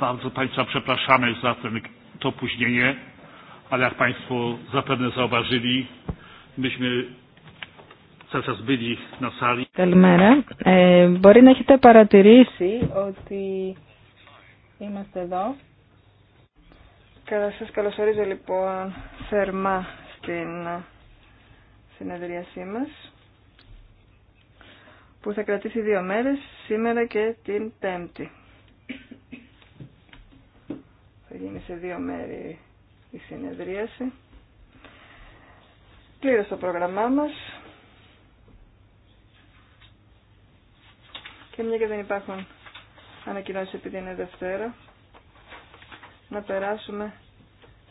Bardzo Państwa przepraszamy za ten, to opóźnienie, ale jak Państwo zapewne zauważyli, myśmy cały czas byli na sali. Καλημέρα. Ε, μπορεί να έχετε παρατηρήσει ότι είμαστε εδώ. Καλά σας καλωσορίζω λοιπόν θερμά στην συνεδρίασή μας που θα κρατήσει δύο μέρες, σήμερα και την Πέμπτη. σε δύο μέρη η συνεδρίαση. Πλήρω το πρόγραμμά μας. Και μια και δεν υπάρχουν ανακοινώσεις επειδή είναι Δευτέρα, να περάσουμε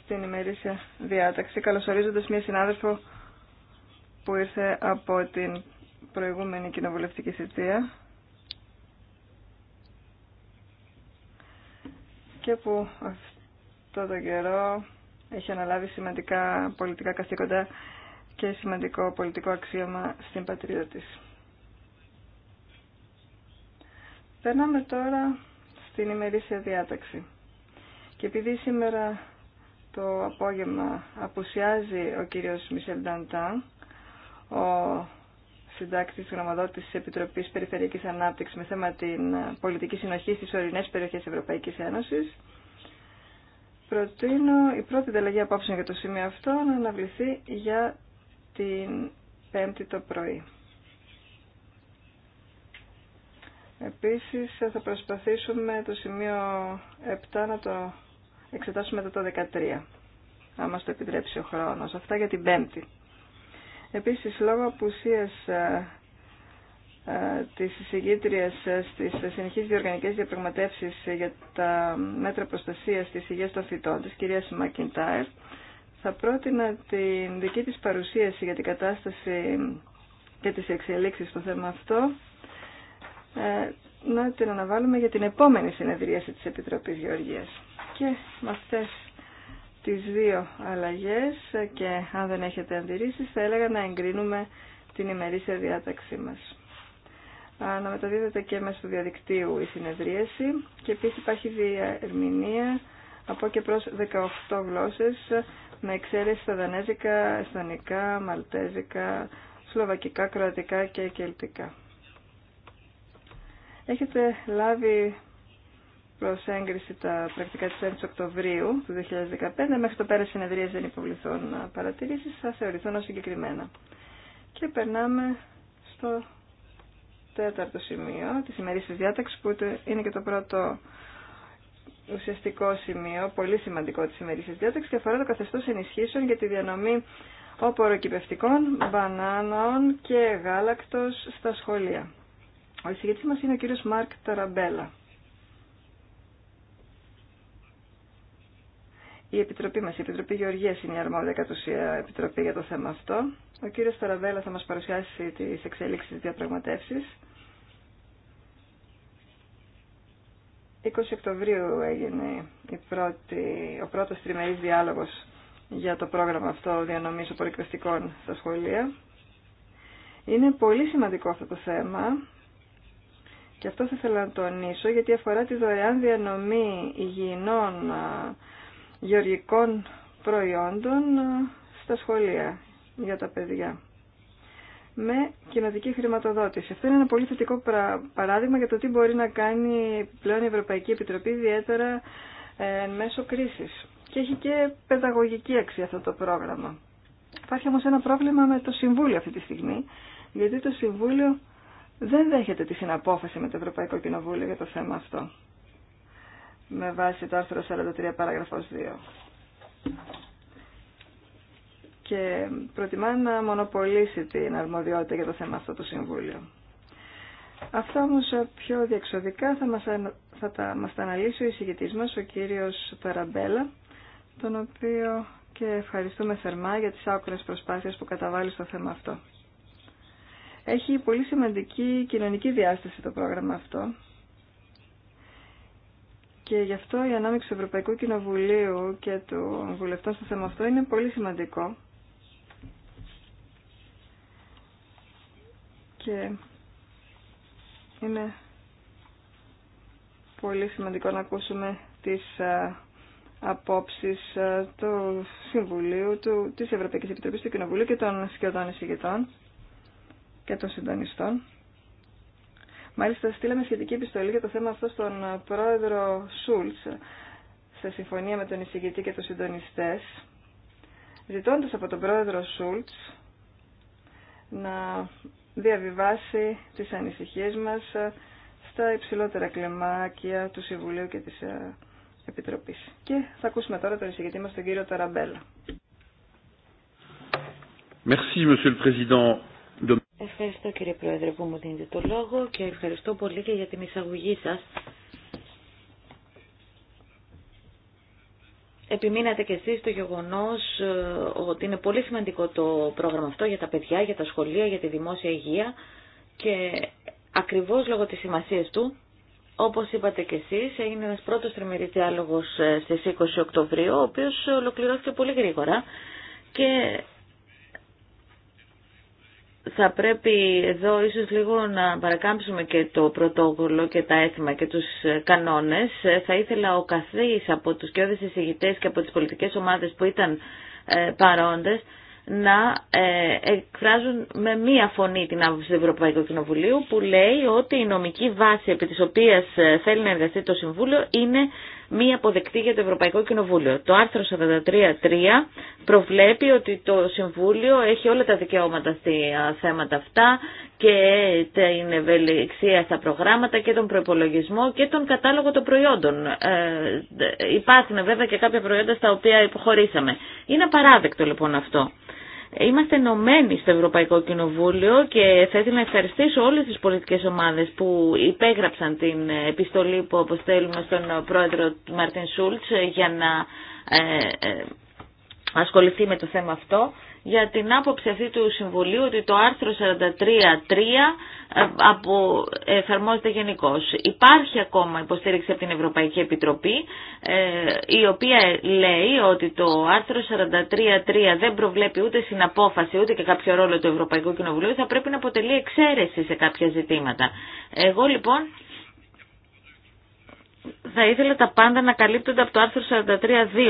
στην ημερήσια διάταξη, καλωσορίζοντας μια συνάδελφο που ήρθε από την προηγούμενη κοινοβουλευτική θητεία και που αυτό το καιρό έχει αναλάβει σημαντικά πολιτικά καθήκοντα και σημαντικό πολιτικό αξίωμα στην πατρίδα της. Περνάμε τώρα στην ημερήσια διάταξη. Και επειδή σήμερα το απόγευμα απουσιάζει ο κύριος Μισελ Νταντάν, ο συντάκτης γνωμοδότης της Επιτροπής Περιφερειακής Ανάπτυξης με θέμα την πολιτική συνοχή στις ορεινές περιοχές Ευρωπαϊκής Ένωσης, προτείνω η πρώτη ανταλλαγή απόψεων για το σημείο αυτό να αναβληθεί για την Πέμπτη το πρωί. Επίσης θα προσπαθήσουμε το σημείο 7 να το εξετάσουμε το 13, άμα το επιτρέψει ο χρόνος. Αυτά για την Πέμπτη. Επίσης, λόγω απουσίας ε, τη εισηγήτρια ε, στι συνεχείς διοργανικέ διαπραγματεύσει για τα μέτρα προστασία της υγεία των φυτών τη, κυρία Μακιντάερ θα πρότεινα την δική της παρουσίαση για την κατάσταση και τις εξελίξεις στο θέμα αυτό ε, να την αναβάλουμε για την επόμενη συνεδρίαση της Επιτροπής Γεωργίας. Και με αυτές τις δύο αλλαγές και αν δεν έχετε αντιρρήσεις θα έλεγα να εγκρίνουμε την ημερήσια διάταξή μας να μεταδίδεται και μέσω του διαδικτύου η συνεδρίαση και επίση υπάρχει διερμηνία από και προς 18 γλώσσες με εξαίρεση στα δανέζικα, αισθανικά, μαλτέζικα, σλοβακικά, κροατικά και κελτικά. Έχετε λάβει προς έγκριση τα πρακτικά της 1 ης Οκτωβρίου του 2015. Μέχρι το πέρας συνεδρίες δεν υποβληθούν παρατηρήσεις, θα θεωρηθούν ως συγκεκριμένα. Και περνάμε στο τέταρτο σημείο της ημερήσης διάταξης που είναι και το πρώτο ουσιαστικό σημείο, πολύ σημαντικό της ημερήσης διάταξης και αφορά το καθεστώς ενισχύσεων για τη διανομή οποροκυπευτικών, μπανάνων και γάλακτος στα σχολεία. Ο εισηγητής μας είναι ο κύριος Μάρκ Ταραμπέλα. Η Επιτροπή μας, η Επιτροπή Γεωργίας είναι η αρμόδια κατ' Επιτροπή για το θέμα αυτό. Ο κύριος Ταραμπέλα θα μας παρουσιάσει τις εξελίξεις της 20 Οκτωβρίου έγινε η πρώτη, ο πρώτος τριμερής διάλογος για το πρόγραμμα αυτό διανομής απορροκριστικών στα σχολεία. Είναι πολύ σημαντικό αυτό το θέμα και αυτό θα ήθελα να τονίσω γιατί αφορά τη δωρεάν διανομή υγιεινών γεωργικών προϊόντων στα σχολεία για τα παιδιά με κοινοτική χρηματοδότηση. Αυτό είναι ένα πολύ θετικό παράδειγμα για το τι μπορεί να κάνει πλέον η Ευρωπαϊκή Επιτροπή, ιδιαίτερα ε, εν μέσω κρίση. Και έχει και παιδαγωγική αξία αυτό το πρόγραμμα. Υπάρχει όμω ένα πρόβλημα με το Συμβούλιο αυτή τη στιγμή, γιατί το Συμβούλιο δεν δέχεται τη συναπόφαση με το Ευρωπαϊκό Κοινοβούλιο για το θέμα αυτό, με βάση το άρθρο 43 πάραγραφό 2 και προτιμά να μονοπολίσει την αρμοδιότητα για το θέμα αυτό το Συμβούλιο. Αυτά όμω πιο διεξοδικά θα μας, θα τα, μας τα αναλύσει ο εισηγητής μας, ο κύριος Ταραμπέλα, τον οποίο και ευχαριστούμε θερμά για τις άκρες προσπάθειες που καταβάλει στο θέμα αυτό. Έχει πολύ σημαντική κοινωνική διάσταση το πρόγραμμα αυτό και γι' αυτό η ανάμειξη του Ευρωπαϊκού Κοινοβουλίου και του βουλευτών στο θέμα αυτό είναι πολύ σημαντικό και είναι πολύ σημαντικό να ακούσουμε τις απόψεις του Συμβουλίου, του, της Ευρωπαϊκής Επιτροπής, του Κοινοβουλίου και των σχεδόν εισηγητών και των συντονιστών. Μάλιστα, στείλαμε σχετική επιστολή για το θέμα αυτό στον πρόεδρο Σούλτς, σε συμφωνία με τον εισηγητή και τους συντονιστές, ζητώντας από τον πρόεδρο Σούλτς να διαβιβάσει τις ανησυχίες μας ε, στα υψηλότερα κλεμάκια του Συμβουλίου και της ε, Επιτροπής. Και θα ακούσουμε τώρα τον εισηγητή μας τον κύριο Ταραμπέλα. Ευχαριστώ κύριε Πρόεδρε που μου δίνετε το λόγο και ευχαριστώ πολύ και για την εισαγωγή σας επιμείνατε και εσείς το γεγονός ε, ότι είναι πολύ σημαντικό το πρόγραμμα αυτό για τα παιδιά, για τα σχολεία, για τη δημόσια υγεία και ακριβώς λόγω της σημασίας του, όπως είπατε και εσείς, έγινε ένας πρώτος τριμερής διάλογος ε, στις 20 Οκτωβρίου, ο οποίος ολοκληρώθηκε πολύ γρήγορα και θα πρέπει εδώ ίσως λίγο να παρακάμψουμε και το πρωτόκολλο και τα έθιμα και τους ε, κανόνες. Ε, θα ήθελα ο καθής από τους και εισηγητές και από τις πολιτικές ομάδες που ήταν ε, παρόντες να εκφράζουν με μία φωνή την άποψη του Ευρωπαϊκού Κοινοβουλίου που λέει ότι η νομική βάση επί της οποίας θέλει να εργαστεί το Συμβούλιο είναι μη αποδεκτή για το Ευρωπαϊκό Κοινοβούλιο. Το άρθρο 43.3 προβλέπει ότι το Συμβούλιο έχει όλα τα δικαιώματα στα θέματα αυτά και την ευελιξία στα προγράμματα και τον προπολογισμό και τον κατάλογο των προϊόντων. Ε, υπάρχουν βέβαια και κάποια προϊόντα στα οποία υποχωρήσαμε. Είναι απαράδεκτο λοιπόν αυτό. Είμαστε ενωμένοι στο Ευρωπαϊκό Κοινοβούλιο και θα ήθελα να ευχαριστήσω όλες τις πολιτικές ομάδες που υπέγραψαν την επιστολή που αποστέλουμε στον πρόεδρο Μαρτίν Σούλτς για να ε, ε, ασχοληθεί με το θέμα αυτό για την άποψη αυτή του Συμβουλίου ότι το άρθρο 43.3 ε, από, εφαρμόζεται γενικώ. Υπάρχει ακόμα υποστήριξη από την Ευρωπαϊκή Επιτροπή ε, η οποία λέει ότι το άρθρο 43.3 δεν προβλέπει ούτε συναπόφαση ούτε και κάποιο ρόλο του Ευρωπαϊκού Κοινοβουλίου θα πρέπει να αποτελεί εξαίρεση σε κάποια ζητήματα. Εγώ λοιπόν θα ήθελα τα πάντα να καλύπτονται από το άρθρο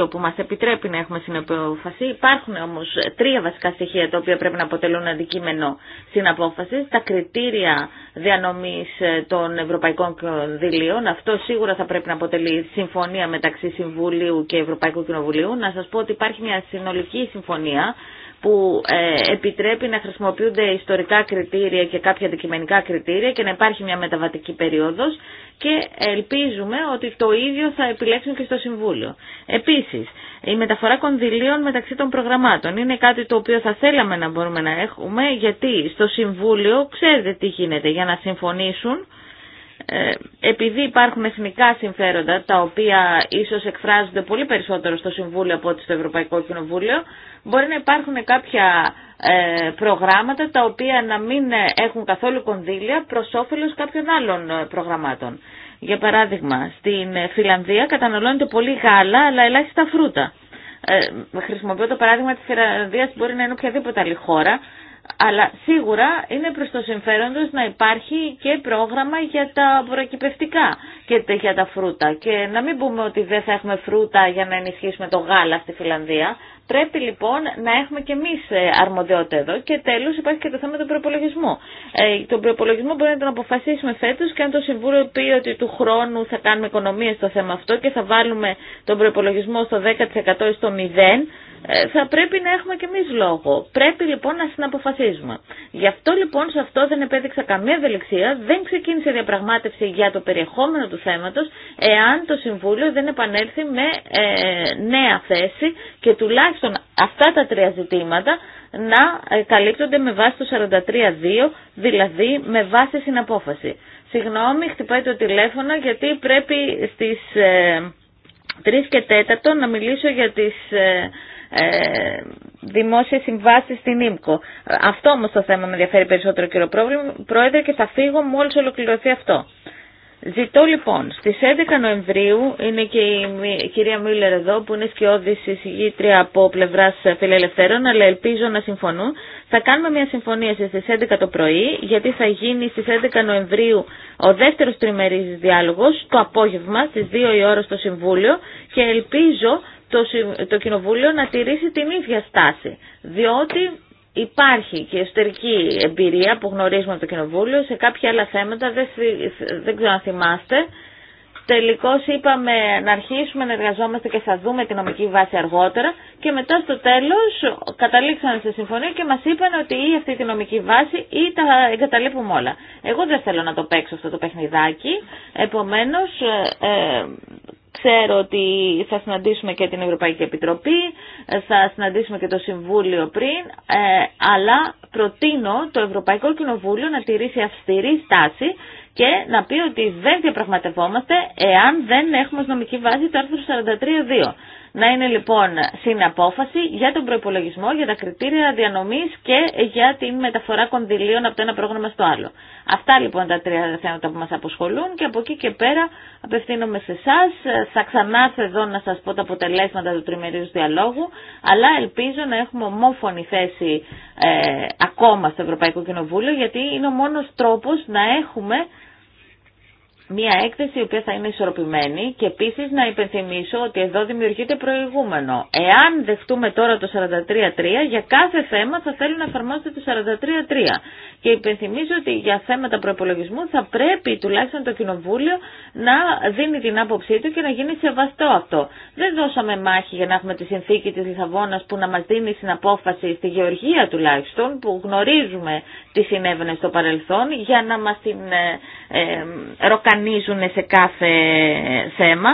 43.2 που μας επιτρέπει να έχουμε συνεπόφαση. Υπάρχουν όμως τρία βασικά στοιχεία τα οποία πρέπει να αποτελούν αντικείμενο συναπόφαση. Τα κριτήρια διανομής των Ευρωπαϊκών Κονδυλίων. Αυτό σίγουρα θα πρέπει να αποτελεί συμφωνία μεταξύ Συμβουλίου και Ευρωπαϊκού Κοινοβουλίου. Να σας πω ότι υπάρχει μια συνολική συμφωνία που ε, επιτρέπει να χρησιμοποιούνται ιστορικά κριτήρια και κάποια αντικειμενικά κριτήρια και να υπάρχει μια μεταβατική περίοδος και ελπίζουμε ότι το ίδιο θα επιλέξουν και στο Συμβούλιο. Επίσης, η μεταφορά κονδυλίων μεταξύ των προγραμμάτων είναι κάτι το οποίο θα θέλαμε να μπορούμε να έχουμε γιατί στο Συμβούλιο ξέρετε τι γίνεται για να συμφωνήσουν ε, επειδή υπάρχουν εθνικά συμφέροντα, τα οποία ίσως εκφράζονται πολύ περισσότερο στο Συμβούλιο από ό,τι στο Ευρωπαϊκό Κοινοβούλιο, μπορεί να υπάρχουν κάποια ε, προγράμματα τα οποία να μην έχουν καθόλου κονδύλια προς όφελος κάποιων άλλων προγραμμάτων. Για παράδειγμα, στην Φιλανδία καταναλώνεται πολύ γάλα, αλλά ελάχιστα φρούτα. Ε, χρησιμοποιώ το παράδειγμα της Φιλανδίας, μπορεί να είναι οποιαδήποτε άλλη χώρα, αλλά σίγουρα είναι προς το συμφέρον τους να υπάρχει και πρόγραμμα για τα προκυπευτικά και για τα φρούτα. Και να μην πούμε ότι δεν θα έχουμε φρούτα για να ενισχύσουμε το γάλα στη Φιλανδία. Πρέπει λοιπόν να έχουμε και εμεί ε, αρμοδιότητα εδώ. Και τέλο υπάρχει και το θέμα του προπολογισμού. Ε, τον προπολογισμό μπορεί να τον αποφασίσουμε φέτο και αν το Συμβούλιο πει ότι του χρόνου θα κάνουμε οικονομίε στο θέμα αυτό και θα βάλουμε τον προπολογισμό στο 10% ή στο 0%, ε, θα πρέπει να έχουμε και εμεί λόγο. Πρέπει λοιπόν να συναποφασίζουμε. Γι' αυτό λοιπόν σε αυτό δεν επέδειξα καμία ευελιξία, δεν ξεκίνησε διαπραγμάτευση για το περιεχόμενο του θέματο, εάν το Συμβούλιο δεν επανέλθει με ε, νέα θέση και τουλάχιστον τουλάχιστον αυτά τα τρία ζητήματα να ε, καλύπτονται με βάση το 43-2, δηλαδή με βάση συναπόφαση. Συγγνώμη, χτυπάει το τηλέφωνο γιατί πρέπει στις 3 ε, και 4 να μιλήσω για τις ε, ε, δημόσιες συμβάσεις στην ΙΜΚΟ. Αυτό όμως το θέμα με ενδιαφέρει περισσότερο κύριο πρόβλημα, Πρόεδρε, και θα φύγω μόλις ολοκληρωθεί αυτό. Ζητώ λοιπόν, στις 11 Νοεμβρίου είναι και η κυρία Μίλλερ εδώ που είναι σκιώδη συζήτητρια από πλευράς φιλελευθέρων αλλά ελπίζω να συμφωνούν. Θα κάνουμε μια συμφωνία στις 11 το πρωί γιατί θα γίνει στις 11 Νοεμβρίου ο δεύτερος τριμερής διάλογος το απόγευμα στις 2 η ώρα στο Συμβούλιο και ελπίζω το, το Κοινοβούλιο να τηρήσει την ίδια στάση διότι Υπάρχει και εσωτερική εμπειρία που γνωρίζουμε από το Κοινοβούλιο. Σε κάποια άλλα θέματα δεν, δεν ξέρω αν θυμάστε. Τελικώ είπαμε να αρχίσουμε να εργαζόμαστε και θα δούμε τη νομική βάση αργότερα και μετά στο τέλος καταλήξαμε σε συμφωνία και μας είπαν ότι ή αυτή τη νομική βάση ή τα εγκαταλείπουμε όλα. Εγώ δεν θέλω να το παίξω αυτό το παιχνιδάκι, επομένως ε, ε, Ξέρω ότι θα συναντήσουμε και την Ευρωπαϊκή Επιτροπή, θα συναντήσουμε και το Συμβούλιο πριν, ε, αλλά προτείνω το Ευρωπαϊκό Κοινοβούλιο να τηρήσει αυστηρή στάση και να πει ότι δεν διαπραγματευόμαστε εάν δεν έχουμε ως νομική βάση το άρθρο 43.2. Να είναι λοιπόν συναπόφαση για τον προπολογισμό, για τα κριτήρια διανομή και για τη μεταφορά κονδυλίων από το ένα πρόγραμμα στο άλλο. Αυτά λοιπόν τα τρία θέματα που μα αποσχολούν και από εκεί και πέρα απευθύνομαι σε εσά. Θα ξανάρθω εδώ να σα πω τα αποτελέσματα του τριμερίου διαλόγου, αλλά ελπίζω να έχουμε ομόφωνη θέση ε, ακόμα στο Ευρωπαϊκό Κοινοβούλιο, γιατί είναι ο μόνο τρόπο να έχουμε μια έκθεση η οποία θα είναι ισορροπημένη και επίσης να υπενθυμίσω ότι εδώ δημιουργείται προηγούμενο. Εάν δεχτούμε τώρα το 43-3 για κάθε θέμα θα θέλουν να εφαρμόσετε το 43-3 Και υπενθυμίζω ότι για θέματα προπολογισμού θα πρέπει τουλάχιστον το Κοινοβούλιο να δίνει την άποψή του και να γίνει σεβαστό αυτό. Δεν δώσαμε μάχη για να έχουμε τη συνθήκη της Λισαβόνα που να μας δίνει στην απόφαση, στη Γεωργία τουλάχιστον, που γνωρίζουμε τι συνέβαινε στο παρελθόν, για να μας την ε, ε, εμφανίζουν σε κάθε θέμα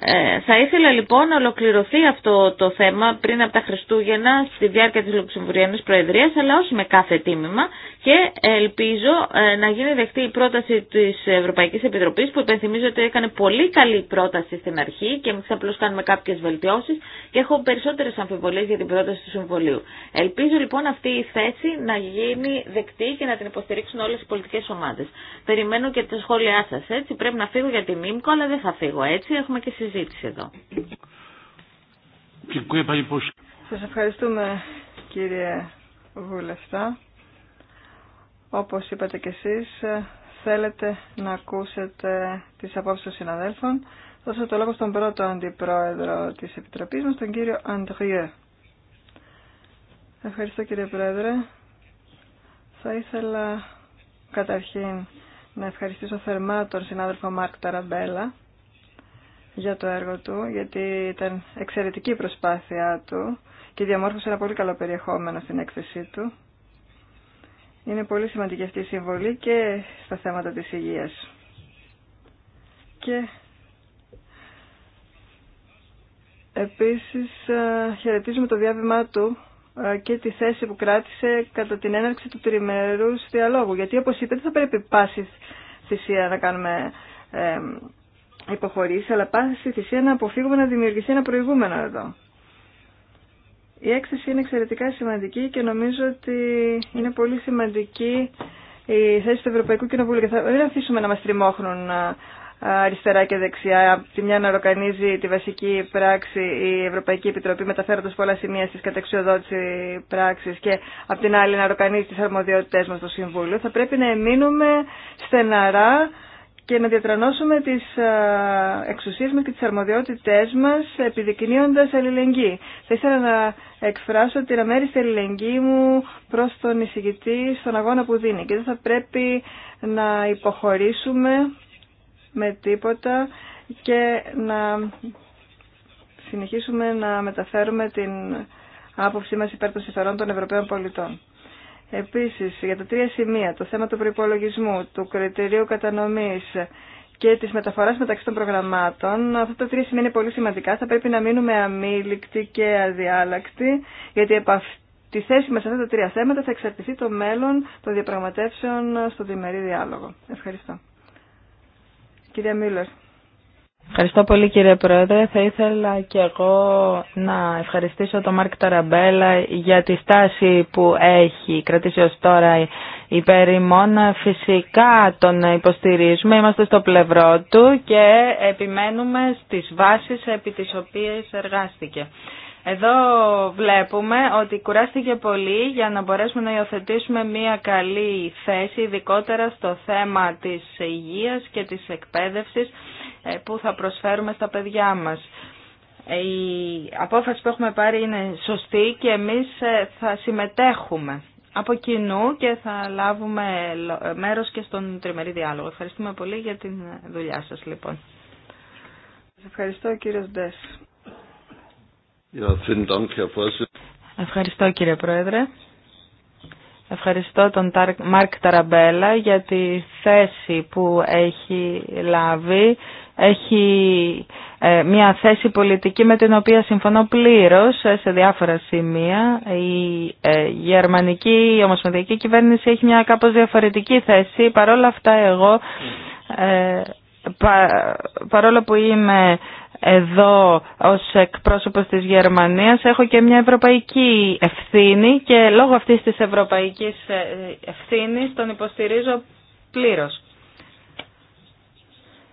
ε, θα ήθελα λοιπόν να ολοκληρωθεί αυτό το θέμα πριν από τα Χριστούγεννα στη διάρκεια της Λουξεμβουριανής Προεδρίας αλλά όχι με κάθε τίμημα και ελπίζω ε, να γίνει δεχτή η πρόταση της Ευρωπαϊκής Επιτροπής που υπενθυμίζω ότι έκανε πολύ καλή πρόταση στην αρχή και εμείς απλώ κάνουμε κάποιες βελτιώσεις και έχω περισσότερες αμφιβολίες για την πρόταση του Συμβολίου. Ελπίζω λοιπόν αυτή η θέση να γίνει δεκτή και να την υποστηρίξουν όλες οι πολιτικές ομάδες. Περιμένω και τα σχόλιά σας έτσι. Πρέπει να φύγω για τη ΜΜΚΟ αλλά δεν θα φύγω έτσι. Έχουμε συζήτηση εδώ. Σας ευχαριστούμε κύριε Βουλευτά. Όπως είπατε κι εσείς, θέλετε να ακούσετε τις απόψεις των συναδέλφων. Δώσω το λόγο στον πρώτο αντιπρόεδρο της Επιτροπής μας, τον κύριο Αντριέ. Ευχαριστώ κύριε Πρόεδρε. Θα ήθελα καταρχήν να ευχαριστήσω θερμά τον συνάδελφο Μάρκ Ταραμπέλα για το έργο του, γιατί ήταν εξαιρετική η προσπάθειά του και διαμόρφωσε ένα πολύ καλό περιεχόμενο στην έκθεσή του. Είναι πολύ σημαντική αυτή η συμβολή και στα θέματα της υγείας. Και επίσης ε, χαιρετίζουμε το διάβημά του ε, και τη θέση που κράτησε κατά την έναρξη του τριμερούς διαλόγου. Γιατί όπως δεν θα πρέπει πάση θυσία να κάνουμε ε, υποχωρήσει, αλλά πάση θυσία να αποφύγουμε να δημιουργηθεί ένα προηγούμενο εδώ. Η έκθεση είναι εξαιρετικά σημαντική και νομίζω ότι είναι πολύ σημαντική η θέση του Ευρωπαϊκού Κοινοβούλου και θα δεν αφήσουμε να μα τριμώχνουν αριστερά και δεξιά. Από τη μια να ροκανίζει τη βασική πράξη η Ευρωπαϊκή Επιτροπή μεταφέροντα πολλά σημεία στι κατεξιοδότηση πράξη και από την άλλη να ροκανίζει τι αρμοδιότητέ μα στο Συμβούλιο. Θα πρέπει να εμείνουμε στεναρά και να διατρανώσουμε τις εξουσίες μας και τις αρμοδιότητές μας επιδεικνύοντας αλληλεγγύη. Θα ήθελα να εκφράσω την αμέριστη αλληλεγγύη μου προς τον εισηγητή στον αγώνα που δίνει και δεν θα πρέπει να υποχωρήσουμε με τίποτα και να συνεχίσουμε να μεταφέρουμε την άποψή μας υπέρ των συμφερών των Ευρωπαίων πολιτών. Επίσης, για τα τρία σημεία, το θέμα του προϋπολογισμού, του κριτηρίου κατανομής και της μεταφοράς μεταξύ των προγραμμάτων, αυτά τα τρία σημεία είναι πολύ σημαντικά. Θα πρέπει να μείνουμε αμήλικτοι και αδιάλακτοι, γιατί από τη θέση μας σε αυτά τα τρία θέματα θα εξαρτηθεί το μέλλον των διαπραγματεύσεων στο διμερή διάλογο. Ευχαριστώ. Κυρία Μίλλερ. Ευχαριστώ πολύ κύριε Πρόεδρε. Θα ήθελα και εγώ να ευχαριστήσω τον Μάρκ Ταραμπέλα για τη στάση που έχει κρατήσει ως τώρα η Περιμόνα. Φυσικά τον υποστηρίζουμε, είμαστε στο πλευρό του και επιμένουμε στις βάσεις επί τις οποίες εργάστηκε. Εδώ βλέπουμε ότι κουράστηκε πολύ για να μπορέσουμε να υιοθετήσουμε μια καλή θέση, ειδικότερα στο θέμα της υγείας και της εκπαίδευσης ε, που θα προσφέρουμε στα παιδιά μας. Η απόφαση που έχουμε πάρει είναι σωστή και εμείς ε, θα συμμετέχουμε από κοινού και θα λάβουμε μέρος και στον τριμερή διάλογο. Ευχαριστούμε πολύ για την δουλειά σας λοιπόν. Σας ευχαριστώ Ευχαριστώ κύριε Πρόεδρε. Ευχαριστώ τον Μάρκ Ταραμπέλα για τη θέση που έχει λάβει. Έχει ε, μια θέση πολιτική με την οποία συμφωνώ πλήρως ε, σε διάφορα σημεία. Η ε, γερμανική η ομοσπονδιακή κυβέρνηση έχει μια κάπως διαφορετική θέση. Παρ' όλα αυτά εγώ παρόλο που είμαι εδώ ως εκπρόσωπος της Γερμανίας έχω και μια ευρωπαϊκή ευθύνη και λόγω αυτής της ευρωπαϊκής ε, ευθύνης τον υποστηρίζω πλήρως.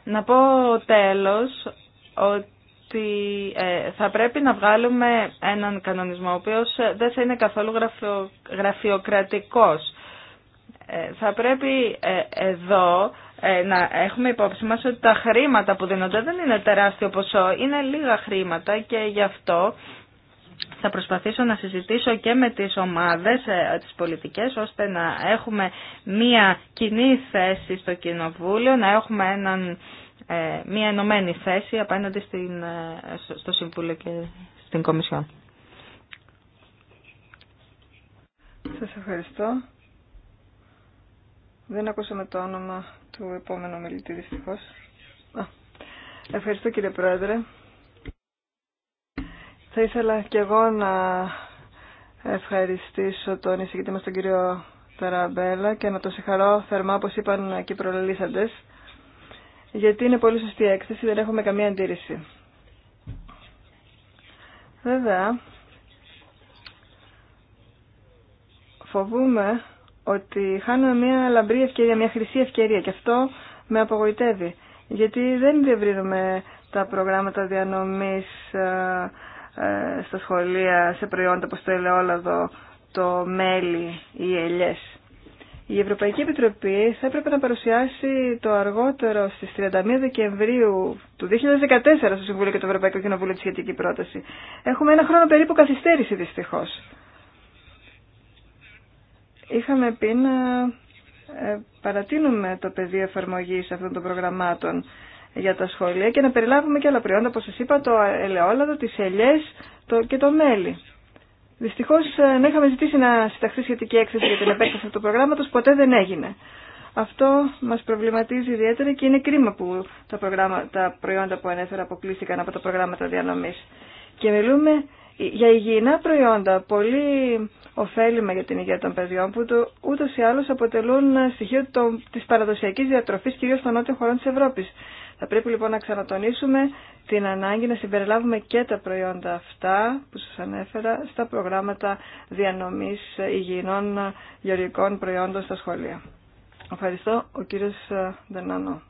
Να πω τέλος ότι ε, θα πρέπει να βγάλουμε έναν κανονισμό ο οποίος ε, δεν θα είναι καθόλου γραφειοκρατικός. Θα πρέπει εδώ ε, να έχουμε υπόψη μας ότι τα χρήματα που δίνονται δεν είναι τεράστιο ποσό, είναι λίγα χρήματα και γι' αυτό θα προσπαθήσω να συζητήσω και με τις ομάδες, ε, τις πολιτικές, ώστε να έχουμε μία κοινή θέση στο Κοινοβούλιο, να έχουμε έναν, ε, μία ενωμένη θέση απέναντι στο Συμβούλιο και στην Κομισιόν. Σας ευχαριστώ. Δεν ακούσαμε το όνομα του επόμενου μιλητή δυστυχώ. Ευχαριστώ κύριε Πρόεδρε. Θα ήθελα και εγώ να ευχαριστήσω τον εισηγητή μας τον κύριο Ταραμπέλα και να τον συγχαρώ θερμά όπως είπαν και οι προλαλήσαντες γιατί είναι πολύ σωστή έκθεση, δεν έχουμε καμία αντίρρηση. Βέβαια, φοβούμε ότι χάνουμε μια λαμπρή ευκαιρία, μια χρυσή ευκαιρία και αυτό με απογοητεύει. Γιατί δεν διευρύνουμε τα προγράμματα διανομής ε, ε, στα σχολεία σε προϊόντα όπως το ελαιόλαδο, το μέλι ή οι ελιές. Η Ευρωπαϊκή Επιτροπή θα έπρεπε να παρουσιάσει το αργότερο στις 31 Δεκεμβρίου του 2014 στο Συμβούλιο και το Ευρωπαϊκό Κοινοβούλιο τη σχετική πρόταση. Έχουμε ένα χρόνο περίπου καθυστέρηση δυστυχώς είχαμε πει να ε, παρατείνουμε το πεδίο εφαρμογή αυτών των προγραμμάτων για τα σχολεία και να περιλάβουμε και άλλα προϊόντα, όπως σας είπα, το ελαιόλαδο, τις ελιές και το μέλι. Δυστυχώς, ε, να είχαμε ζητήσει να συνταχθεί σχετική έκθεση για την επέκταση του προγράμματος, ποτέ δεν έγινε. Αυτό μας προβληματίζει ιδιαίτερα και είναι κρίμα που τα, τα προϊόντα που ανέφερα αποκλείστηκαν από τα προγράμματα διανομής. Και μιλούμε για υγιεινά προϊόντα, πολύ ωφέλιμα για την υγεία των παιδιών, που το, ούτως ή άλλως αποτελούν στοιχείο το, της παραδοσιακής διατροφής, κυρίως των νότιων χωρών της Ευρώπης. Θα πρέπει λοιπόν να ξανατονίσουμε την ανάγκη να συμπεριλάβουμε και τα προϊόντα αυτά που σας ανέφερα στα προγράμματα διανομής υγιεινών γεωργικών προϊόντων στα σχολεία. Ευχαριστώ. Ο κύριος Δερνανό.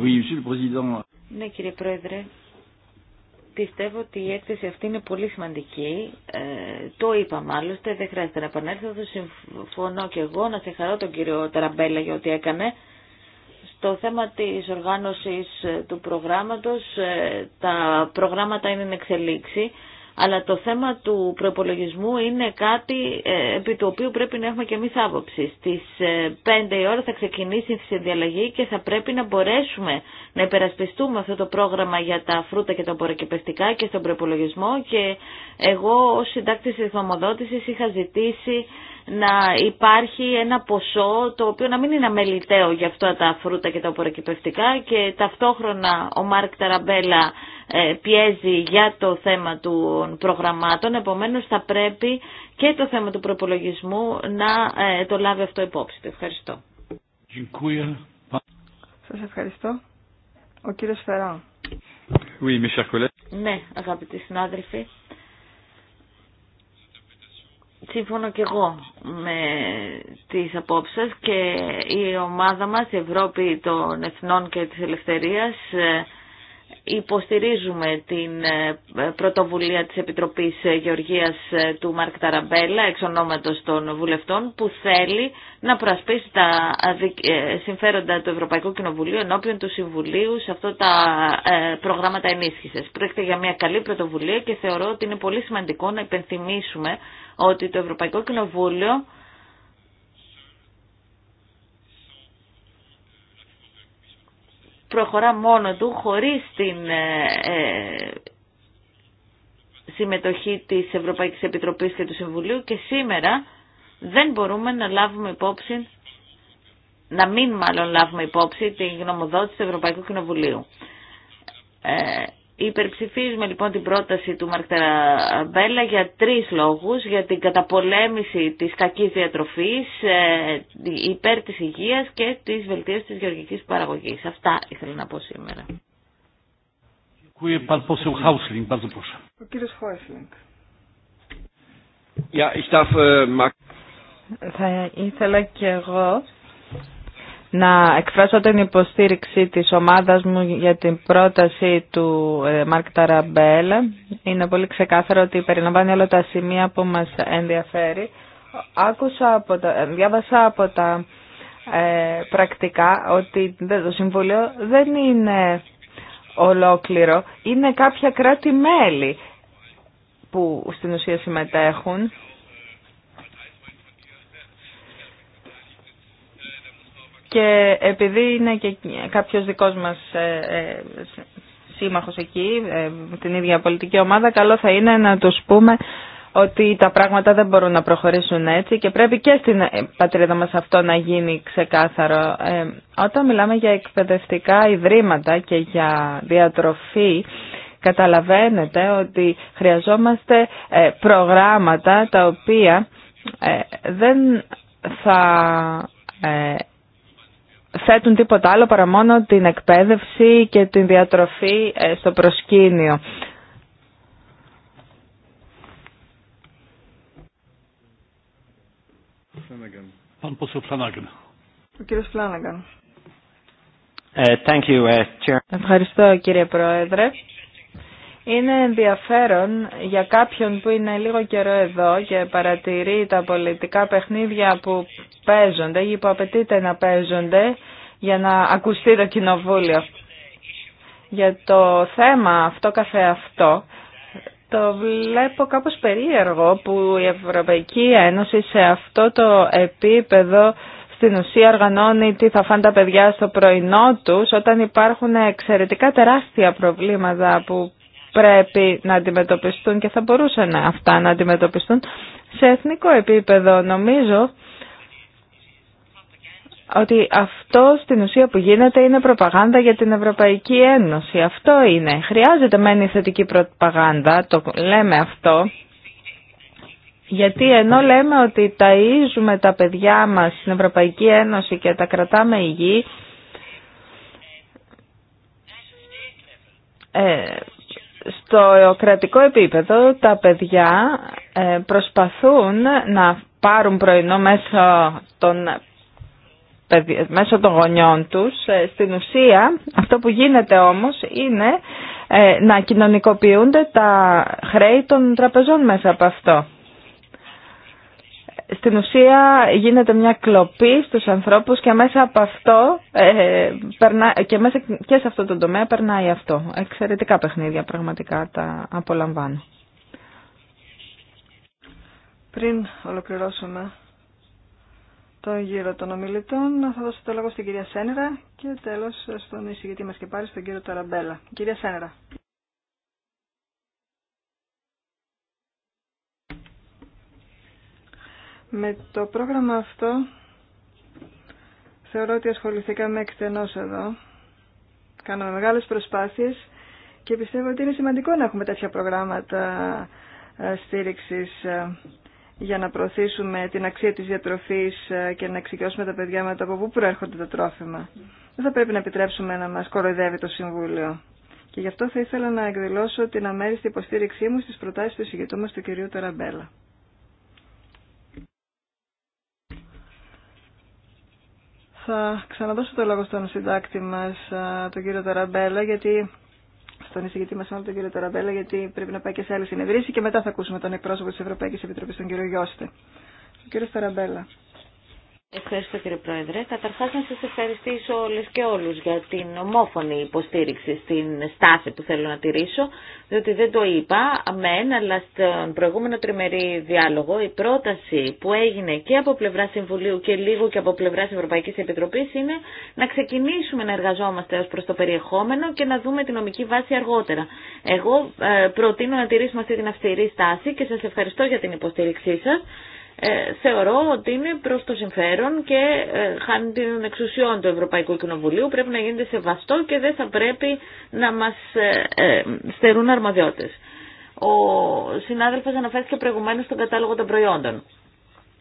Oui, ναι κύριε Πρόεδρε, πιστεύω ότι η έκθεση αυτή είναι πολύ σημαντική. Ε, το είπα μάλιστα, δεν χρειάζεται να επανέλθω. Θα συμφωνώ και εγώ να σε χαρώ τον κύριο Ταραμπέλα για ό,τι έκανε. Στο θέμα της οργάνωσης του προγράμματος, ε, τα προγράμματα είναι εξελίξη αλλά το θέμα του προπολογισμού είναι κάτι ε, επί του οποίου πρέπει να έχουμε και εμείς άποψη. Στις 5 ε, η ώρα θα ξεκινήσει η συνδιαλλαγή και θα πρέπει να μπορέσουμε να υπερασπιστούμε αυτό το πρόγραμμα για τα φρούτα και τα απορροκυπευτικά και στον προπολογισμό και εγώ ως συντάκτης της είχα ζητήσει να υπάρχει ένα ποσό το οποίο να μην είναι αμεληταίο για αυτά τα φρούτα και τα απορροκυπευτικά και ταυτόχρονα ο Μάρκ Ταραμπέλα ε, πιέζει για το θέμα των προγραμμάτων, επομένως θα πρέπει και το θέμα του προπολογισμού να ε, το λάβει αυτό υπόψη. Ευχαριστώ. Σας ευχαριστώ. Ο κύριος Φεράν. Oui, Ναι, αγαπητοί συνάδελφοι. Σύμφωνο και εγώ με τις απόψεις και η ομάδα μας, η Ευρώπη των Εθνών και της Ελευθερίας, ε, υποστηρίζουμε την ε, πρωτοβουλία της Επιτροπής ε, Γεωργίας του Μαρκ Ταραμπέλα, εξ ονόματος των βουλευτών, που θέλει να προασπίσει τα συμφέροντα του Ευρωπαϊκού Κοινοβουλίου ενώπιον του Συμβουλίου σε αυτά τα προγράμματα ενίσχυσης. Πρόκειται για μια καλή πρωτοβουλία και θεωρώ ότι είναι πολύ σημαντικό να υπενθυμίσουμε ότι το Ευρωπαϊκό Κοινοβούλιο προχωρά μόνο του χωρίς την ε, ε, συμμετοχή της Ευρωπαϊκής Επιτροπής και του Συμβουλίου και σήμερα δεν μπορούμε να λάβουμε υπόψη, να μην μάλλον λάβουμε υπόψη τη γνωμοδότηση του Ευρωπαϊκού Κοινοβουλίου. Ε, Υπερψηφίζουμε λοιπόν την πρόταση του Μαρκ Μπέλα για τρεις λόγους, για την καταπολέμηση της κακής διατροφής, ε, υπέρ της υγείας και της βελτίωσης της γεωργικής παραγωγής. Αυτά ήθελα να πω σήμερα. Äh, Θα ήθελα και εγώ να εκφράσω την υποστήριξη της ομάδας μου για την πρόταση του ε, Μάρκ Ταραμπέλ. Είναι πολύ ξεκάθαρο ότι περιλαμβάνει όλα τα σημεία που μας ενδιαφέρει. Άκουσα από τα, ε, διάβασα από τα ε, πρακτικά ότι το Συμβουλίο δεν είναι ολόκληρο. Είναι κάποια κράτη-μέλη που στην ουσία συμμετέχουν Και επειδή είναι και κάποιος δικός μας ε, ε, σύμμαχος εκεί, ε, την ίδια πολιτική ομάδα, καλό θα είναι να τους πούμε ότι τα πράγματα δεν μπορούν να προχωρήσουν έτσι και πρέπει και στην πατρίδα μας αυτό να γίνει ξεκάθαρο. Όταν μιλάμε για εκπαιδευτικά ιδρύματα και για διατροφή, καταλαβαίνετε ότι χρειαζόμαστε προγράμματα τα οποία δεν θα θέτουν τίποτα άλλο παρά μόνο την εκπαίδευση και την διατροφή ε, στο προσκήνιο. Ο κύριος Φλάνναγκαν. Ε, ε, Ευχαριστώ κύριε Πρόεδρε. Είναι ενδιαφέρον για κάποιον που είναι λίγο καιρό εδώ και παρατηρεί τα πολιτικά παιχνίδια που παίζονται ή που απαιτείται να παίζονται για να ακουστεί το κοινοβούλιο. Για το θέμα αυτό καθεαυτό, το βλέπω κάπως περίεργο που η Ευρωπαϊκή Ένωση σε αυτό το επίπεδο στην ουσία οργανώνει τι θα φάνε τα παιδιά στο πρωινό τους όταν υπάρχουν εξαιρετικά τεράστια προβλήματα που πρέπει να αντιμετωπιστούν και θα μπορούσαν αυτά να αντιμετωπιστούν σε εθνικό επίπεδο. Νομίζω ότι αυτό στην ουσία που γίνεται είναι προπαγάνδα για την Ευρωπαϊκή Ένωση. Αυτό είναι. Χρειάζεται μεν η θετική προπαγάνδα, το λέμε αυτό, γιατί ενώ λέμε ότι ταΐζουμε τα παιδιά μας στην Ευρωπαϊκή Ένωση και τα κρατάμε υγιή, ε, στο κρατικό επίπεδο τα παιδιά ε, προσπαθούν να πάρουν πρωινό μέσω των, μέσω των γονιών τους. Ε, στην ουσία αυτό που γίνεται όμως είναι ε, να κοινωνικοποιούνται τα χρέη των τραπεζών μέσα από αυτό στην ουσία γίνεται μια κλοπή στους ανθρώπους και μέσα από αυτό ε, και, μέσα, και σε αυτό το τομέα περνάει αυτό. Εξαιρετικά παιχνίδια πραγματικά τα απολαμβάνω. Πριν ολοκληρώσουμε τον γύρο των ομιλητών, θα δώσω το λόγο στην κυρία Σένερα και τέλος στον εισηγητή μας και πάλι στον κύριο Ταραμπέλα. Κυρία Σένερα. Με το πρόγραμμα αυτό θεωρώ ότι ασχοληθήκαμε εκτενώς εδώ. Κάναμε μεγάλες προσπάθειες και πιστεύω ότι είναι σημαντικό να έχουμε τέτοια προγράμματα ε, στήριξης ε, για να προωθήσουμε την αξία της διατροφής ε, και να εξοικειώσουμε τα παιδιά με το από πού προέρχονται τα τρόφιμα. Δεν θα πρέπει να επιτρέψουμε να μας κοροϊδεύει το Συμβούλιο. Και γι' αυτό θα ήθελα να εκδηλώσω την αμέριστη υποστήριξή μου στις προτάσεις του συγγετού μας του κυρίου Ταραμπέλα. Θα ξαναδώσω το λόγο στον συντάκτη μας, τον κύριο Ταραμπέλα, γιατί στον εισηγητή μας, τον κύριο Ταραμπέλα, γιατί πρέπει να πάει και σε άλλη συνεδρίαση και μετά θα ακούσουμε τον εκπρόσωπο της Ευρωπαϊκής Επιτροπής, τον κύριο Γιώστε. Ο κύριος Ταραμπέλα. Ευχαριστώ κύριε Πρόεδρε. Καταρχά να σας ευχαριστήσω όλες και όλους για την ομόφωνη υποστήριξη στην στάση που θέλω να τηρήσω, διότι δεν το είπα, μεν, αλλά στον προηγούμενο τριμερή διάλογο η πρόταση που έγινε και από πλευρά Συμβουλίου και λίγο και από πλευρά Ευρωπαϊκή Επιτροπής είναι να ξεκινήσουμε να εργαζόμαστε ως προς το περιεχόμενο και να δούμε την νομική βάση αργότερα. Εγώ ε, προτείνω να τηρήσουμε αυτή την αυστηρή στάση και σας ευχαριστώ για την υποστήριξή σας. Ε, θεωρώ ότι είναι προς το συμφέρον και ε, χάνει την εξουσιών του Ευρωπαϊκού Κοινοβουλίου. Πρέπει να γίνεται σεβαστό και δεν θα πρέπει να μας ε, στερούν αρμοδιότητε. Ο συνάδελφος αναφέρθηκε προηγουμένως στον κατάλογο των προϊόντων.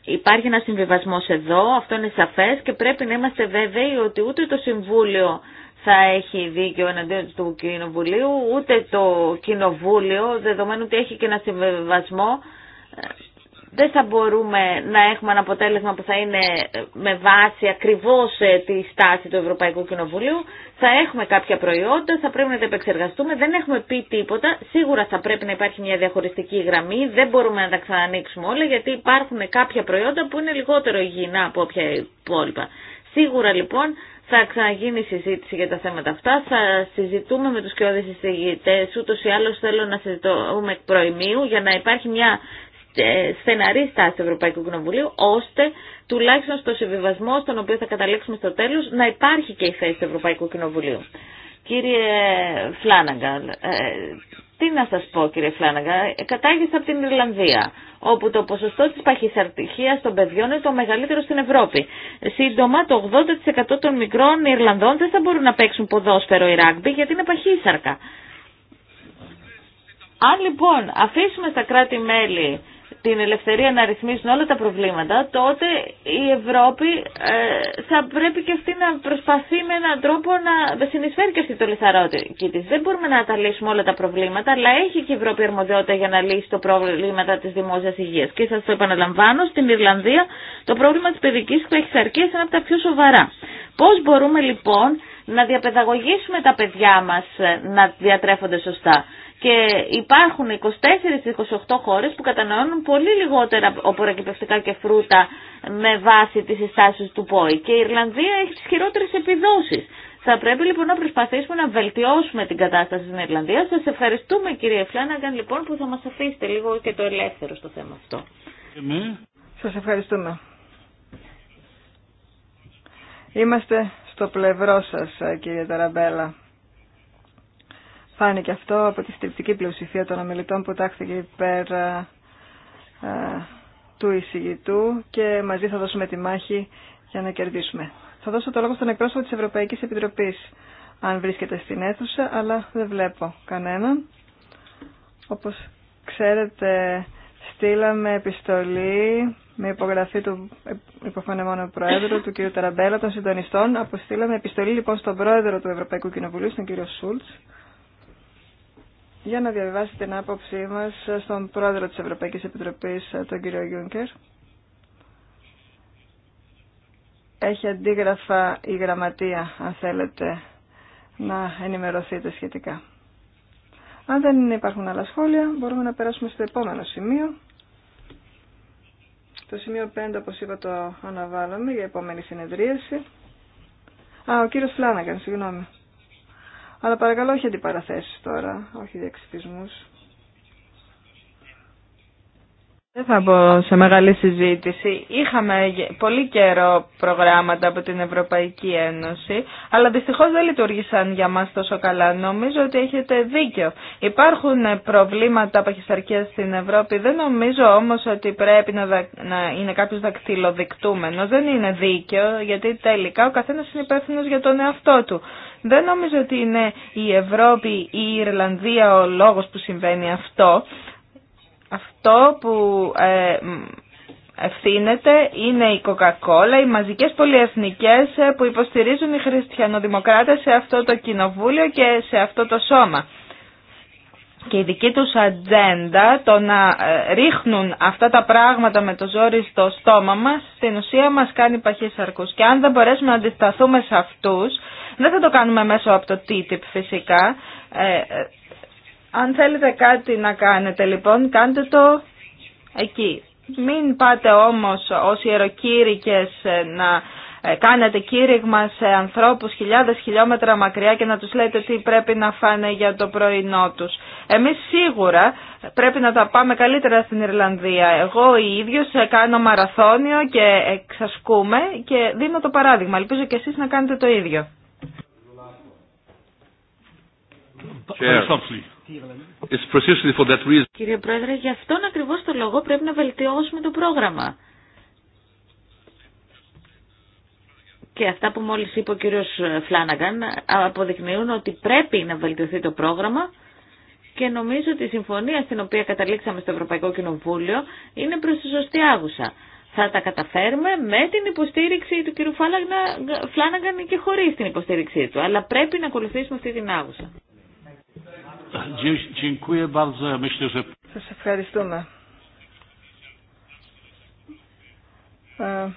Υπάρχει ένα συμβιβασμό εδώ, αυτό είναι σαφέ και πρέπει να είμαστε βέβαιοι ότι ούτε το Συμβούλιο θα έχει δίκιο εναντίον του Κοινοβουλίου, ούτε το Κοινοβούλιο, δεδομένου ότι έχει και ένα συμβιβασμό, δεν θα μπορούμε να έχουμε ένα αποτέλεσμα που θα είναι με βάση ακριβώς ε, τη στάση του Ευρωπαϊκού Κοινοβουλίου. Θα έχουμε κάποια προϊόντα, θα πρέπει να τα επεξεργαστούμε, δεν έχουμε πει τίποτα. Σίγουρα θα πρέπει να υπάρχει μια διαχωριστική γραμμή, δεν μπορούμε να τα ξανανοίξουμε όλα γιατί υπάρχουν κάποια προϊόντα που είναι λιγότερο υγιεινά από όποια υπόλοιπα. Σίγουρα λοιπόν θα ξαναγίνει συζήτηση για τα θέματα αυτά. Θα συζητούμε με τους κοιόδες συζητητέ. Ούτως ή άλλως θέλω να συζητούμε εκ προημίου για να υπάρχει μια στεναρή στάση του Ευρωπαϊκού Κοινοβουλίου, ώστε τουλάχιστον στο συμβιβασμό στον οποίο θα καταλήξουμε στο τέλος να υπάρχει και η θέση του Ευρωπαϊκού Κοινοβουλίου. Κύριε Φλάναγκα, ε, τι να σας πω κύριε Φλάναγκα, κατάγεστε από την Ιρλανδία, όπου το ποσοστό της παχυσαρτυχίας των παιδιών είναι το μεγαλύτερο στην Ευρώπη. Σύντομα το 80% των μικρών Ιρλανδών δεν θα μπορούν να παίξουν ποδόσφαιρο ή ράγμπι γιατί είναι παχύσαρκα. Αν λοιπόν αφήσουμε στα κράτη-μέλη την ελευθερία να ρυθμίσουν όλα τα προβλήματα, τότε η Ευρώπη ε, θα πρέπει και αυτή να προσπαθεί με έναν τρόπο να συνεισφέρει και αυτή το λιθαρότητα της. Δεν μπορούμε να τα λύσουμε όλα τα προβλήματα, αλλά έχει και η Ευρώπη αρμοδιότητα για να λύσει το πρόβλημα τη δημόσια υγεία. Και σα το επαναλαμβάνω, στην Ιρλανδία το πρόβλημα τη παιδική που έχει παχυσαρκίας είναι από τα πιο σοβαρά. Πώ μπορούμε λοιπόν να διαπαιδαγωγήσουμε τα παιδιά μα ε, να διατρέφονται σωστά. Και υπάρχουν 24-28 χώρες που κατανοούν πολύ λιγότερα οπορακυπευτικά και φρούτα με βάση τις συστάσεις του ΠΟΗ. Και η Ιρλανδία έχει τις χειρότερες επιδόσεις. Θα πρέπει λοιπόν να προσπαθήσουμε να βελτιώσουμε την κατάσταση στην Ιρλανδία. Σας ευχαριστούμε κύριε Φλάνναγκαν, λοιπόν που θα μας αφήσετε λίγο και το ελεύθερο στο θέμα αυτό. Εμείς. Ναι. Σας ευχαριστούμε. Είμαστε στο πλευρό σας ε, κύριε Ταραμπέλα. Φάνηκε αυτό από τη στριπτική πλειοψηφία των ομιλητών που τάχθηκε υπέρ α, ε, ε, του εισηγητού και μαζί θα δώσουμε τη μάχη για να κερδίσουμε. Θα δώσω το λόγο στον εκπρόσωπο της Ευρωπαϊκής Επιτροπής, αν βρίσκεται στην αίθουσα, αλλά δεν βλέπω κανέναν. Όπως ξέρετε, στείλαμε επιστολή με υπογραφή του υποφανεμόνου Προέδρου, του κ. Ταραμπέλα, των συντονιστών. Αποστήλαμε επιστολή λοιπόν στον Πρόεδρο του Ευρωπαϊκού Κοινοβουλίου, τον κ. Σούλτς, για να διαβιβάσει την άποψή μας στον πρόεδρο της Ευρωπαϊκής Επιτροπής, ε, τον κύριο Γιούνκερ. Έχει αντίγραφα η γραμματεία, αν θέλετε, να ενημερωθείτε σχετικά. Αν δεν υπάρχουν άλλα σχόλια, μπορούμε να περάσουμε στο επόμενο σημείο. Το σημείο 5, όπως είπα, το αναβάλαμε για επόμενη συνεδρίαση. Α, ο κύριος Φλάνακαν, συγγνώμη. Αλλά παρακαλώ όχι αντιπαραθέσεις τώρα, όχι διεξυπισμούς. Δεν θα μπω σε μεγάλη συζήτηση. Είχαμε πολύ καιρό προγράμματα από την Ευρωπαϊκή Ένωση, αλλά δυστυχώς δεν λειτουργήσαν για μας τόσο καλά. Νομίζω ότι έχετε δίκιο. Υπάρχουν προβλήματα παχυσαρκίας στην Ευρώπη, δεν νομίζω όμως ότι πρέπει να, να είναι κάποιος δακτυλοδεικτούμενος. Δεν είναι δίκιο, γιατί τελικά ο καθένας είναι υπεύθυνο για τον εαυτό του. Δεν νομίζω ότι είναι η Ευρώπη ή η Ιρλανδία ο λόγος που συμβαίνει αυτό. Αυτό που ε, ευθύνεται είναι η Coca-Cola, οι μαζικές πολυεθνικές ε, που συμβαινει αυτο αυτο που ευθυνεται ειναι η κοκακολα οι χριστιανοδημοκράτες σε αυτό το κοινοβούλιο και σε αυτό το σώμα και η δική τους ατζέντα το να ε, ρίχνουν αυτά τα πράγματα με το ζόρι στο στόμα μας στην ουσία μας κάνει παχύσαρκους και αν δεν μπορέσουμε να αντισταθούμε σε αυτούς δεν θα το κάνουμε μέσω από το TTIP φυσικά ε, ε, αν θέλετε κάτι να κάνετε λοιπόν κάντε το εκεί μην πάτε όμως ως ιεροκήρυκες να κάνετε κήρυγμα σε ανθρώπους χιλιάδες χιλιόμετρα μακριά και να τους λέτε τι πρέπει να φάνε για το πρωινό τους. Εμείς σίγουρα πρέπει να τα πάμε καλύτερα στην Ιρλανδία. Εγώ η ίδιος ε, κάνω μαραθώνιο και εξασκούμε και δίνω το παράδειγμα. Ελπίζω και εσείς να κάνετε το ίδιο. Κύριε Πρόεδρε, γι' αυτόν ακριβώς το λόγο πρέπει να βελτιώσουμε το πρόγραμμα. Και αυτά που μόλις είπε ο κύριος Φλάναγκαν αποδεικνύουν ότι πρέπει να βελτιωθεί το πρόγραμμα και νομίζω ότι η συμφωνία στην οποία καταλήξαμε στο Ευρωπαϊκό Κοινοβούλιο είναι προς τη σωστή άγουσα. Θα τα καταφέρουμε με την υποστήριξη του κ. Φλάναγκαν και χωρίς την υποστήριξή του. Αλλά πρέπει να ακολουθήσουμε αυτή την άγουσα. Σας ευχαριστούμε. Ε,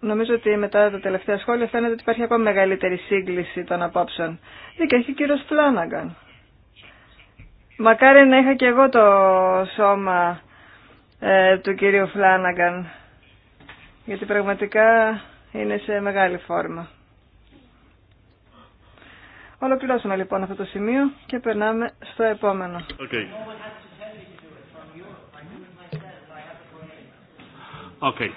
νομίζω ότι μετά τα τελευταία σχόλια φαίνεται ότι υπάρχει ακόμα μεγαλύτερη σύγκληση των απόψεων. και έχει ο κύριος Φλάναγκαν. Μακάρι να είχα και εγώ το σώμα ε, του κυρίου Φλάναγκαν, γιατί πραγματικά είναι σε μεγάλη φόρμα. Ολοκληρώσαμε λοιπόν αυτό το σημείο και περνάμε στο επόμενο. Okay. Okay.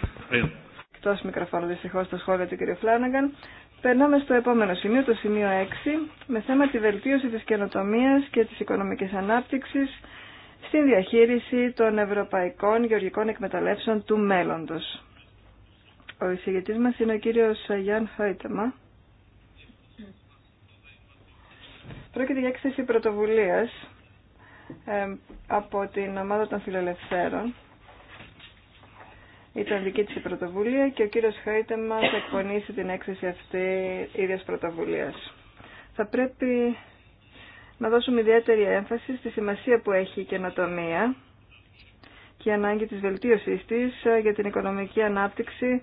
Εκτός μικροφόρου, δυστυχώς το σχόλιο του κ. Φλάναγκαν. Περνάμε στο επόμενο σημείο, το σημείο 6, με θέμα τη βελτίωση της καινοτομίας και της οικονομικής ανάπτυξης στην διαχείριση των ευρωπαϊκών γεωργικών εκμεταλλεύσεων του μέλλοντος. Ο εισηγητής μας είναι ο κύριος Γιάνν Χαϊτεμα. Πρόκειται για έκθεση πρωτοβουλίας ε, από την ομάδα των φιλελευθέρων ήταν δική της η πρωτοβουλία και ο κύριος Χάιτεμα θα εκπονήσει την έκθεση αυτή ίδιας πρωτοβουλίας. Θα πρέπει να δώσουμε ιδιαίτερη έμφαση στη σημασία που έχει η καινοτομία και η ανάγκη της βελτίωσής της ε, για την οικονομική ανάπτυξη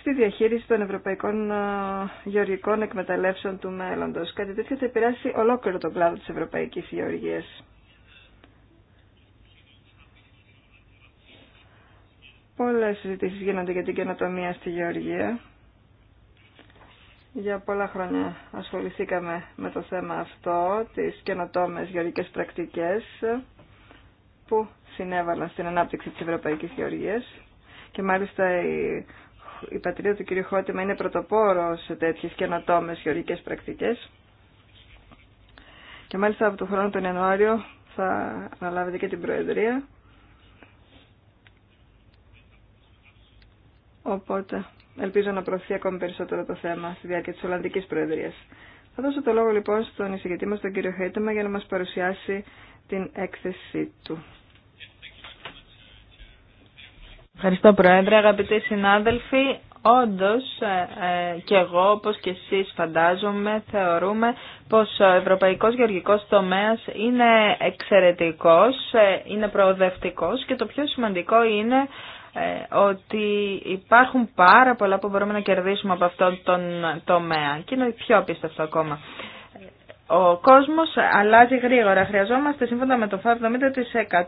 στη διαχείριση των ευρωπαϊκών ε, γεωργικών εκμεταλλεύσεων του μέλλοντος. Κάτι τέτοιο θα επηρεάσει ολόκληρο τον κλάδο της ευρωπαϊκής γεωργίας. Πολλές συζητήσεις γίνονται για την καινοτομία στη Γεωργία. Για πολλά χρόνια ασχοληθήκαμε με το θέμα αυτό, τις καινοτόμες γεωργικές πρακτικές που συνέβαλαν στην ανάπτυξη της Ευρωπαϊκής Γεωργίας και μάλιστα η, η πατρίδα του κ. Χώτημα είναι πρωτοπόρο σε τέτοιες καινοτόμες γεωργικές πρακτικές και μάλιστα από το χρόνο τον Ιανουάριο θα αναλάβετε και την Προεδρία Οπότε ελπίζω να προωθεί ακόμη περισσότερο το θέμα στη διάρκεια τη Ολλανδικής Προεδρίας. Θα δώσω το λόγο λοιπόν στον εισηγητή μα τον κύριο Χέιτεμα, για να μας παρουσιάσει την έκθεσή του. Ευχαριστώ Πρόεδρε, αγαπητοί συνάδελφοι. Όντως ε, ε, και εγώ όπως και εσείς φαντάζομαι θεωρούμε πως ο ευρωπαϊκός γεωργικός τομέας είναι εξαιρετικός, ε, είναι προοδευτικός και το πιο σημαντικό είναι ε, ότι υπάρχουν πάρα πολλά που μπορούμε να κερδίσουμε από αυτόν τον τομέα και είναι πιο απίστευτο ακόμα. Ο κόσμος αλλάζει γρήγορα. Χρειαζόμαστε σύμφωνα με το ΦΑΒ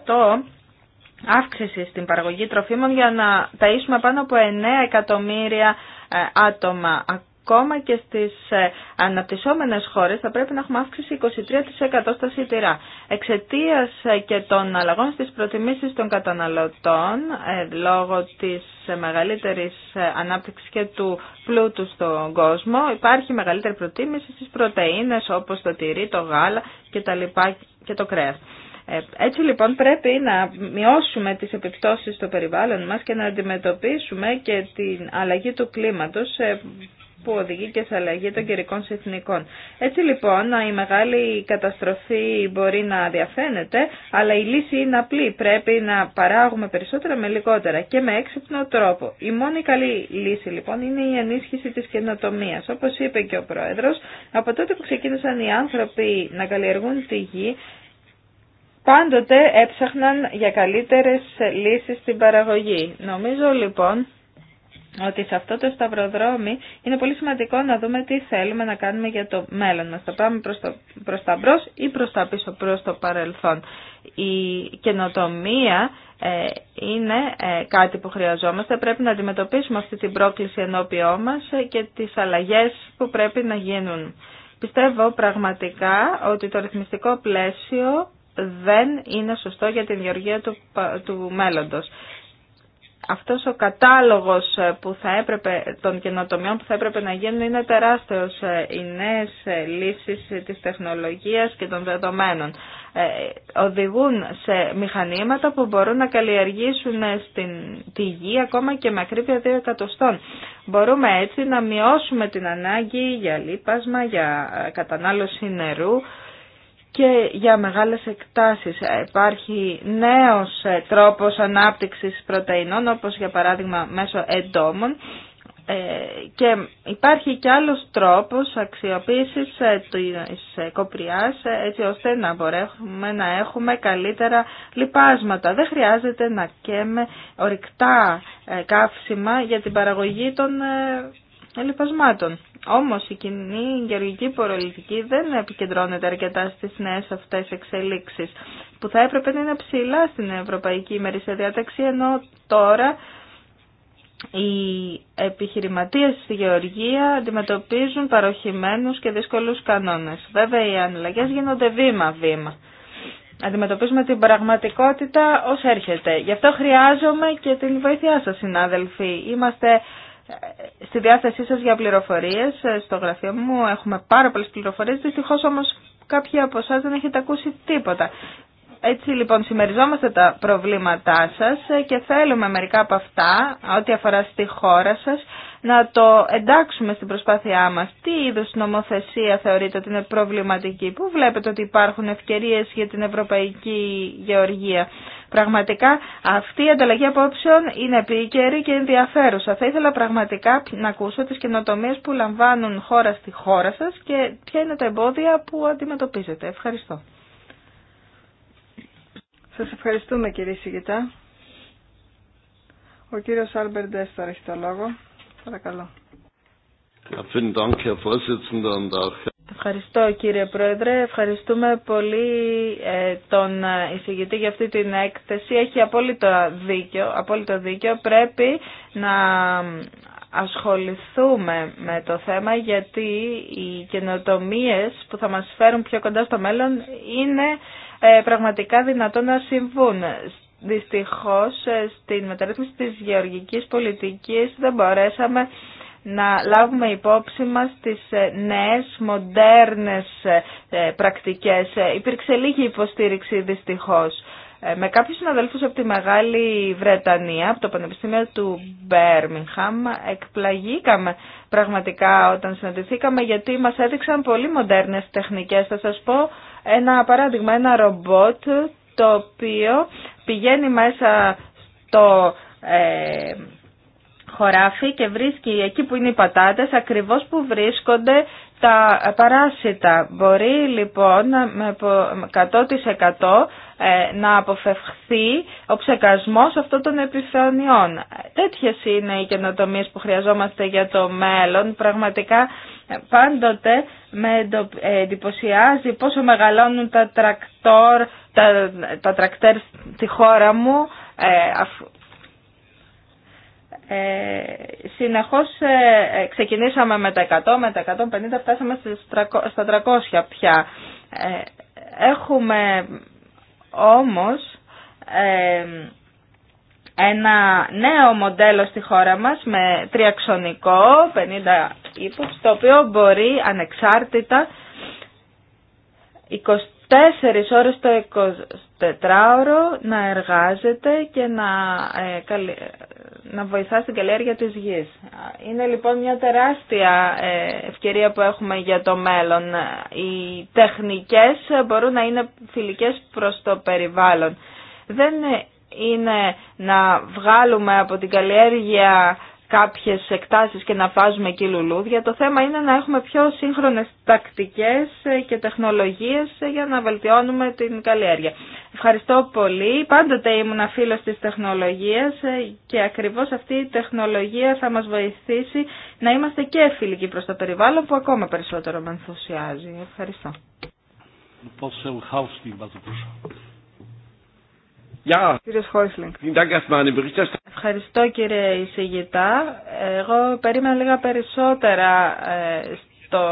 70% αύξηση στην παραγωγή τροφίμων για να ταΐσουμε πάνω από 9 εκατομμύρια ε, άτομα ακόμα και στις ε, αναπτυσσόμενες χώρες θα πρέπει να έχουμε αύξηση 23% στα σιτηρά. Εξαιτίας ε, και των αλλαγών στις προτιμήσεις των καταναλωτών, ε, λόγω της μεγαλύτερης ανάπτυξης και του πλούτου στον κόσμο, υπάρχει μεγαλύτερη προτίμηση στις πρωτεΐνες όπως το τυρί, το γάλα και τα λοιπά και το κρέας. Έτσι λοιπόν πρέπει να μειώσουμε τις επιπτώσεις στο περιβάλλον μας και να αντιμετωπίσουμε και την αλλαγή του κλίματος που οδηγεί και σε αλλαγή των καιρικών συνθήκων. Έτσι λοιπόν η μεγάλη καταστροφή μπορεί να διαφαίνεται, αλλά η λύση είναι απλή. Πρέπει να παράγουμε περισσότερα με λιγότερα και με έξυπνο τρόπο. Η μόνη καλή λύση λοιπόν είναι η ενίσχυση της καινοτομία. Όπως είπε και ο Πρόεδρος, από τότε που ξεκίνησαν οι άνθρωποι να καλλιεργούν τη γη, πάντοτε έψαχναν για καλύτερες λύσεις στην παραγωγή. Νομίζω λοιπόν ότι σε αυτό το σταυροδρόμι είναι πολύ σημαντικό να δούμε τι θέλουμε να κάνουμε για το μέλλον μας. Θα πάμε προς, τα μπρος ή προς τα πίσω, προς το παρελθόν. Η καινοτομία ε, είναι ε, κάτι που χρειαζόμαστε. Πρέπει να αντιμετωπίσουμε αυτή την πρόκληση ενώπιό μας ε, και τις αλλαγές που πρέπει να γίνουν. Πιστεύω πραγματικά ότι το ρυθμιστικό πλαίσιο δεν είναι σωστό για τη διοργία του, του μέλλοντος αυτός ο κατάλογος ε, που θα έπρεπε, των καινοτομιών που θα έπρεπε να γίνουν είναι τεράστιος. Ε, οι νέες ε, λύσεις της τεχνολογίας και των δεδομένων οδηγούν σε μηχανήματα που μπορούν να καλλιεργήσουν στην, τη γη ακόμα και με ακρίβεια δύο εκατοστών. Μπορούμε έτσι να μειώσουμε την ανάγκη για λίπασμα, για κατανάλωση νερού, και για μεγάλες εκτάσεις. Ε, υπάρχει νέος ε, τρόπος ανάπτυξης πρωτεϊνών, όπως για παράδειγμα μέσω εντόμων, ε, και υπάρχει και άλλος τρόπος αξιοποίησης της κοπριάς έτσι ώστε να μπορέσουμε να έχουμε καλύτερα λιπάσματα. Δεν χρειάζεται να καίμε ορυκτά καύσιμα για την παραγωγή των Όμω Όμως η κοινή γεωργική πολιτική δεν επικεντρώνεται αρκετά στις νέες αυτές εξελίξεις που θα έπρεπε να είναι ψηλά στην Ευρωπαϊκή ημερήσια διάταξη ενώ τώρα οι επιχειρηματίες στη γεωργία αντιμετωπίζουν παροχημένους και δύσκολους κανόνες. Βέβαια οι αναλλαγές γίνονται βήμα-βήμα. Αντιμετωπίζουμε την πραγματικότητα ως έρχεται. Γι' αυτό χρειάζομαι και την βοήθειά σας συνάδελφοι. Είμαστε στη διάθεσή σας για πληροφορίες ε, στο γραφείο μου. Έχουμε πάρα πολλές πληροφορίες, δυστυχώς όμως κάποιοι από εσά δεν έχετε ακούσει τίποτα. Έτσι λοιπόν συμμεριζόμαστε τα προβλήματά σας ε, και θέλουμε μερικά από αυτά, ό,τι αφορά στη χώρα σας, να το εντάξουμε στην προσπάθειά μας. Τι είδους νομοθεσία θεωρείτε ότι είναι προβληματική, πού βλέπετε ότι υπάρχουν ευκαιρίες για την ευρωπαϊκή γεωργία. Πραγματικά αυτή η ανταλλαγή απόψεων είναι επίκαιρη και ενδιαφέρουσα. Θα ήθελα πραγματικά να ακούσω τις καινοτομίε που λαμβάνουν χώρα στη χώρα σας και ποια είναι τα εμπόδια που αντιμετωπίζετε. Ευχαριστώ. Σας ευχαριστούμε κύριε Σιγητά. Ο κύριος Άλμπερντ Έσταρ έχει το λόγο. Παρακαλώ. Ευχαριστώ κύριε Πρόεδρε. Ευχαριστούμε πολύ ε, τον ε, εισηγητή για αυτή την έκθεση. Έχει απόλυτο δίκιο. Απόλυτο δίκιο. Πρέπει να ασχοληθούμε με το θέμα γιατί οι καινοτομίες που θα μας φέρουν πιο κοντά στο μέλλον είναι ε, πραγματικά δυνατόν να συμβούν. Δυστυχώς στην μεταρρύθμιση της γεωργικής πολιτικής δεν μπορέσαμε να λάβουμε υπόψη μας τις ε, νέες, μοντέρνες ε, ε, πρακτικές. Υπήρξε λίγη υποστήριξη δυστυχώς. Με κάποιους συναδέλφους από τη Μεγάλη Βρετανία, από το Πανεπιστήμιο του Μπέρμιγχαμ, εκπλαγήκαμε πραγματικά όταν συναντηθήκαμε γιατί μας έδειξαν πολύ μοντέρνες τεχνικές. Θα σας πω ένα παράδειγμα, ένα ρομπότ το οποίο πηγαίνει μέσα στο ε, χωράφι και βρίσκει εκεί που είναι οι πατάτες ακριβώς που βρίσκονται τα παράσιτα. Μπορεί λοιπόν με 100% ε, να αποφευχθεί ο ψεκασμός αυτών των επιφανειών. Τέτοιες είναι οι καινοτομίες που χρειαζόμαστε για το μέλλον. Πραγματικά πάντοτε με ε, εντυπωσιάζει πόσο μεγαλώνουν τα τρακτόρ, τα, τα τρακτέρ στη χώρα μου. Ε, ε, συνεχώς ε, ξεκινήσαμε με τα 100, με τα 150, φτάσαμε στα 300 πια. Ε, έχουμε όμως ένα νέο μοντέλο στη χώρα μας με τριαξονικό 50 ύπους, το οποίο μπορεί ανεξάρτητα 24 ώρες το τετράωρο να εργάζεται και να, ε, να βοηθά στην καλλιέργεια της γης. Είναι λοιπόν μια τεράστια ε, ευκαιρία που έχουμε για το μέλλον. Οι τεχνικές μπορούν να είναι φιλικές προς το περιβάλλον. Δεν είναι να βγάλουμε από την καλλιέργεια κάποιες εκτάσεις και να φάζουμε εκεί λουλούδια. Το θέμα είναι να έχουμε πιο σύγχρονες τακτικές και τεχνολογίες για να βελτιώνουμε την καλλιέργεια. Ευχαριστώ πολύ. Πάντοτε ήμουν φίλος της τεχνολογίας ε, και ακριβώς αυτή η τεχνολογία θα μας βοηθήσει να είμαστε και φιλικοί προς το περιβάλλον που ακόμα περισσότερο με ενθουσιάζει. Ευχαριστώ. Ευχαριστώ κύριε Ισηγητά. Εγώ περίμενα λίγα περισσότερα ε, το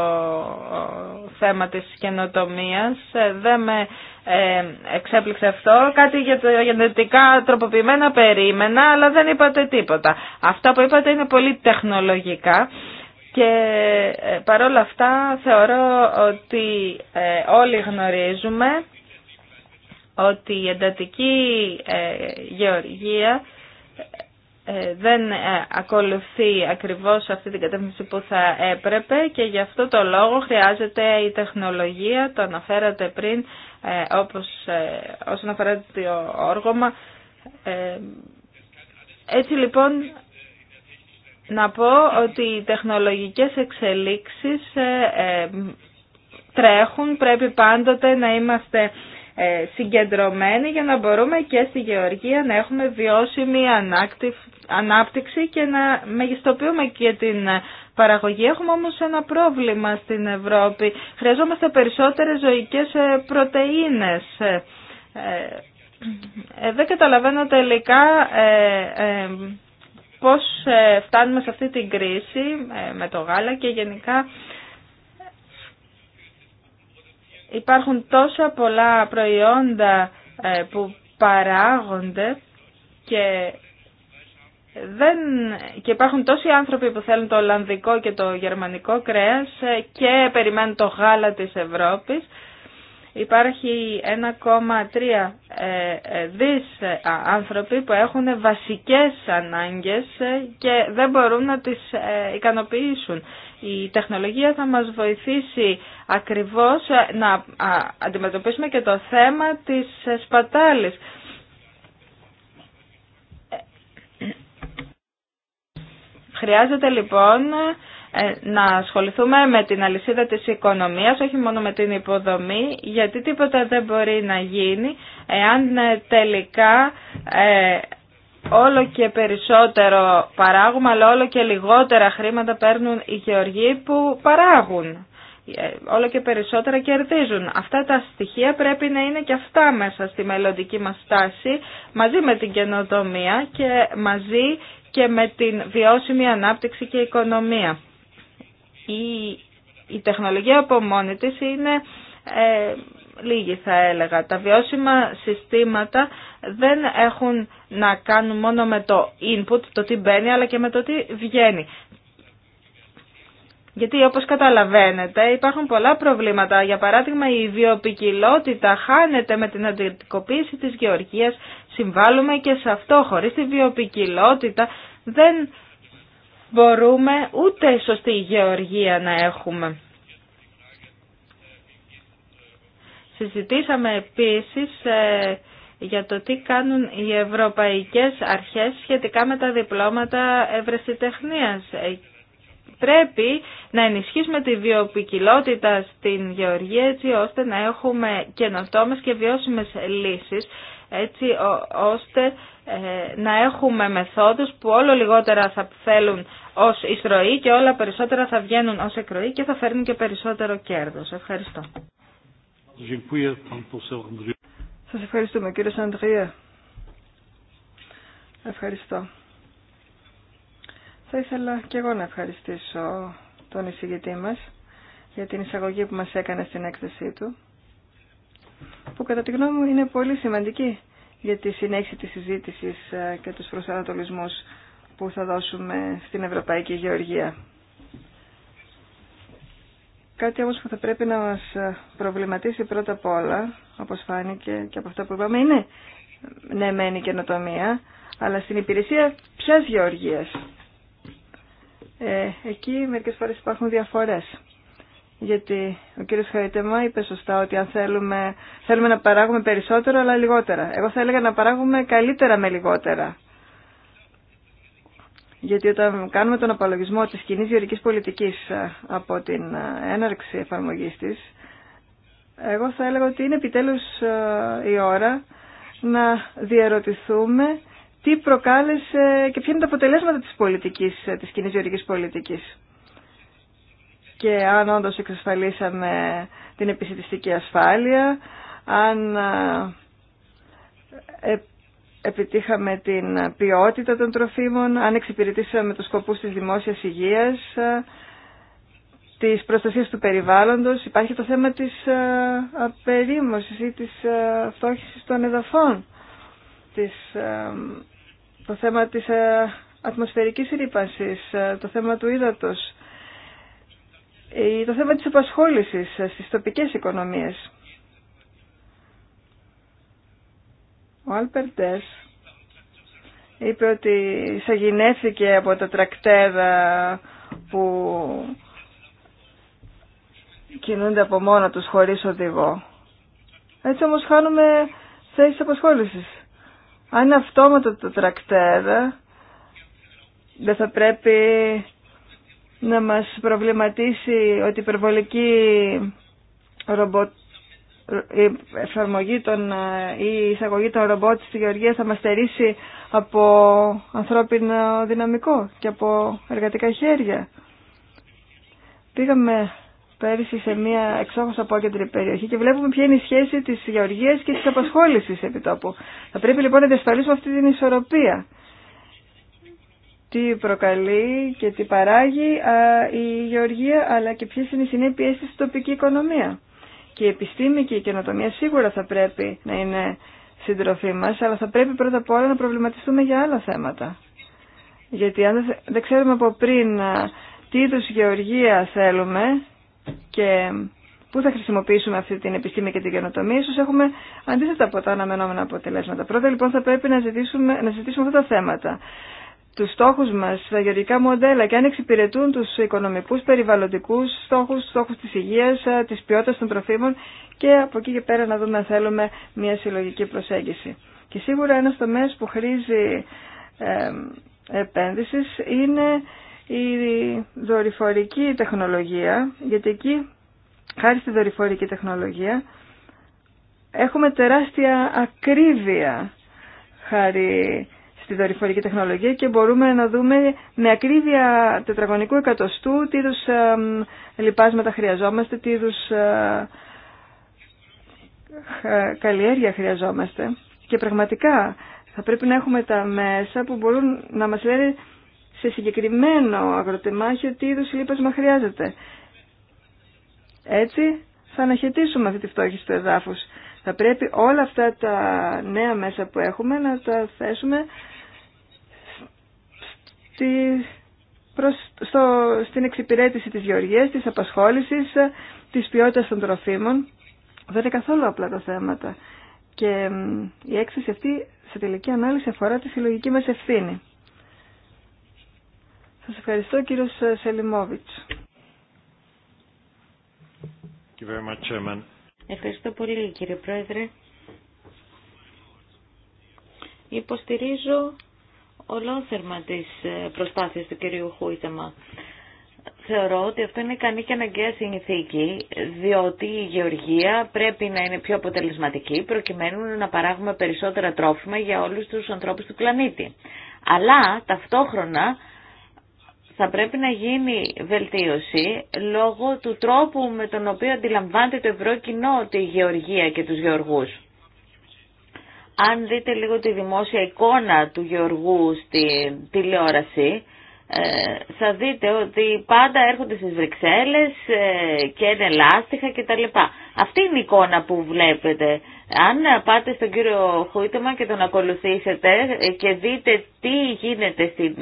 θέμα της καινοτομίας. Ε, δεν με ε, εξέπληξε αυτό. Κάτι για τα γενετικά τροποποιημένα περίμενα, αλλά δεν είπατε τίποτα. Αυτά που είπατε είναι πολύ τεχνολογικά. Και ε, παρόλα αυτά θεωρώ ότι όλοι γνωρίζουμε ότι η εντατική γεωργία ε, δεν ε, ακολουθεί ακριβώς αυτή την κατεύθυνση που θα έπρεπε και γι' αυτό το λόγο χρειάζεται η τεχνολογία, το αναφέρατε πριν, ε, όπως, όσον αφορά το όργωμα. έτσι λοιπόν να πω ότι οι τεχνολογικές εξελίξεις τρέχουν, πρέπει πάντοτε να είμαστε συγκεντρωμένοι για να μπορούμε και στη γεωργία να έχουμε βιώσιμη ανάκτηση ανάπτυξη και να μεγιστοποιούμε και την παραγωγή. Έχουμε όμως ένα πρόβλημα στην Ευρώπη. Χρειαζόμαστε περισσότερες ζωικές ε, πρωτεΐνες. Ε, ε, δεν καταλαβαίνω τελικά πώς φτάνουμε σε αυτή την κρίση με το γάλα και γενικά υπάρχουν τόσα πολλά προϊόντα που παράγονται και δεν, και υπάρχουν τόσοι άνθρωποι που θέλουν το Ολλανδικό και το Γερμανικό κρέας ε, και περιμένουν το γάλα της Ευρώπης. Υπάρχει 1,3 ε, ε, δις άνθρωποι που έχουν βασικές ανάγκες και δεν μπορούν να τις ικανοποιήσουν. Η τεχνολογία θα μας βοηθήσει ακριβώς να αντιμετωπίσουμε και το θέμα της σπατάλης. Χρειάζεται λοιπόν ε, να ασχοληθούμε με την αλυσίδα της οικονομίας, όχι μόνο με την υποδομή, γιατί τίποτα δεν μπορεί να γίνει εάν ε, τελικά ε, όλο και περισσότερο παράγουμε, αλλά όλο και λιγότερα χρήματα παίρνουν οι γεωργοί που παράγουν. Όλο και περισσότερα κερδίζουν. Αυτά τα στοιχεία πρέπει να είναι και αυτά μέσα στη μελλοντική μας στάση, μαζί με την καινοτομία και μαζί και με την βιώσιμη ανάπτυξη και οικονομία. Η, τεχνολογία από μόνη της είναι ε, λίγη θα έλεγα. Τα βιώσιμα συστήματα δεν έχουν να κάνουν μόνο με το input, το τι μπαίνει, αλλά και με το τι βγαίνει. Γιατί όπως καταλαβαίνετε υπάρχουν πολλά προβλήματα. Για παράδειγμα η βιοπικιλότητα χάνεται με την αντιρρητικοποίηση της γεωργίας. Συμβάλλουμε και σε αυτό. Χωρίς τη βιοπικιλότητα δεν μπορούμε ούτε σωστή γεωργία να έχουμε. Συζητήσαμε επίσης ε, για το τι κάνουν οι ευρωπαϊκές αρχές σχετικά με τα διπλώματα ευρεσιτεχνίας. Ε, πρέπει να ενισχύσουμε τη βιοποικιλότητα στην γεωργία έτσι ώστε να έχουμε καινοτόμες και βιώσιμες λύσεις έτσι ώστε ε, να έχουμε μεθόδους που όλο λιγότερα θα θέλουν ως εισρωή και όλα περισσότερα θα βγαίνουν ως εκροή και θα φέρνουν και περισσότερο κέρδος. Ευχαριστώ. Σας ευχαριστούμε κύριε Σαντρία. Ευχαριστώ. Θα ήθελα και εγώ να ευχαριστήσω τον εισηγητή μας για την εισαγωγή που μας έκανε στην έκθεσή του, που κατά τη γνώμη μου είναι πολύ σημαντική για τη συνέχιση της συζήτησης ε, και τους προσανατολισμούς που θα δώσουμε στην Ευρωπαϊκή Γεωργία. Κάτι όμως που θα πρέπει να μας ε, προβληματίσει πρώτα απ' όλα, όπως φάνηκε και από αυτά που είπαμε, είναι ναι καινοτομία, αλλά στην υπηρεσία ποιας γεωργίας. Ε, εκεί μερικές φορές υπάρχουν διαφορές. Γιατί ο κύριος Χαϊτεμά είπε σωστά ότι αν θέλουμε, θέλουμε να παράγουμε περισσότερο αλλά λιγότερα. Εγώ θα έλεγα να παράγουμε καλύτερα με λιγότερα. Γιατί όταν κάνουμε τον απολογισμό της κοινή γεωρικής πολιτικής ε, από την ε, έναρξη εφαρμογής της, εγώ θα έλεγα ότι είναι επιτέλους ε, η ώρα να διαρωτηθούμε τι προκάλεσε και ποια είναι τα αποτελέσματα της πολιτικής, ε, της κοινής γεωργικής πολιτικής. Και αν όντω εξασφαλίσαμε την επιστημιστική ασφάλεια, αν ε, ε, επιτύχαμε την ποιότητα των τροφίμων, αν εξυπηρετήσαμε τους σκοπούς της δημόσιας υγείας, της προστασίας του περιβάλλοντος, υπάρχει το θέμα της απερίμωσης ή της φτώχησης των εδαφών, της το θέμα της ε, ατμοσφαιρικής ρήπανσης, ε, το θέμα του ύδατος, ε, το θέμα της απασχόλησης στις τοπικές οικονομίες. Ο Άλπερτες είπε ότι σαγηνέθηκε από τα τρακτέδα που κινούνται από μόνα τους χωρίς οδηγό. Έτσι όμως χάνουμε θέσεις απασχόλησης. Αν είναι αυτόματο το τρακτέρ, δεν θα πρέπει να μας προβληματίσει ότι η υπερβολική η εφαρμογή των, ε, η εισαγωγή των ρομπότ στη Γεωργία θα μας στερήσει από ανθρώπινο δυναμικό και από εργατικά χέρια. Πήγαμε πέρυσι σε μια εξόχως απόκεντρη περιοχή και βλέπουμε ποια είναι η σχέση της γεωργίας και της απασχόλησης τόπου. Θα πρέπει λοιπόν να διασφαλίσουμε αυτή την ισορροπία. Τι προκαλεί και τι παράγει η γεωργία αλλά και ποιε είναι οι συνέπειες της τοπική οικονομία. Και η επιστήμη και η καινοτομία σίγουρα θα πρέπει να είναι συντροφή μας, αλλά θα πρέπει πρώτα απ' όλα να προβληματιστούμε για άλλα θέματα. Γιατί αν δεν ξέρουμε από πριν τι είδου γεωργία θέλουμε και πού θα χρησιμοποιήσουμε αυτή την επιστήμη και την καινοτομία, ίσω έχουμε αντίθετα από τα αναμενόμενα αποτελέσματα. Πρώτα λοιπόν θα πρέπει να ζητήσουμε, να ζητήσουμε αυτά τα θέματα. Του στόχου μα, τα γεωργικά μοντέλα και αν εξυπηρετούν του οικονομικού περιβαλλοντικού στόχου, τους στόχους της υγείας, ε, της ποιότητας των τροφίμων και από εκεί και πέρα να δούμε αν θέλουμε μια συλλογική προσέγγιση. Και σίγουρα ένα τομέα που χρήζει ε, επένδυσης είναι η δορυφορική τεχνολογία, γιατί εκεί, χάρη στη δορυφορική τεχνολογία, έχουμε τεράστια ακρίβεια χάρη στη δορυφορική τεχνολογία και μπορούμε να δούμε με ακρίβεια τετραγωνικού εκατοστού τι είδους ε, λοιπάσματα χρειαζόμαστε, τι είδους ε, καλλιέργεια χρειαζόμαστε. Και πραγματικά θα πρέπει να έχουμε τα μέσα που μπορούν να μας λένε σε συγκεκριμένο αγροτεμάχιο τι είδους λίπασμα χρειάζεται. Έτσι θα αναχαιτήσουμε αυτή τη φτώχεια του εδάφους. Θα πρέπει όλα αυτά τα νέα μέσα που έχουμε να τα θέσουμε προς, στο, στην εξυπηρέτηση της γεωργίας, της απασχόλησης, της ποιότητας των τροφίμων. Δεν είναι καθόλου απλά τα θέματα. Και η έκθεση αυτή σε τελική ανάλυση αφορά τη συλλογική μας ευθύνη. Σας ευχαριστώ κύριος Σελιμόβιτς. Ευχαριστώ πολύ κύριε Πρόεδρε. Υποστηρίζω ολόθερμα τις ε, προσπάθειες του κυρίου Χούιτεμα. Θεωρώ ότι αυτό είναι ικανή και αναγκαία συνθήκη, διότι η γεωργία πρέπει να είναι πιο αποτελεσματική, προκειμένου να παράγουμε περισσότερα τρόφιμα για όλους τους ανθρώπους του πλανήτη. Αλλά ταυτόχρονα θα πρέπει να γίνει βελτίωση λόγω του τρόπου με τον οποίο αντιλαμβάνεται το ευρώ κοινό τη γεωργία και τους γεωργούς. Αν δείτε λίγο τη δημόσια εικόνα του γεωργού στη τηλεόραση, ε, θα δείτε ότι πάντα έρχονται στις Βρυξέλλες ε, και είναι λάστιχα κτλ. Αυτή είναι η εικόνα που βλέπετε. Αν πάτε στον κύριο Χούιτεμα και τον ακολουθήσετε ε, και δείτε τι γίνεται στην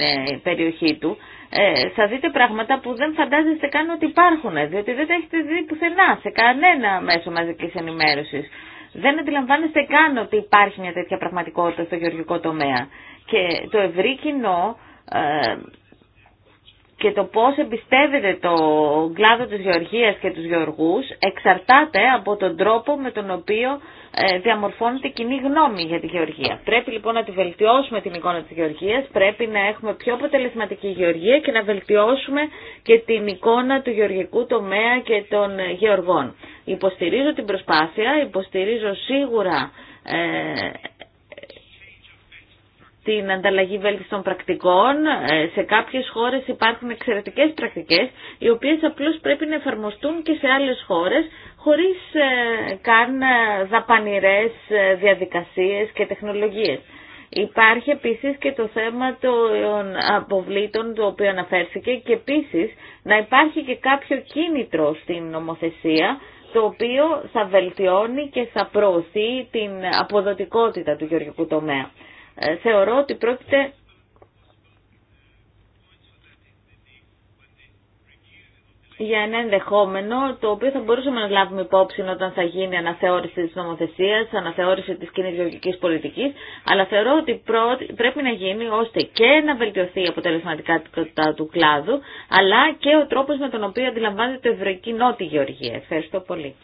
περιοχή του, ε, θα δείτε πράγματα που δεν φαντάζεστε καν ότι υπάρχουν, διότι δεν τα έχετε δει πουθενά, σε κανένα μέσο μαζικής ενημέρωσης. Δεν αντιλαμβάνεστε καν ότι υπάρχει μια τέτοια πραγματικότητα στο γεωργικό τομέα. Και το ευρύ κοινό ε, και το πώς εμπιστεύεται το κλάδο της γεωργίας και τους γεωργούς εξαρτάται από τον τρόπο με τον οποίο ε, διαμορφώνεται κοινή γνώμη για τη γεωργία. Πρέπει λοιπόν να τη βελτιώσουμε την εικόνα της γεωργίας, πρέπει να έχουμε πιο αποτελεσματική γεωργία και να βελτιώσουμε και την εικόνα του γεωργικού τομέα και των γεωργών. Υποστηρίζω την προσπάθεια, υποστηρίζω σίγουρα ε, την ανταλλαγή βέλτιστων πρακτικών. Ε, σε κάποιες χώρες υπάρχουν εξαιρετικές πρακτικές, οι οποίες απλώς πρέπει να εφαρμοστούν και σε άλλες χώρες, χωρίς ε, καν ε, δαπανηρές διαδικασίες και τεχνολογίες. Υπάρχει επίσης και το θέμα των αποβλήτων το οποίο αναφέρθηκε και επίσης να υπάρχει και κάποιο κίνητρο στην νομοθεσία το οποίο θα βελτιώνει και θα προωθεί την αποδοτικότητα του γεωργικού τομέα. Ε, θεωρώ ότι πρόκειται για ένα ενδεχόμενο το οποίο θα μπορούσαμε να λάβουμε υπόψη όταν θα γίνει αναθεώρηση της νομοθεσίας, αναθεώρηση της κοινή γεωργικής πολιτικής, αλλά θεωρώ ότι πρέπει να γίνει ώστε και να βελτιωθεί η αποτελεσματικότητα του κλάδου, αλλά και ο τρόπος με τον οποίο αντιλαμβάνεται η ευρωπαϊκή νότη γεωργία. Ευχαριστώ πολύ.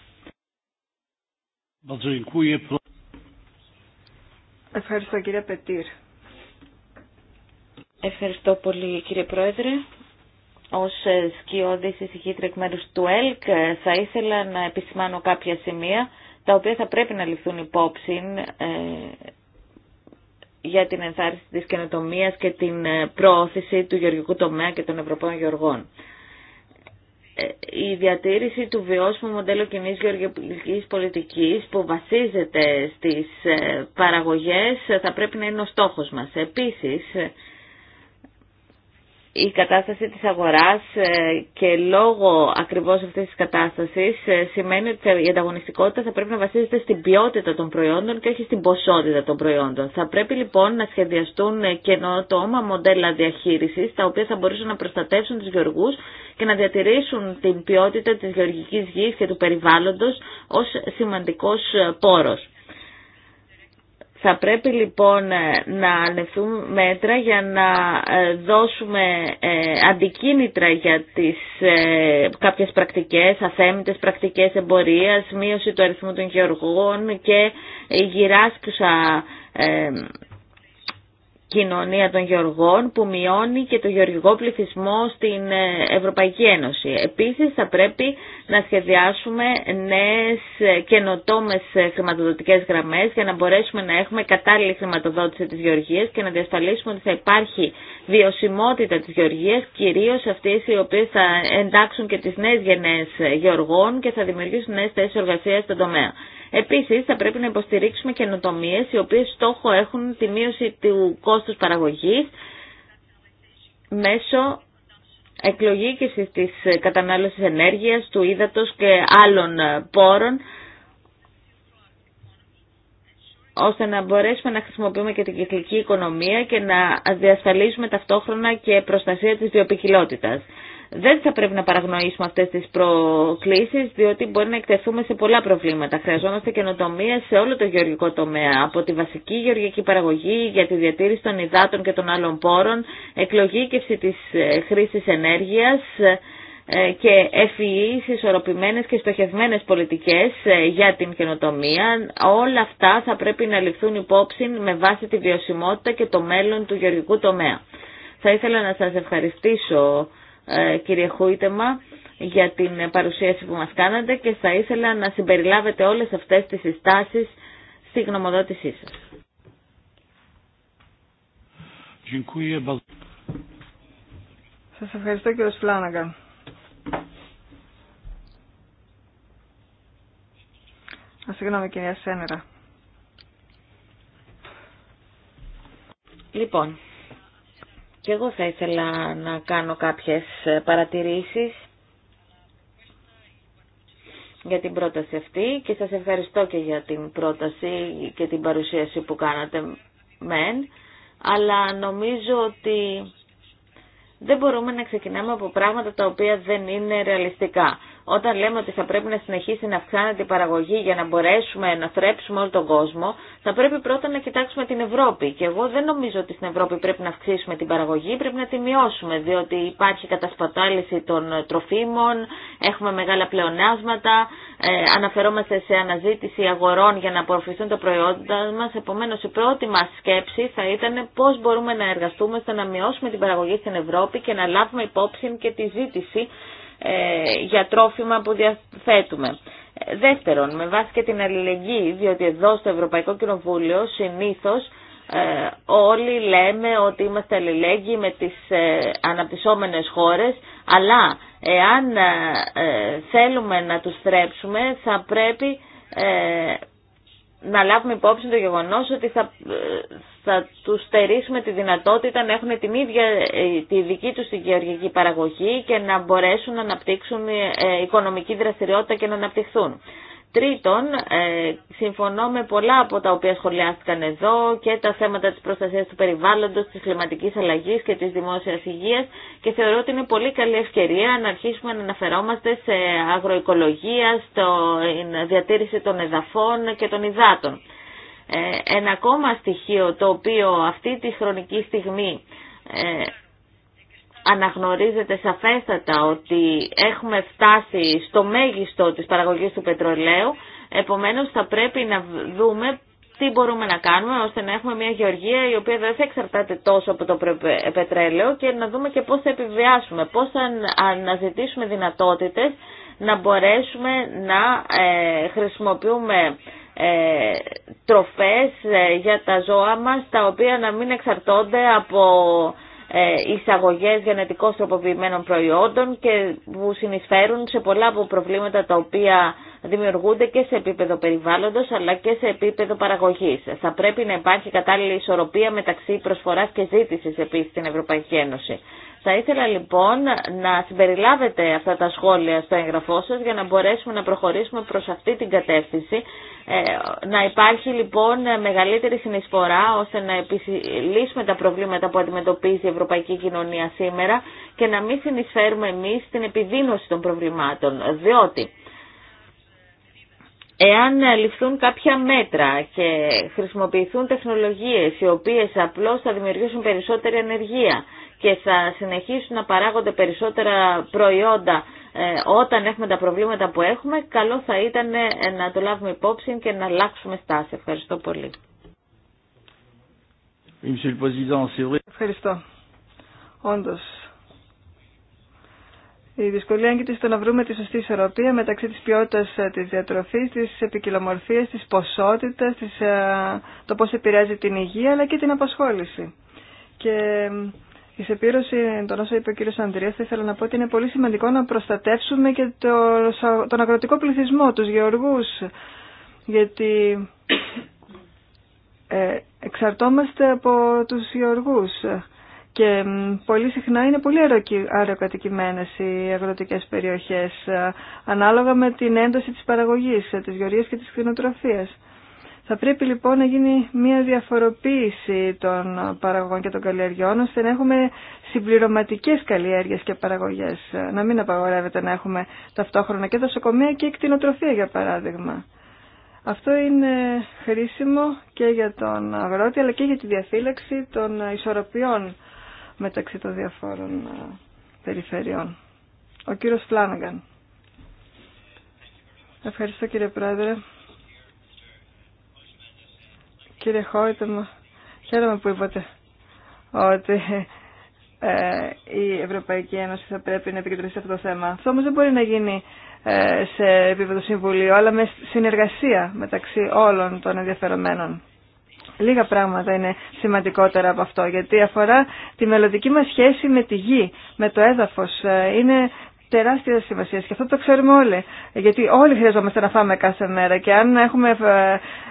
Ευχαριστώ κύριε Πετήρ. Ευχαριστώ πολύ κύριε Πρόεδρε. Ως ε, σκιώδης εισηγήτρια εκ μέρους του ΕΛΚ ε, θα ήθελα να επισημάνω κάποια σημεία τα οποία θα πρέπει να ληφθούν υπόψη ε, για την ενθάρρυνση της καινοτομίας και την προώθηση του γεωργικού τομέα και των Ευρωπαίων Γεωργών. Ε, η διατήρηση του βιώσιμου μοντέλου κοινή γεωργικής πολιτικής που βασίζεται στις ε, παραγωγές θα πρέπει να είναι ο στόχος μας. Επίσης, η κατάσταση της αγοράς ε, και λόγω ακριβώς αυτής της κατάστασης ε, σημαίνει ότι η ανταγωνιστικότητα θα πρέπει να βασίζεται στην ποιότητα των προϊόντων και όχι στην ποσότητα των προϊόντων. Θα πρέπει λοιπόν να σχεδιαστούν ε, καινοτόμα μοντέλα διαχείρισης τα οποία θα μπορούσαν να προστατεύσουν τους γεωργούς και να διατηρήσουν την ποιότητα της γεωργικής γης και του περιβάλλοντος ως σημαντικός πόρος. Θα πρέπει λοιπόν ε, να ανευθούμε μέτρα για να ε, δώσουμε ε, αντικίνητρα για τις κάποιες πρακτικές, αθέμητες πρακτικές εμπορίας, μείωση του αριθμού των γεωργών και γυράσκουσα κοινωνία των γεωργών που μειώνει και το γεωργικό πληθυσμό στην Ευρωπαϊκή Ένωση. Επίσης θα πρέπει να σχεδιάσουμε νέες καινοτόμες χρηματοδοτικές γραμμές για να μπορέσουμε να έχουμε κατάλληλη χρηματοδότηση της γεωργίας και να διασφαλίσουμε ότι θα υπάρχει βιωσιμότητα της γεωργίας, κυρίως αυτές οι οποίες θα εντάξουν και τις νέες γενναίες γεωργών και θα δημιουργήσουν νέες θέσεις εργασίας στον τομέα. Επίσης θα πρέπει να υποστηρίξουμε καινοτομίες οι οποίες στόχο έχουν τη μείωση του κόστους παραγωγής μέσω Εκλογήκηση της κατανάλωσης ενέργειας, του ύδατος και άλλων πόρων, ώστε να μπορέσουμε να χρησιμοποιούμε και την κυκλική οικονομία και να διασφαλίσουμε ταυτόχρονα και προστασία της βιοπικιλότητας δεν θα πρέπει να παραγνωρίσουμε αυτέ τι προκλήσει, διότι μπορεί να εκτεθούμε σε πολλά προβλήματα. Χρειαζόμαστε καινοτομία σε όλο το γεωργικό τομέα, από τη βασική γεωργική παραγωγή για τη διατήρηση των υδάτων και των άλλων πόρων, εκλογήκευση τη ε, χρήση ενέργεια ε, και ευφυείς, e e ισορροπημένες και στοχευμένες πολιτικές ε, για την καινοτομία. Όλα αυτά θα πρέπει να ληφθούν υπόψη με βάση τη βιωσιμότητα και το μέλλον του γεωργικού τομέα. Θα ήθελα να σας ευχαριστήσω ε, κύριε Χούιτεμα, για την παρουσίαση που μας κάνατε και θα ήθελα να συμπεριλάβετε όλες αυτές τις συστάσεις στη γνωμοδότησή σας. Σας ευχαριστώ κύριο Α Συγγνώμη κυρία Σένερα. Λοιπόν, και εγώ θα ήθελα να κάνω κάποιες παρατηρήσεις για την πρόταση αυτή και σας ευχαριστώ και για την πρόταση και την παρουσίαση που κάνατε μεν, αλλά νομίζω ότι δεν μπορούμε να ξεκινάμε από πράγματα τα οποία δεν είναι ρεαλιστικά. Όταν λέμε ότι θα πρέπει να συνεχίσει να αυξάνεται η παραγωγή για να μπορέσουμε να θρέψουμε όλο τον κόσμο, θα πρέπει πρώτα να κοιτάξουμε την Ευρώπη. Και εγώ δεν νομίζω ότι στην Ευρώπη πρέπει να αυξήσουμε την παραγωγή, πρέπει να τη μειώσουμε, διότι υπάρχει κατασπατάληση των τροφίμων, έχουμε μεγάλα πλεονάσματα, ε, αναφερόμαστε σε αναζήτηση αγορών για να απορροφηθούν τα προϊόντα μα. Επομένω, η πρώτη μα σκέψη θα ήταν πώ μπορούμε να εργαστούμε ώστε να μειώσουμε την παραγωγή στην Ευρώπη και να λάβουμε υπόψη και τη ζήτηση ε, για τρόφιμα που διαθέτουμε. Δεύτερον, με βάση και την αλληλεγγύη, διότι εδώ στο Ευρωπαϊκό Κοινοβούλιο συνήθως ε, όλοι λέμε ότι είμαστε αλληλέγγυοι με τις ε, αναπτυσσόμενες χώρες, αλλά εάν θέλουμε να τους θρέψουμε θα πρέπει να λάβουμε υπόψη το γεγονός ότι θα, θα τους στερήσουμε τη δυνατότητα να έχουν την ίδια ε, τη δική τους την γεωργική παραγωγή και να μπορέσουν να αναπτύξουν ε, οικονομική δραστηριότητα και να αναπτυχθούν. Τρίτον, ε, συμφωνώ με πολλά από τα οποία σχολιάστηκαν εδώ και τα θέματα της προστασίας του περιβάλλοντος, της κλιματικής αλλαγής και της δημόσιας υγείας και θεωρώ ότι είναι πολύ καλή ευκαιρία να αρχίσουμε να αναφερόμαστε σε αγροοικολογία, στην διατήρηση των εδαφών και των υδάτων. Ε, ένα ακόμα στοιχείο το οποίο αυτή τη χρονική στιγμή ε, αναγνωρίζεται σαφέστατα ότι έχουμε φτάσει στο μέγιστο της παραγωγής του πετρελαίου, επομένως θα πρέπει να δούμε τι μπορούμε να κάνουμε ώστε να έχουμε μια γεωργία η οποία δεν θα εξαρτάται τόσο από το πετρέλαιο και να δούμε και πώς θα επιβιάσουμε, πώς θα αναζητήσουμε δυνατότητες να μπορέσουμε να ε, χρησιμοποιούμε ε, τροφές ε, για τα ζώα μας τα οποία να μην εξαρτώνται από ε, εισαγωγές γενετικώς τροποποιημένων προϊόντων και που συνεισφέρουν σε πολλά από προβλήματα τα οποία δημιουργούνται και σε επίπεδο περιβάλλοντος αλλά και σε επίπεδο παραγωγής. Θα πρέπει να υπάρχει κατάλληλη ισορροπία μεταξύ προσφοράς και ζήτησης επίσης στην Ευρωπαϊκή Ένωση. Θα ήθελα λοιπόν να συμπεριλάβετε αυτά τα σχόλια στο εγγραφό σας για να μπορέσουμε να προχωρήσουμε προς αυτή την κατεύθυνση. Ε, να υπάρχει λοιπόν μεγαλύτερη συνεισφορά ώστε να επιλύσουμε τα προβλήματα που αντιμετωπίζει η Ευρωπαϊκή Κοινωνία σήμερα και να μην συνεισφέρουμε εμείς στην επιδείνωση των προβλημάτων. Διότι Εάν ε, ληφθούν κάποια μέτρα και χρησιμοποιηθούν τεχνολογίες οι οποίες απλώς θα δημιουργήσουν περισσότερη ενεργεία και θα συνεχίσουν να παράγονται περισσότερα προϊόντα ε, όταν έχουμε τα προβλήματα που έχουμε, καλό θα ήταν ε, να το λάβουμε υπόψη και να αλλάξουμε στάση. Ευχαριστώ πολύ. Ευχαριστώ. Όντως, η δυσκολία έγκυται στο να βρούμε τη σωστή ισορροπία μεταξύ της ποιότητας ε, της διατροφής, της επικοινομορφίας, της ποσότητας, της, ε, το πώς επηρεάζει την υγεία αλλά και την απασχόληση. Και η σεπήρωση των όσων είπε ο κύριος Ανδρίας θα ήθελα να πω ότι είναι πολύ σημαντικό να προστατεύσουμε και το, τον αγροτικό πληθυσμό, τους γεωργούς, γιατί ε, εξαρτώμαστε από τους γεωργούς και πολύ συχνά είναι πολύ αεροκατοικημένες οι αγροτικές περιοχές, ε, ανάλογα με την ένταση της παραγωγής, ε, της γεωρία και της κτηνοτροφίας. Θα πρέπει λοιπόν να γίνει μια διαφοροποίηση των παραγωγών και των καλλιεργειών, ώστε να έχουμε συμπληρωματικές καλλιέργειες και παραγωγές. Ε, να μην απαγορεύεται να έχουμε ταυτόχρονα και δασοκομεία και κτηνοτροφία για παράδειγμα. Αυτό είναι χρήσιμο και για τον αγρότη αλλά και για τη διαφύλαξη των ισορροπιών μεταξύ των διαφόρων ε, περιφερειών. Ο κύριος Φλάνγκαν. Ευχαριστώ κύριε Πρόεδρε. Κύριε Χόιτεμα, χαίρομαι που είπατε ότι ε, η Ευρωπαϊκή Ένωση θα πρέπει να επικεντρωθεί σε αυτό το θέμα. Αυτό όμως δεν μπορεί να γίνει ε, σε επίπεδο συμβουλίου, αλλά με συνεργασία μεταξύ όλων των ενδιαφερομένων. Λίγα πράγματα είναι σημαντικότερα από αυτό, γιατί αφορά τη μελλοντική μας σχέση με τη γη, με το έδαφος. Ε, είναι τεράστια σημασία και αυτό το ξέρουμε όλοι. Γιατί όλοι χρειαζόμαστε να φάμε κάθε μέρα και αν έχουμε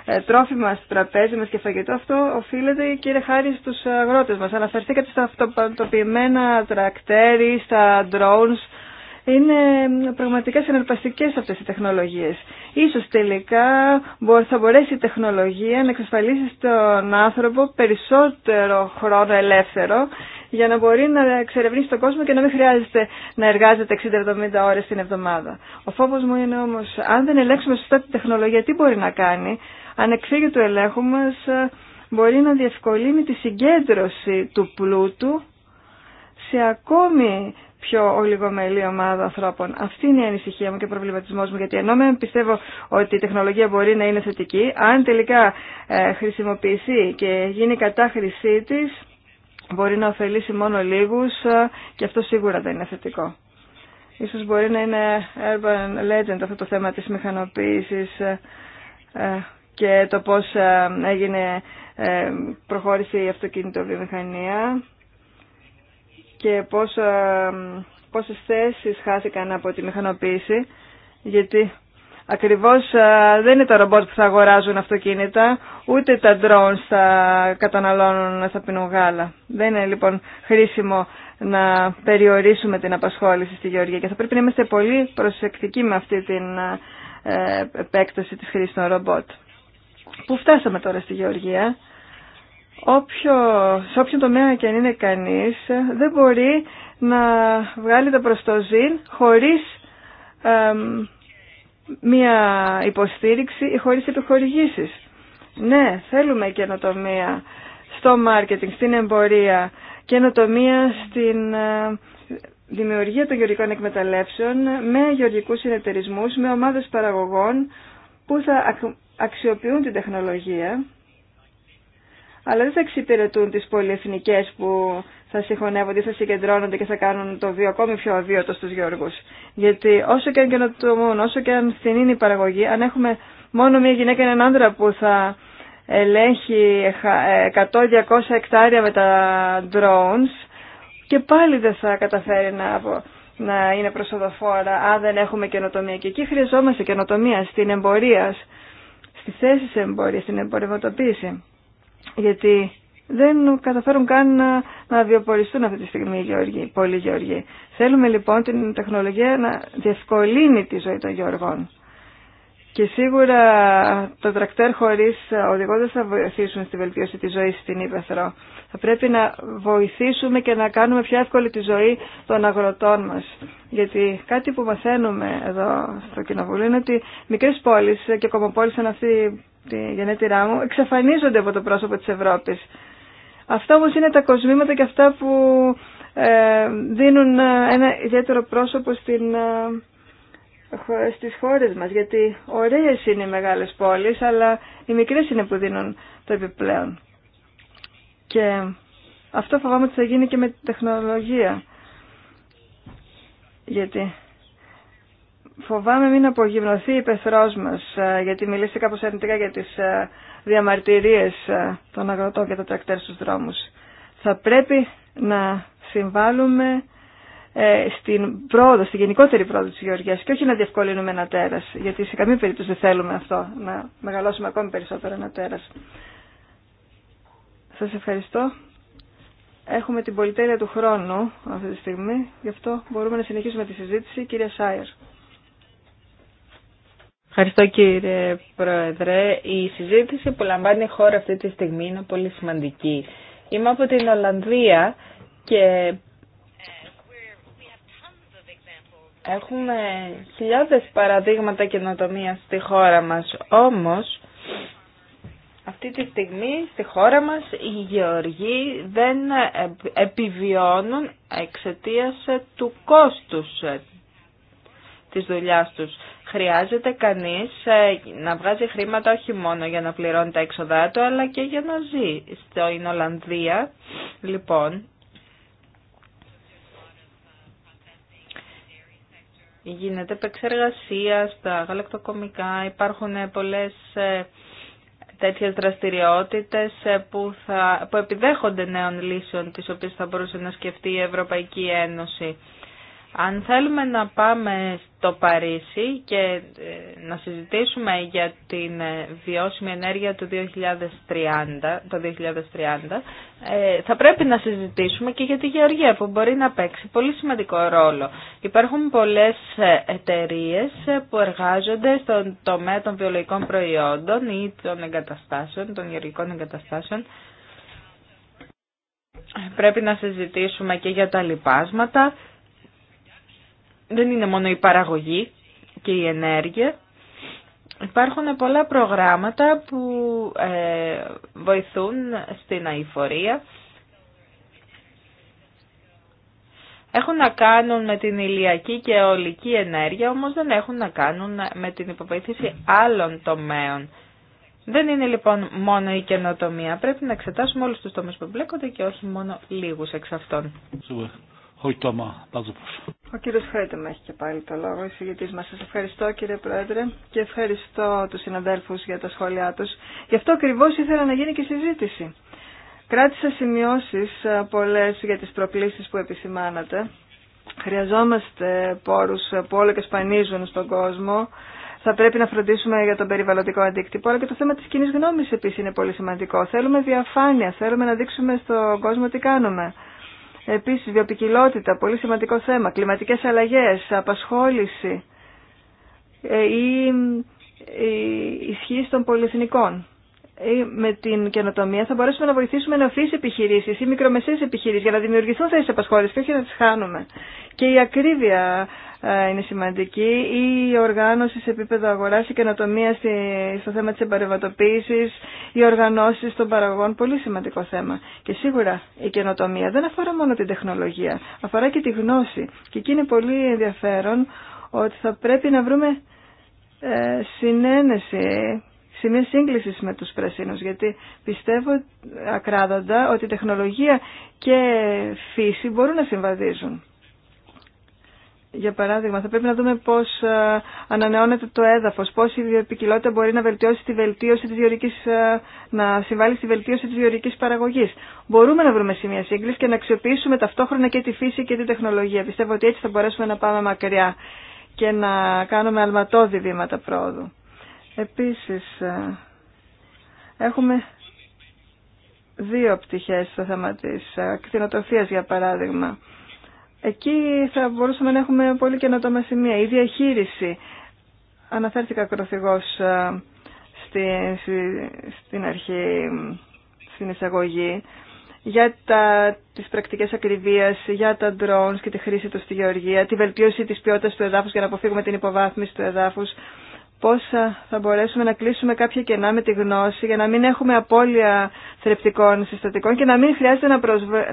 ε, ε, τρόφιμα στο τραπέζι μας και φαγητό, αυτό οφείλεται κύριε χάρη στους αγρότες μας. Αναφερθήκατε στα αυτοπαντοποιημένα τρακτέρι, στα drones, είναι πραγματικά συναρπαστικές αυτές οι τεχνολογίες. Ίσως τελικά θα μπορέσει η τεχνολογία να εξασφαλίσει στον άνθρωπο περισσότερο χρόνο ελεύθερο για να μπορεί να εξερευνήσει τον κόσμο και να μην χρειάζεται να εργάζεται 60-70 ώρες την εβδομάδα. Ο φόβος μου είναι όμως, αν δεν ελέγξουμε σωστά τη τεχνολογία, τι μπορεί να κάνει, αν εξήγει του ελέγχου μας, ε, μπορεί να διευκολύνει τη συγκέντρωση του πλούτου σε ακόμη πιο ολιγομελή ομάδα ανθρώπων. Αυτή είναι η ανησυχία μου και ο προβληματισμό μου, γιατί ενώ πιστεύω ότι η τεχνολογία μπορεί να είναι θετική, αν τελικά ε, χρησιμοποιηθεί και γίνει η κατάχρησή τη, μπορεί να ωφελήσει μόνο λίγου ε, και αυτό σίγουρα δεν είναι θετικό. Ίσως μπορεί να είναι urban legend αυτό το θέμα της μηχανοποίησης ε, και το πώς έγινε, προχώρησε η βιομηχανία και πόσα, ε, πόσες θέσεις χάθηκαν από τη μηχανοποίηση γιατί ακριβώς ε, δεν είναι τα ρομπότ που θα αγοράζουν αυτοκίνητα ούτε τα drones θα καταναλώνουν, να θα πίνουν γάλα. Δεν είναι λοιπόν χρήσιμο να περιορίσουμε την απασχόληση στη Γεωργία και θα πρέπει να είμαστε πολύ προσεκτικοί με αυτή την ε, επέκταση της χρήσης των ρομπότ. Πού φτάσαμε τώρα στη Γεωργία όποιο, σε όποιον τομέα και αν είναι κανείς δεν μπορεί να βγάλει τα προστοζή χωρίς μία υποστήριξη ή χωρίς επιχορηγήσεις. Ναι, θέλουμε καινοτομία στο μάρκετινγκ, στην εμπορία, καινοτομία στην ε, δημιουργία των γεωργικών εκμεταλλεύσεων με γεωργικούς συνεταιρισμούς, με ομάδες παραγωγών που θα αξιοποιούν την τεχνολογία αλλά δεν θα εξυπηρετούν τις πολυεθνικές που θα συγχωνεύονται, θα συγκεντρώνονται και θα κάνουν το βίο ακόμη πιο αβίωτο στους γεωργούς. Γιατί όσο και αν καινοτομούν, όσο και αν στην είναι η παραγωγή, αν έχουμε μόνο μία γυναίκα και έναν άντρα που θα ελέγχει 100-200 εκτάρια με τα drones και πάλι δεν θα καταφέρει να, να είναι προσοδοφόρα αν δεν έχουμε καινοτομία. Και εκεί χρειαζόμαστε καινοτομία στην εμπορία, στη θέση τη εμπορία, στην εμπορευματοποίηση γιατί δεν καταφέρουν καν να, βιοποριστούν αυτή τη στιγμή οι γεωργοί, πολλοί γεωργοί. Θέλουμε λοιπόν την τεχνολογία να διευκολύνει τη ζωή των γεωργών. Και σίγουρα το τρακτέρ χωρίς οδηγό δεν θα βοηθήσουν στη βελτίωση της ζωής στην Ήπεθρο. Θα πρέπει να βοηθήσουμε και να κάνουμε πιο εύκολη τη ζωή των αγροτών μας. Γιατί κάτι που μαθαίνουμε εδώ στο Κοινοβούλιο είναι ότι μικρές πόλεις και κομμοπόλεις σαν αυτή τη γενέτειρά μου, εξαφανίζονται από το πρόσωπο της Ευρώπης. Αυτά όμως είναι τα κοσμήματα και αυτά που ε, δίνουν ε, ένα ιδιαίτερο πρόσωπο στην, ε, στις χώρες μας, γιατί ωραίες είναι οι μεγάλες πόλεις, αλλά οι μικρές είναι που δίνουν το επιπλέον. Και αυτό φοβάμαι ότι θα γίνει και με την τεχνολογία. Γιατί Φοβάμαι μην απογυμνοθεί η πεθρό μα. Ε, γιατί μιλήσατε κάπως αρνητικά για τι ε, διαμαρτυρίε ε, των αγροτών και των τρακτέρ στους δρόμου. Θα πρέπει να συμβάλλουμε στην πρόοδο, στην γενικότερη πρόοδο τη Γεωργία και όχι να διευκολύνουμε ένα τέρα, γιατί σε καμία περίπτωση δεν θέλουμε αυτό, να μεγαλώσουμε ακόμη περισσότερο ένα τέρα. Σας ευχαριστώ. Έχουμε την πολυτέλεια του χρόνου αυτή τη στιγμή, γι' αυτό μπορούμε να συνεχίσουμε τη συζήτηση. Κυρία Σάιερ. Ευχαριστώ κύριε Πρόεδρε. Η συζήτηση που λαμβάνει η χώρα αυτή τη στιγμή είναι πολύ σημαντική. Είμαι από την Ολλανδία και έχουμε χιλιάδες παραδείγματα καινοτομία στη χώρα μας. Όμως, αυτή τη στιγμή στη χώρα μας οι γεωργοί δεν επιβιώνουν εξαιτίας του κόστους της δουλειάς τους. Χρειάζεται κανείς ε, να βγάζει χρήματα όχι μόνο για να πληρώνει τα έξοδά του, αλλά και για να ζει. Στην Ολλανδία, λοιπόν, γίνεται επεξεργασία στα γαλακτοκομικά, υπάρχουν ε, πολλές ε, τέτοιες δραστηριότητες που, θα, που επιδέχονται νέων λύσεων τις οποίες θα μπορούσε να σκεφτεί η Ευρωπαϊκή Ένωση. Αν θέλουμε να πάμε στο Παρίσι και ε, να συζητήσουμε για την ε, βιώσιμη ενέργεια του 2030, το 2030, ε, θα πρέπει να συζητήσουμε και για τη γεωργία που μπορεί να παίξει πολύ σημαντικό ρόλο. Υπάρχουν πολλές εταιρείες που εργάζονται στον τομέα των βιολογικών προϊόντων ή των εγκαταστάσεων, των γεωργικών εγκαταστάσεων. Πρέπει να συζητήσουμε και για τα λοιπάσματα δεν είναι μόνο η παραγωγή και η ενέργεια. Υπάρχουν πολλά προγράμματα που ε, βοηθούν στην αηφορία. Έχουν να κάνουν με την ηλιακή και ολική ενέργεια, όμως δεν έχουν να κάνουν με την υποβοήθηση άλλων τομέων. Δεν είναι λοιπόν μόνο η καινοτομία. Πρέπει να εξετάσουμε όλους τους τομείς που μπλέκονται και όχι μόνο λίγους εξ αυτών. Ο κύριος Χαϊτόμα έχει και πάλι το λόγο, εισηγητής μας. Σας ευχαριστώ κύριε Πρόεδρε και ευχαριστώ τους συναδέλφους για τα σχόλιά τους. Γι' αυτό ακριβώ ήθελα να γίνει και συζήτηση. Κράτησα σημειώσεις ε, πολλές για τις προκλήσεις που επισημάνατε. Χρειαζόμαστε πόρους που όλο και σπανίζουν στον κόσμο. Θα πρέπει να φροντίσουμε για τον περιβαλλοντικό αντίκτυπο, αλλά και το θέμα της κοινή γνώμης επίσης είναι πολύ σημαντικό. Θέλουμε διαφάνεια, θέλουμε να δείξουμε στον κόσμο τι κάνουμε. Επίσης, βιοπικιλότητα, πολύ σημαντικό θέμα, κλιματικές αλλαγές, απασχόληση ε, ή η ε, ισχύ των πολυεθνικών. Ε, με την καινοτομία θα μπορέσουμε να βοηθήσουμε νεοφύς επιχειρήσει ή μικρομεσαίες επιχείρησει για να δημιουργηθούν θέσει απασχόλησης και όχι να τις χάνουμε. Και η ακρίβεια ε, είναι σημαντική, η οργάνωση σε επίπεδο αγοράς, η καινοτομία στο θέμα της εμπαρευατοποίησης, οι οργανώσεις των παραγωγών, πολύ σημαντικό θέμα. Και σίγουρα η καινοτομία δεν αφορά μόνο την τεχνολογία, αφορά και τη γνώση. Και εκεί είναι πολύ ενδιαφέρον ότι θα πρέπει να βρούμε ε, συνένεση σημείο σύγκληση με του πρασίνου, γιατί πιστεύω ακράδαντα ότι τεχνολογία και φύση μπορούν να συμβαδίζουν. Για παράδειγμα, θα πρέπει να δούμε πώ ε, ανανεώνεται το έδαφο, πώ η βιοπικιλότητα μπορεί να βελτιώσει τη βελτίωση της ε, να συμβάλλει στη βελτίωση τη βιορική παραγωγή. Μπορούμε να βρούμε σημεία σύγκληση και να αξιοποιήσουμε ταυτόχρονα και τη φύση και τη τεχνολογία. Πιστεύω ότι έτσι θα μπορέσουμε να πάμε μακριά και να κάνουμε αλματώδη βήματα πρόοδου. Επίσης, ε, έχουμε δύο πτυχές στο θέμα της ε, κτηνοτροφίας, για παράδειγμα. Εκεί θα μπορούσαμε να έχουμε πολύ καινοτόμα σημεία. Η διαχείριση. Αναφέρθηκα ακροθυγός ε, στην, στην αρχή, στην εισαγωγή, για τα, τις πρακτικές ακριβίας, για τα drones και τη χρήση του στη γεωργία, τη βελτίωση της ποιότητας του εδάφους για να αποφύγουμε την υποβάθμιση του εδάφους, πώς θα μπορέσουμε να κλείσουμε κάποια κενά με τη γνώση για να μην έχουμε απώλεια θρεπτικών συστατικών και να μην χρειάζεται να,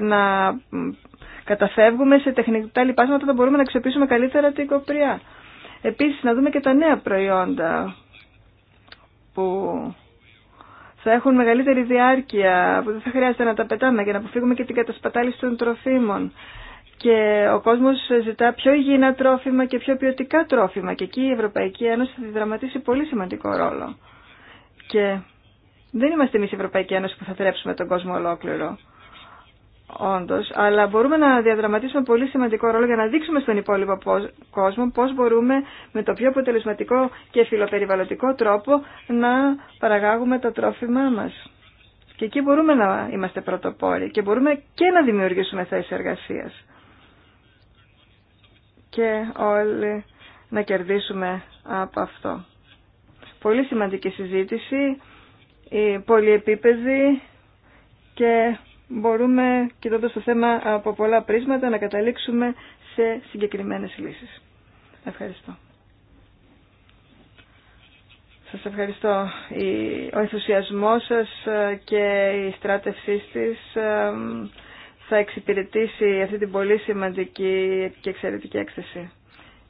να καταφεύγουμε σε τεχνικά λοιπάσματα που μπορούμε να αξιοποιήσουμε καλύτερα την κοπριά. Επίσης να δούμε και τα νέα προϊόντα που θα έχουν μεγαλύτερη διάρκεια, που δεν θα χρειάζεται να τα πετάμε για να αποφύγουμε και την κατασπατάληση των τροφίμων και ο κόσμος ζητά πιο υγιεινά τρόφιμα και πιο ποιοτικά τρόφιμα και εκεί η Ευρωπαϊκή Ένωση θα διδραματίσει πολύ σημαντικό ρόλο. Και δεν είμαστε εμείς η Ευρωπαϊκή Ένωση που θα θρέψουμε τον κόσμο ολόκληρο. Όντω, αλλά μπορούμε να διαδραματίσουμε πολύ σημαντικό ρόλο για να δείξουμε στον υπόλοιπο κόσμο πώ μπορούμε με το πιο αποτελεσματικό και φιλοπεριβαλλοντικό τρόπο να παραγάγουμε τα τρόφιμά μα. Και εκεί μπορούμε να είμαστε πρωτοπόροι και μπορούμε και να δημιουργήσουμε θέσει εργασία και όλοι να κερδίσουμε από αυτό. Πολύ σημαντική συζήτηση, πολυεπίπεδη και μπορούμε κοιτώντας το θέμα από πολλά πρίσματα να καταλήξουμε σε συγκεκριμένες λύσεις. Ευχαριστώ. Σας ευχαριστώ. Ο ενθουσιασμός σας ε, και η στράτευσή της ε, θα εξυπηρετήσει αυτή την πολύ σημαντική και εξαιρετική έκθεση.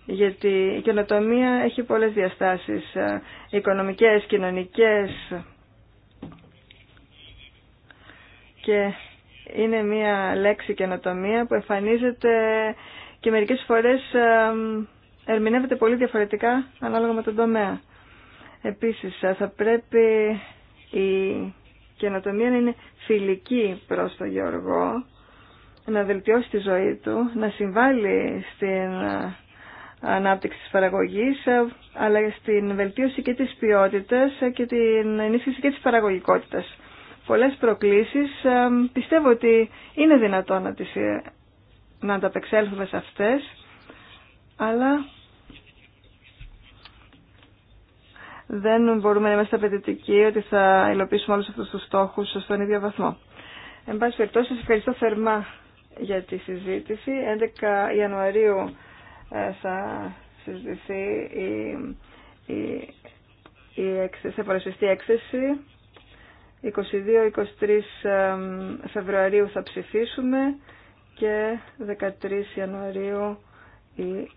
Γιατί η καινοτομία έχει πολλές διαστάσεις, ε, οικονομικές, κοινωνικές και είναι μια λέξη καινοτομία που εμφανίζεται και μερικές φορές ε, ερμηνεύεται πολύ διαφορετικά ανάλογα με τον τομέα. Επίσης ε, θα πρέπει η καινοτομία να είναι φιλική προς τον Γεωργό να βελτιώσει τη ζωή του, να συμβάλλει στην ε, ανάπτυξη της παραγωγής, ε, αλλά στην βελτίωση και της ποιότητας ε, και την ενίσχυση και της παραγωγικότητας. Πολλές προκλήσεις πιστεύω ότι είναι δυνατόν να, τις, να ανταπεξέλθουμε σε αυτές, αλλά δεν μπορούμε να είμαστε απαιτητικοί ότι θα υλοποιήσουμε όλους αυτούς τους στόχους στον ίδιο βαθμό. Εν πάση περιπτώσει, σας ευχαριστώ θερμά για τη συζήτηση. 11 Ιανουαρίου ε, θα συζητηθεί η, η, εκθεση έκθεση. 22-23 ε, Φεβρουαρίου θα ψηφίσουμε και 13 Ιανουαρίου η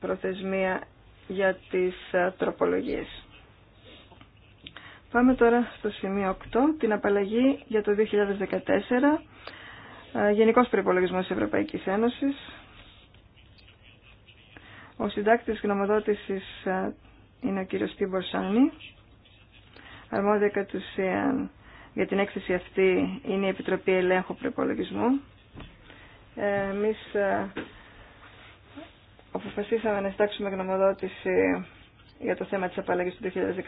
προθεσμία για τις ε, τροπολογίες. Πάμε τώρα στο σημείο 8, την απαλλαγή για το 2014, ε, Γενικός Προϋπολογισμός της Ευρωπαϊκής Ένωσης. Ο συντάκτης γνωμοδότησης ε, είναι ο κύριος Τίμπορ Σάνι. Αρμόδια κατ' ουσίαν για την έκθεση αυτή είναι η Επιτροπή Ελέγχου Προϋπολογισμού. Ε, εμείς αποφασίσαμε να στάξουμε γνωμοδότηση για το θέμα της απαλλαγής του 2014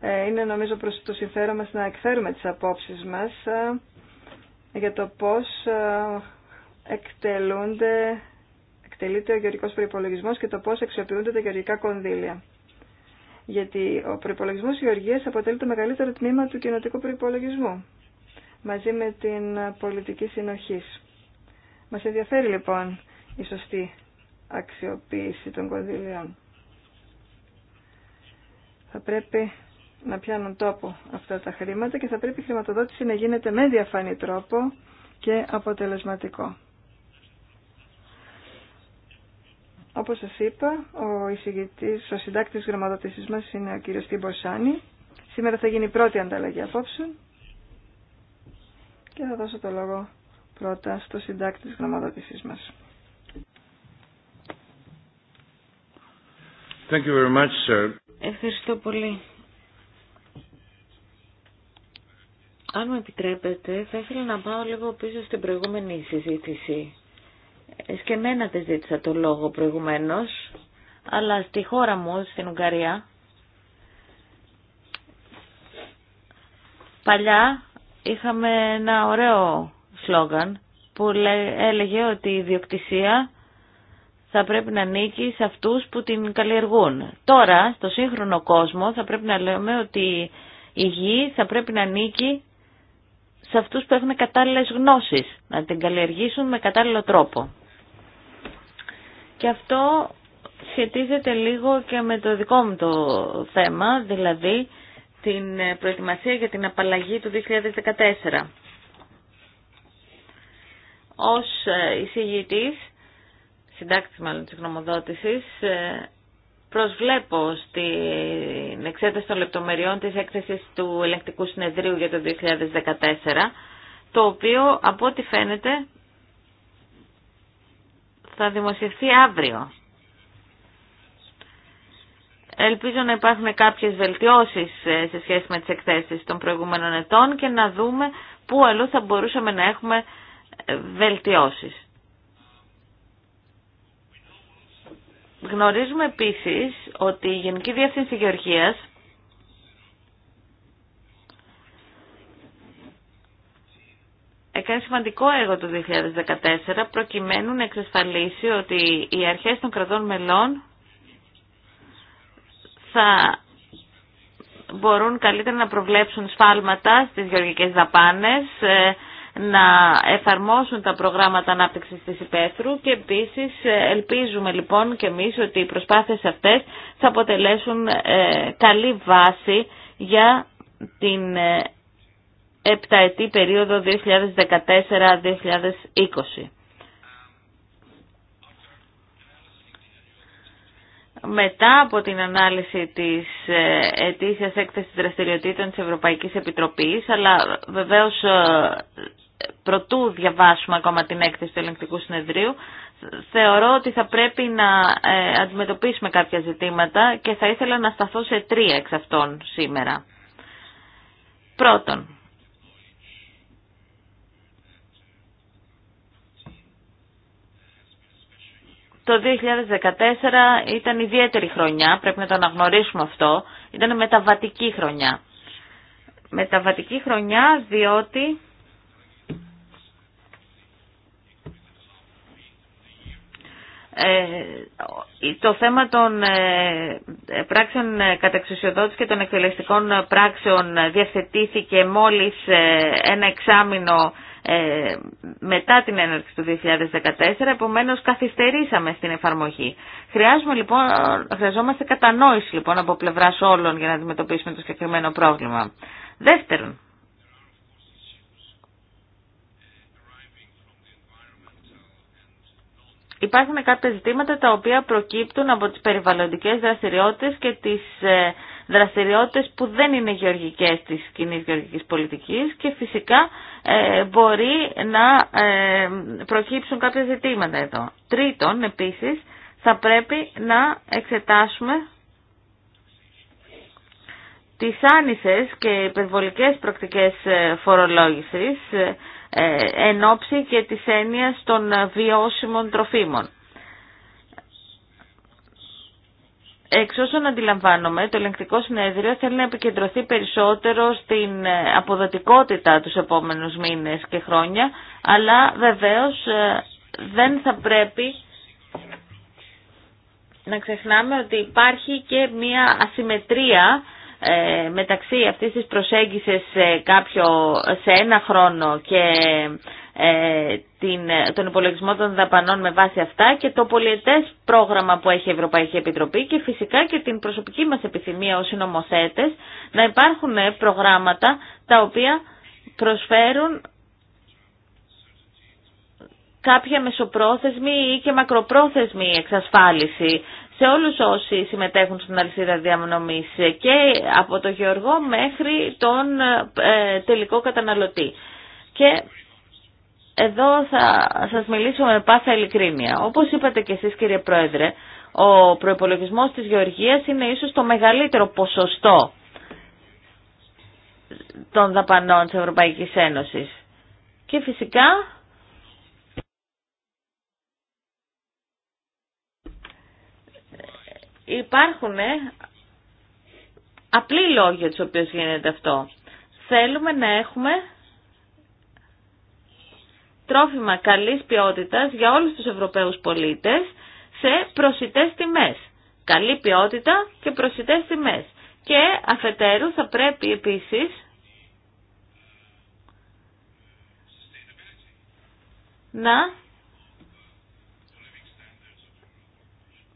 ε, είναι νομίζω προς το συμφέρον μας να εκφέρουμε τις απόψεις μας ε, για το πώς ε, εκτελούνται, εκτελείται ο γεωργικός προϋπολογισμός και το πώς αξιοποιούνται τα γεωργικά κονδύλια. Γιατί ο προϋπολογισμός γεωργίας αποτελεί το μεγαλύτερο τμήμα του κοινοτικού προϋπολογισμού μαζί με την πολιτική συνοχής. Μας ενδιαφέρει λοιπόν η σωστή αξιοποίηση των κονδύλιων. Θα πρέπει να πιάνουν τόπο αυτά τα χρήματα και θα πρέπει η χρηματοδότηση να γίνεται με διαφανή τρόπο και αποτελεσματικό. Όπως σας είπα, ο εισηγητής, ο συντάκτης γραμματοδότησης μας είναι ο κύριος Τίμπο Σήμερα θα γίνει η πρώτη ανταλλαγή απόψεων και θα δώσω το λόγο πρώτα στο συντάκτη της γραμματοδότησής μας. Thank you very much, sir. Ευχαριστώ πολύ. Αν μου επιτρέπετε, θα ήθελα να πάω λίγο πίσω στην προηγούμενη συζήτηση. Ε, σκεμμένα δεν ζήτησα το λόγο προηγουμένως, αλλά στη χώρα μου, στην Ουγγαρία, παλιά είχαμε ένα ωραίο σλόγγαν που έλεγε ότι η ιδιοκτησία θα πρέπει να ανήκει σε αυτούς που την καλλιεργούν. Τώρα, στο σύγχρονο κόσμο, θα πρέπει να λέμε ότι η γη θα πρέπει να ανήκει σε αυτούς που έχουν κατάλληλες γνώσεις, να την καλλιεργήσουν με κατάλληλο τρόπο. Και αυτό σχετίζεται λίγο και με το δικό μου το θέμα, δηλαδή την προετοιμασία για την απαλλαγή του 2014. Ως εισηγητής, συντάκτης μάλλον της γνωμοδότησης, ε, Προσβλέπω στην εξέταση των λεπτομεριών της έκθεσης του ελεκτικού συνεδρίου για το 2014, το οποίο από ό,τι φαίνεται θα δημοσιευθεί αύριο. Ελπίζω να υπάρχουν κάποιες βελτιώσεις ε, σε σχέση με τις εκθέσεις των προηγούμενων ετών και να δούμε πού αλλού θα μπορούσαμε να έχουμε ε, βελτιώσεις. Γνωρίζουμε επίσης ότι η Γενική Διεύθυνση Γεωργίας έκανε σημαντικό έργο το 2014 προκειμένου να εξασφαλίσει ότι οι αρχές των κρατών μελών θα μπορούν καλύτερα να προβλέψουν σφάλματα στις γεωργικές δαπάνες, ε, να εφαρμόσουν τα προγράμματα ανάπτυξης της υπαίθρου και επίσης ε, ελπίζουμε λοιπόν και εμείς ότι οι προσπάθειες αυτές θα αποτελέσουν ε, καλή βάση για την ε, επταετή περίοδο 2014-2020. Μετά από την ανάλυση της ετήσιας έκθεσης δραστηριοτήτων της Ευρωπαϊκής Επιτροπής, αλλά βεβαίως Πρωτού διαβάσουμε ακόμα την έκθεση του ελεγκτικού συνεδρίου, θεωρώ ότι θα πρέπει να ε, αντιμετωπίσουμε κάποια ζητήματα και θα ήθελα να σταθώ σε τρία εξ αυτών σήμερα. Πρώτον, το 2014 ήταν ιδιαίτερη χρονιά, πρέπει να το αναγνωρίσουμε αυτό, ήταν μεταβατική χρονιά. Μεταβατική χρονιά διότι Ε, το θέμα των ε, πράξεων καταξουσιοδότηση και των εκτελεστικών πράξεων διαθετήθηκε μόλις ε, ένα εξάμεινο μετά την έναρξη του 2014, επομένως καθυστερήσαμε στην εφαρμογή. Χρειάζομαι, λοιπόν, χρειαζόμαστε κατανόηση λοιπόν από πλευράς όλων για να αντιμετωπίσουμε το συγκεκριμένο πρόβλημα. Δεύτερον, Υπάρχουν κάποια ζητήματα τα οποία προκύπτουν από τις περιβαλλοντικές δραστηριότητες και τις ε, δραστηριότητες που δεν είναι γεωργικές της κοινή γεωργικής πολιτικής και φυσικά ε, μπορεί να ε, προκύψουν κάποια ζητήματα εδώ. Τρίτον, επίσης, θα πρέπει να εξετάσουμε τις άνισες και υπερβολικές πρακτικές φορολόγησης ε, εν ώψη και της έννοιας των βιώσιμων τροφίμων. Εξ όσων αντιλαμβάνομαι, το ελεγκτικό συνέδριο θέλει να επικεντρωθεί περισσότερο στην ε, αποδοτικότητα τους επόμενους μήνες και χρόνια, αλλά βεβαίως ε, δεν θα πρέπει να ξεχνάμε ότι υπάρχει και μία ασυμμετρία ε, μεταξύ αυτής της προσέγγισης σε, κάποιο, σε ένα χρόνο και ε, την, τον υπολογισμό των δαπανών με βάση αυτά και το πολιετές πρόγραμμα που έχει η Ευρωπαϊκή Επιτροπή και φυσικά και την προσωπική μας επιθυμία ως συνομοθέτες να υπάρχουν ε, προγράμματα τα οποία προσφέρουν κάποια μεσοπρόθεσμη ή και μακροπρόθεσμη εξασφάλιση σε όλους όσοι συμμετέχουν στην αλυσίδα διανομής και από τον γεωργό μέχρι τον ε, τελικό καταναλωτή. Και εδώ θα σας μιλήσω με πάσα ειλικρίνεια. Όπως είπατε και εσείς κύριε Πρόεδρε, ο προϋπολογισμός της γεωργίας είναι ίσως το μεγαλύτερο ποσοστό των δαπανών της Ευρωπαϊκής Ένωσης. Και φυσικά υπάρχουν ε, απλοί λόγοι για τους οποίους γίνεται αυτό. Θέλουμε να έχουμε τρόφιμα καλής ποιότητας για όλους τους Ευρωπαίους πολίτες σε προσιτές τιμές. Καλή ποιότητα και προσιτές τιμές. Και αφετέρου θα πρέπει επίσης να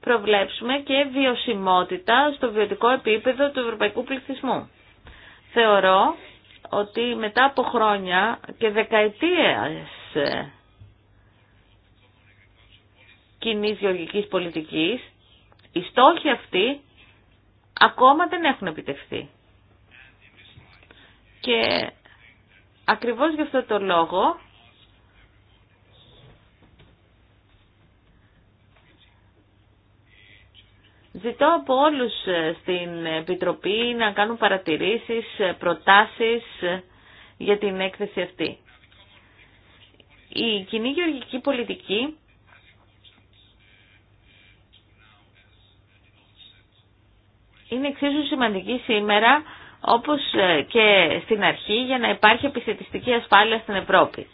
προβλέψουμε και βιωσιμότητα στο βιωτικό επίπεδο του ευρωπαϊκού πληθυσμού. Θεωρώ ότι μετά από χρόνια και δεκαετίες ε, κοινή γεωργικής πολιτικής, οι στόχοι αυτοί ακόμα δεν έχουν επιτευχθεί. Και ακριβώς γι' αυτό το λόγο Ζητώ από όλους ε, στην Επιτροπή να κάνουν παρατηρήσεις, ε, προτάσεις ε, για την έκθεση αυτή. Η κοινή γεωργική πολιτική είναι εξίσου σημαντική σήμερα όπως και στην αρχή για να υπάρχει επιστημιστική ασφάλεια στην Ευρώπη.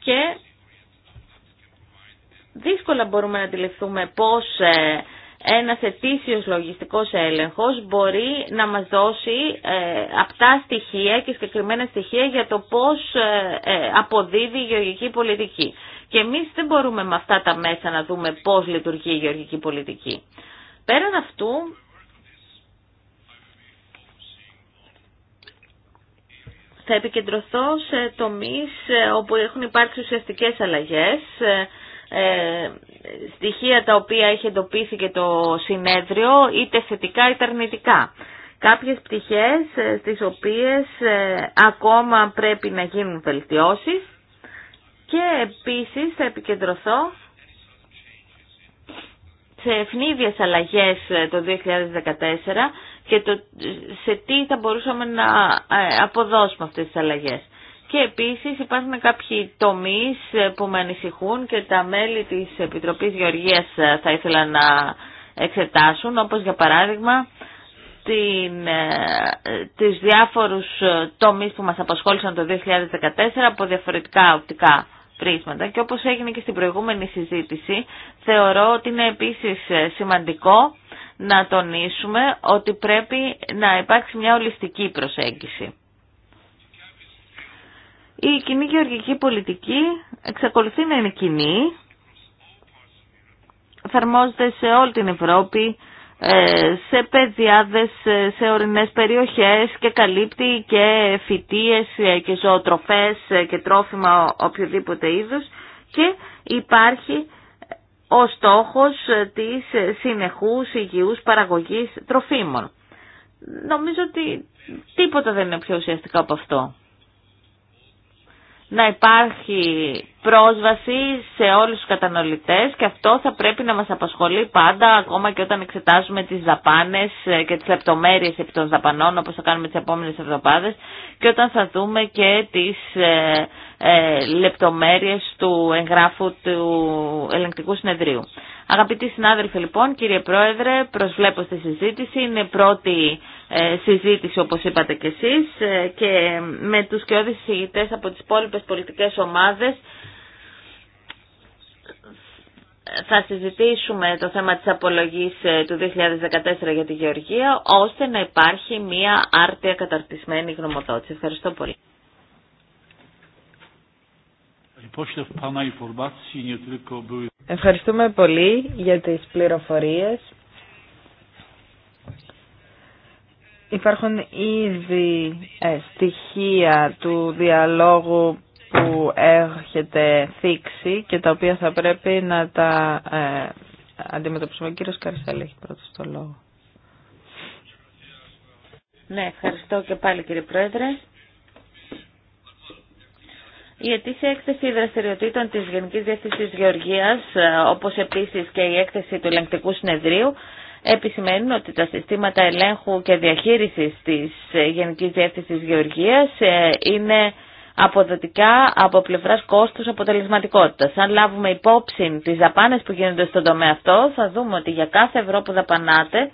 Και δύσκολα μπορούμε να αντιληφθούμε πώς ένας ετήσιος λογιστικός έλεγχος μπορεί να μας δώσει ε, απτά στοιχεία και συγκεκριμένα στοιχεία για το πώς ε, ε, αποδίδει η γεωργική πολιτική. Και εμείς δεν μπορούμε με αυτά τα μέσα να δούμε πώς λειτουργεί η γεωργική πολιτική. Πέραν αυτού, θα επικεντρωθώ σε τομείς όπου έχουν υπάρξει ουσιαστικές αλλαγές ε, στοιχεία τα οποία έχει εντοπίσει και το συνέδριο, είτε θετικά είτε αρνητικά. Κάποιες πτυχές ε, στις οποίες ε, ακόμα πρέπει να γίνουν βελτιώσεις και επίσης θα επικεντρωθώ σε ευνίδιες αλλαγές το 2014 και το, σε τι θα μπορούσαμε να αποδώσουμε αυτές τις αλλαγές. Και επίσης υπάρχουν κάποιοι τομείς που με ανησυχούν και τα μέλη της Επιτροπής Γεωργίας θα ήθελα να εξετάσουν, όπως για παράδειγμα την, ε, τις διάφορους τομείς που μας απασχόλησαν το 2014 από διαφορετικά οπτικά πρίσματα και όπως έγινε και στην προηγούμενη συζήτηση θεωρώ ότι είναι επίσης σημαντικό να τονίσουμε ότι πρέπει να υπάρξει μια ολιστική προσέγγιση. Η κοινή γεωργική πολιτική εξακολουθεί να είναι κοινή, εφαρμόζεται σε όλη την Ευρώπη, ε, σε πεδιάδες, ε, σε ορεινές περιοχές και καλύπτει και φυτίες ε, και ζωοτροφές και τρόφιμα οποιοδήποτε είδους και υπάρχει ο στόχος της συνεχούς υγιούς παραγωγής τροφίμων. Νομίζω ότι τίποτα δεν είναι πιο ουσιαστικά από αυτό να υπάρχει πρόσβαση σε όλους τους κατανοητές και αυτό θα πρέπει να μας απασχολεί πάντα ακόμα και όταν εξετάζουμε τις δαπάνες ε, και τις λεπτομέρειες επί των δαπανών όπως θα κάνουμε τις επόμενες εβδομάδες και όταν θα δούμε και τις ε, ε λεπτομέρειες του εγγράφου του ελεγκτικού συνεδρίου. Αγαπητοί συνάδελφοι λοιπόν, κύριε Πρόεδρε, προσβλέπω στη συζήτηση. Είναι πρώτη ε, συζήτηση όπως είπατε κι εσείς ε, και με τους και συζητητές από τις υπόλοιπε πολιτικές ομάδες θα συζητήσουμε το θέμα της απολογής ε, του 2014 για τη Γεωργία, ώστε να υπάρχει μια άρτια καταρτισμένη γνωμοδότηση. Ευχαριστώ πολύ. Ευχαριστούμε πολύ για τις πληροφορίες. Υπάρχουν ήδη ε, στοιχεία του διαλόγου που έχετε θίξει και τα οποία θα πρέπει να τα ε, αντιμετωπίσουμε. Ο κύριος Καρσέλη έχει πρώτος το λόγο. Ναι, ευχαριστώ και πάλι κύριε Πρόεδρε. Η ετήσια έκθεση δραστηριοτήτων της Γενικής Διεύθυνσης Γεωργίας, ε, όπως επίσης και η έκθεση του ελεγκτικού συνεδρίου, επισημαίνουν ότι τα συστήματα ελέγχου και διαχείρισης της ε, Γενικής Διεύθυνσης Γεωργίας ε, είναι αποδοτικά από πλευράς κόστου αποτελεσματικότητας. Αν λάβουμε υπόψη τις δαπάνε που γίνονται στον τομέα αυτό, θα δούμε ότι για κάθε ευρώ που δαπανάτε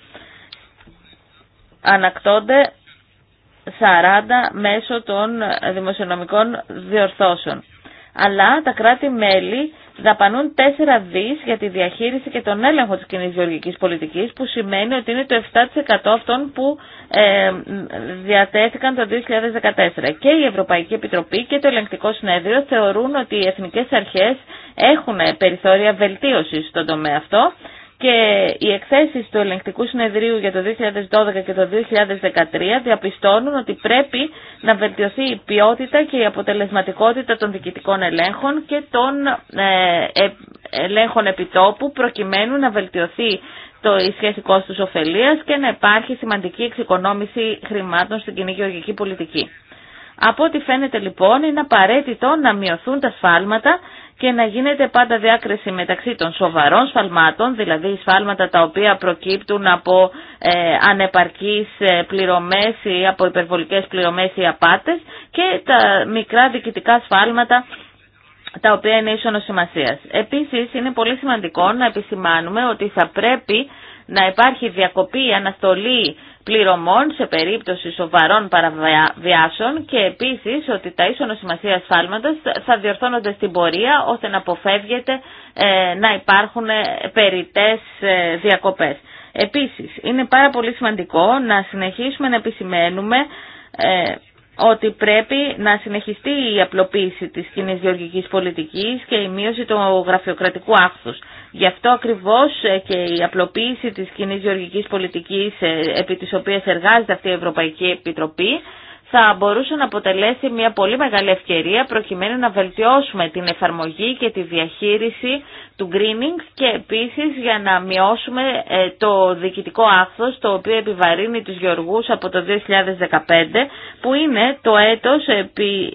ανακτώνται 40 μέσω των δημοσιονομικών διορθώσεων. Αλλά τα κράτη-μέλη δαπανούν 4 δις για τη διαχείριση και τον έλεγχο της κοινής γεωργικής πολιτικής που σημαίνει ότι είναι το 7% αυτών που ε, διατέθηκαν το 2014. Και η Ευρωπαϊκή Επιτροπή και το Ελεγκτικό Συνέδριο θεωρούν ότι οι εθνικές αρχές έχουν περιθώρια βελτίωσης στον τομέα αυτό και οι εκθέσεις του ελεγκτικού συνεδρίου για το 2012 και το 2013 διαπιστώνουν ότι πρέπει να βελτιωθεί η ποιότητα και η αποτελεσματικότητα των διοικητικών ελέγχων και των ε, ε, ελέγχων επιτόπου προκειμένου να βελτιωθεί το η σχέση κόστους ωφελίας και να υπάρχει σημαντική εξοικονόμηση χρημάτων στην κοινή γεωργική πολιτική. Από ό,τι φαίνεται λοιπόν είναι απαραίτητο να μειωθούν τα σφάλματα και να γίνεται πάντα διάκριση μεταξύ των σοβαρών σφαλμάτων, δηλαδή σφάλματα τα οποία προκύπτουν από ε, ανεπαρκείς ε, πληρωμές ή από υπερβολικές πληρωμές ή απάτες και τα μικρά διοικητικά σφάλματα τα οποία είναι ίσονος σημασίας. Επίσης είναι πολύ σημαντικό να επισημάνουμε ότι θα πρέπει να υπάρχει διακοπή αναστολή πληρωμών σε περίπτωση σοβαρών παραβιάσεων και επίσης ότι τα ίσονο σημασία ασφάλματα θα διορθώνονται στην πορεία ώστε να αποφεύγεται ε, να υπάρχουν ε, περιτές ε, διακοπές. Επίσης, είναι πάρα πολύ σημαντικό να συνεχίσουμε να επισημαίνουμε ότι πρέπει να συνεχιστεί η απλοποίηση της κοινή γεωργικής πολιτικής και η μείωση του γραφειοκρατικού άχθους. Γι' αυτό ακριβώς ε, και η απλοποίηση της κοινή γεωργικής πολιτικής ε, επί της οποίας εργάζεται αυτή η Ευρωπαϊκή Επιτροπή θα μπορούσε να αποτελέσει μια πολύ μεγάλη ευκαιρία προκειμένου να βελτιώσουμε την εφαρμογή και τη διαχείριση του greening και επίσης για να μειώσουμε ε, το διοικητικό άθος το οποίο επιβαρύνει τους γεωργούς από το 2015 που είναι το έτος ε,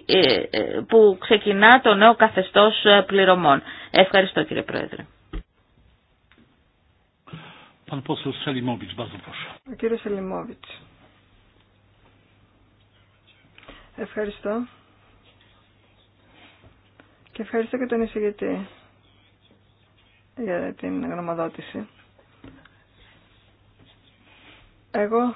ε, που ξεκινά το νέο καθεστώς πληρωμών. Ευχαριστώ κύριε Πρόεδρε. Κύριε Ευχαριστώ. Και ευχαριστώ και τον εισηγητή για την γνωμοδότηση. Εγώ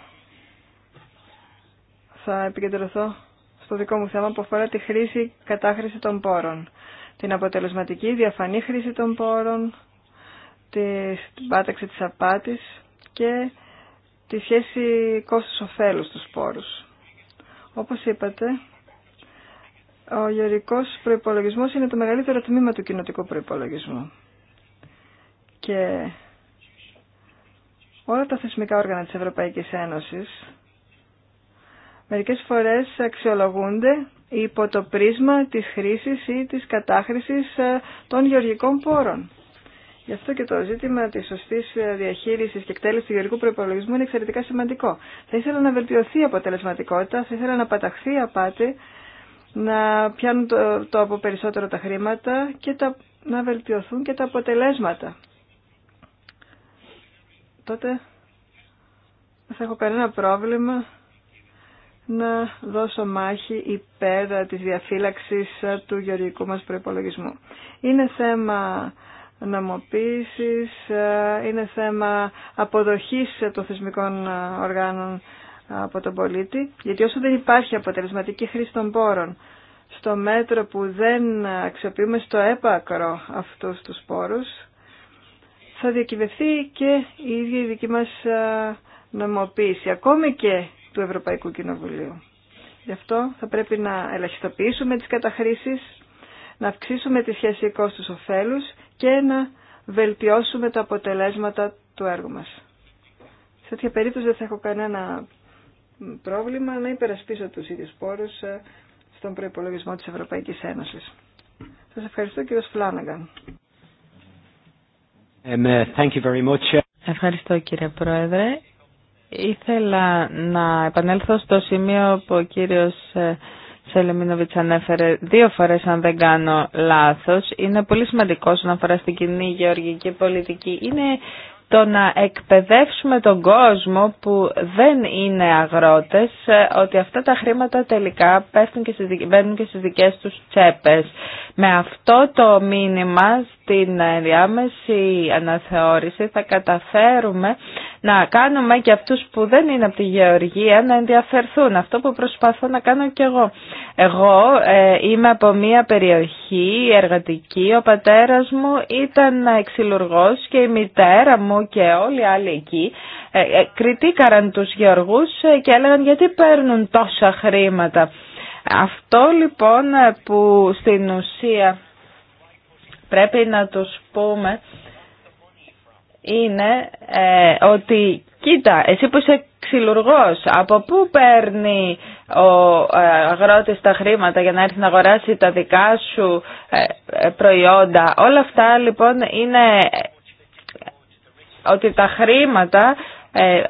θα επικεντρωθώ στο δικό μου θέμα που αφορά τη χρήση κατάχρηση των πόρων. Την αποτελεσματική διαφανή χρήση των πόρων, την πάταξη της απάτης και τη σχεση κοστος κόστους-οφέλους στους πόρους. Όπως είπατε, ο γεωρικός προϋπολογισμός είναι το μεγαλύτερο τμήμα του κοινοτικού προϋπολογισμού. Και όλα τα θεσμικά όργανα της Ευρωπαϊκής Ένωσης μερικές φορές αξιολογούνται υπό το πρίσμα της χρήσης ή της κατάχρησης ε, των γεωργικών πόρων. Γι' αυτό και το ζήτημα τη σωστή διαχείριση και εκτέλεση του γεωργικού προπολογισμού είναι εξαιρετικά σημαντικό. Θα ήθελα να βελτιωθεί η αποτελεσματικότητα, θα ήθελα να παταχθεί η απάτη, να πιάνουν το, το από περισσότερο τα χρήματα και τα, να βελτιωθούν και τα αποτελέσματα. Τότε δεν θα έχω κανένα πρόβλημα να δώσω μάχη υπέρ της διαφύλαξης του γεωργικού μας προϋπολογισμού. Είναι θέμα νομοποίησης, ε, είναι θέμα αποδοχής των θεσμικών ε, οργάνων ε, από τον πολίτη, γιατί όσο δεν υπάρχει αποτελεσματική χρήση των πόρων, στο μέτρο που δεν αξιοποιούμε στο έπακρο αυτούς τους πόρους, θα διακυβευτεί και η ίδια η δική μας νομοποίηση, ακόμη και του Ευρωπαϊκού Κοινοβουλίου. Γι' αυτό θα πρέπει να ελαχιστοποιήσουμε τις καταχρήσεις, να αυξήσουμε τη σχέση κόστους-οφέλους και να βελτιώσουμε τα αποτελέσματα του έργου μας. Σε τέτοια περίπτωση δεν θα έχω κανένα πρόβλημα να υπερασπίσω τους ίδιους πόρους ε, στον προϋπολογισμό της Ευρωπαϊκής Ένωσης. Σας ευχαριστώ κύριο Φλάνναγκαν. Ε, ευχαριστώ κύριε Πρόεδρε. Ήθελα να επανέλθω στο σημείο που ο κύριος ε, Σελεμίνοβιτς ανέφερε δύο φορές αν δεν κάνω λάθος, είναι πολύ σημαντικό όσον αφορά στην κοινή γεωργική πολιτική. Είναι το να εκπαιδεύσουμε τον κόσμο που δεν είναι αγρότες ότι αυτά τα χρήματα τελικά πέφτουν και στις, μπαίνουν και στις δικές τους τσέπες. Με αυτό το μήνυμα την διάμεση αναθεώρηση θα καταφέρουμε να κάνουμε και αυτούς που δεν είναι από τη γεωργία να ενδιαφερθούν. Αυτό που προσπαθώ να κάνω κι εγώ. Εγώ ε, είμαι από μια περιοχή εργατική, ο πατέρας μου ήταν εξυλουργός και η μητέρα μου και όλοι οι άλλοι εκεί ε, ε κριτήκαραν τους γεωργούς ε, και έλεγαν γιατί παίρνουν τόσα χρήματα. Αυτό λοιπόν που στην ουσία πρέπει να τους πούμε είναι ε, ότι κοίτα, εσύ που είσαι ξυλουργός, από πού παίρνει ο ε, αγρότης τα χρήματα για να έρθει να αγοράσει τα δικά σου ε, προϊόντα. Όλα αυτά λοιπόν είναι ότι τα χρήματα ε,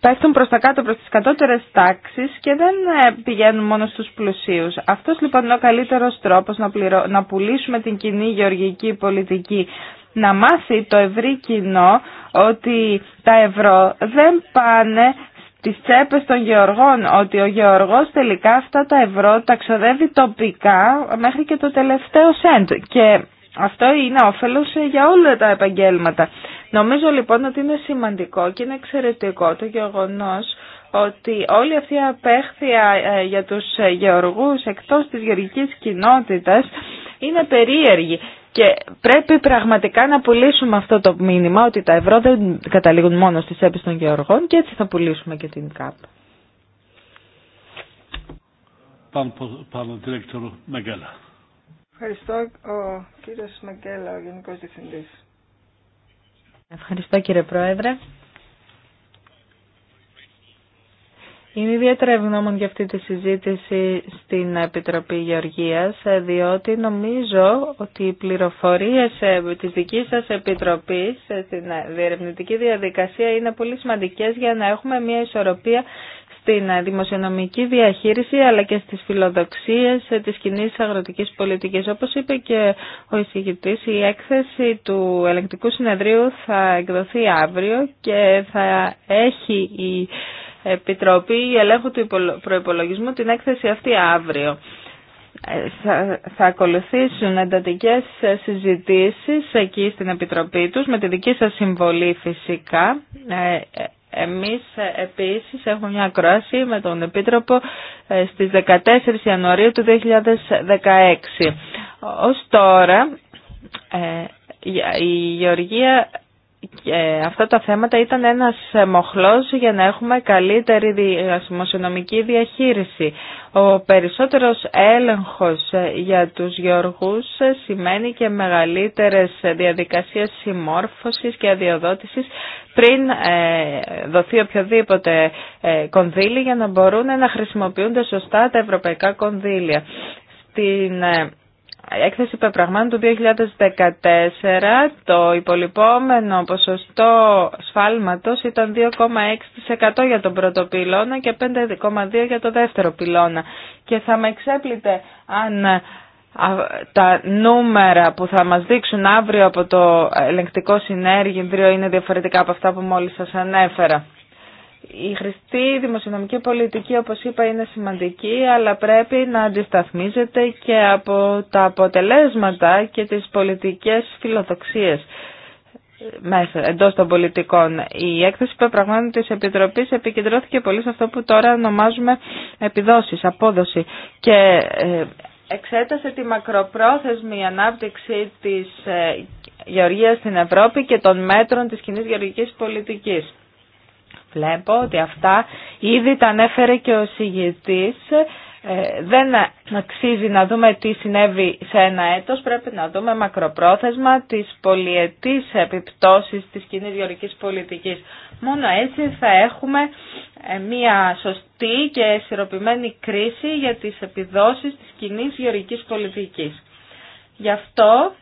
πέφτουν προς τα κάτω, προς τις κατώτερες τάξεις και δεν ε, πηγαίνουν μόνο στους πλουσίους. Αυτός λοιπόν είναι ο καλύτερος τρόπος να, να πουλήσουμε την κοινή γεωργική πολιτική. Να μάθει το ευρύ κοινό ότι τα ευρώ δεν πάνε στις τσέπες των γεωργών, ότι ο γεωργός τελικά αυτά τα ευρώ τα ξοδεύει τοπικά μέχρι και το τελευταίο σέντ. Και αυτό είναι όφελος για όλα τα επαγγέλματα. Νομίζω λοιπόν ότι είναι σημαντικό και είναι εξαιρετικό το γεγονός ότι όλη αυτή η απέχθεια ε, για τους γεωργούς εκτός της γεωργικής κοινότητας είναι περίεργη. Και πρέπει πραγματικά να πουλήσουμε αυτό το μήνυμα ότι τα ευρώ δεν καταλήγουν μόνο στις επιστον των γεωργών και έτσι θα πουλήσουμε και την ΚΑΠ. Ευχαριστώ ο κύριος ο Γενικός Διευθυντής. Ευχαριστώ κύριε Πρόεδρε. Είμαι ιδιαίτερα ευγνώμων για αυτή τη συζήτηση στην Επιτροπή Γεωργίας, διότι νομίζω ότι οι πληροφορίες ε, της δικής σας Επιτροπής ε, στην ε, διερευνητική διαδικασία είναι πολύ σημαντικές για να έχουμε μια ισορροπία στην δημοσιονομική διαχείριση αλλά και στις φιλοδοξίες της κοινή αγροτικής πολιτικής. Όπως είπε και ο εισηγητής, η έκθεση του ελεγκτικού συνεδρίου θα εκδοθεί αύριο και θα έχει η Επιτροπή Ελέγχου του Προϋπολογισμού την έκθεση αυτή αύριο. Ε, θα ακολουθήσουν εντατικές συζητήσεις εκεί στην Επιτροπή τους με τη δική σας συμβολή φυσικά ε, ε, εμείς επίσης έχουμε μια ακρόαση με τον Επίτροπο ε, στις 14 Ιανουαρίου του 2016. Ως τώρα ε, η Γεωργία αυτά τα θέματα ήταν ένας μοχλός για να έχουμε καλύτερη δημοσιονομική διαχείριση. Ο περισσότερος έλεγχος ε, για τους γεωργούς ε, σημαίνει και μεγαλύτερες διαδικασίες συμμόρφωσης και αδειοδότησης πριν ε, δοθεί οποιοδήποτε κονδύλι για να μπορούν να χρησιμοποιούνται σωστά τα ευρωπαϊκά κονδύλια. Στην έκθεση πεπραγμάτων του 2014 το υπολοιπόμενο ποσοστό σφάλματος ήταν 2,6% για τον πρώτο πυλώνα και 5,2% για τον δεύτερο πυλώνα. Και θα με εξέπλητε αν τα νούμερα που θα μας δείξουν αύριο από το ελεγκτικό συνέργειο είναι διαφορετικά από αυτά που μόλις σας ανέφερα. Η χρηστή δημοσιονομική πολιτική, όπως είπα, είναι σημαντική, αλλά πρέπει να αντισταθμίζεται και από τα αποτελέσματα και τις πολιτικές φιλοδοξίες μέσα, εντός των πολιτικών. Η έκθεση πεπραγμάτων της Επιτροπής επικεντρώθηκε πολύ σε αυτό που τώρα ονομάζουμε επιδόσεις, απόδοση και ε, εξέτασε τη μακροπρόθεσμη ανάπτυξη της ε, γεωργίας στην Ευρώπη και των μέτρων της κοινή γεωργικής πολιτικής. Βλέπω ότι αυτά ήδη τα ανέφερε και ο συγητής. Ε, δεν αξίζει να δούμε τι συνέβη σε ένα έτος, πρέπει να δούμε μακροπρόθεσμα τις πολιετής επιπτώσεις της κοινή γεωρικής πολιτικής. Μόνο έτσι θα έχουμε ε, μια σωστή και ισορροπημένη κρίση για τις επιδόσεις της κοινή γεωρικής πολιτικής. Γι' αυτό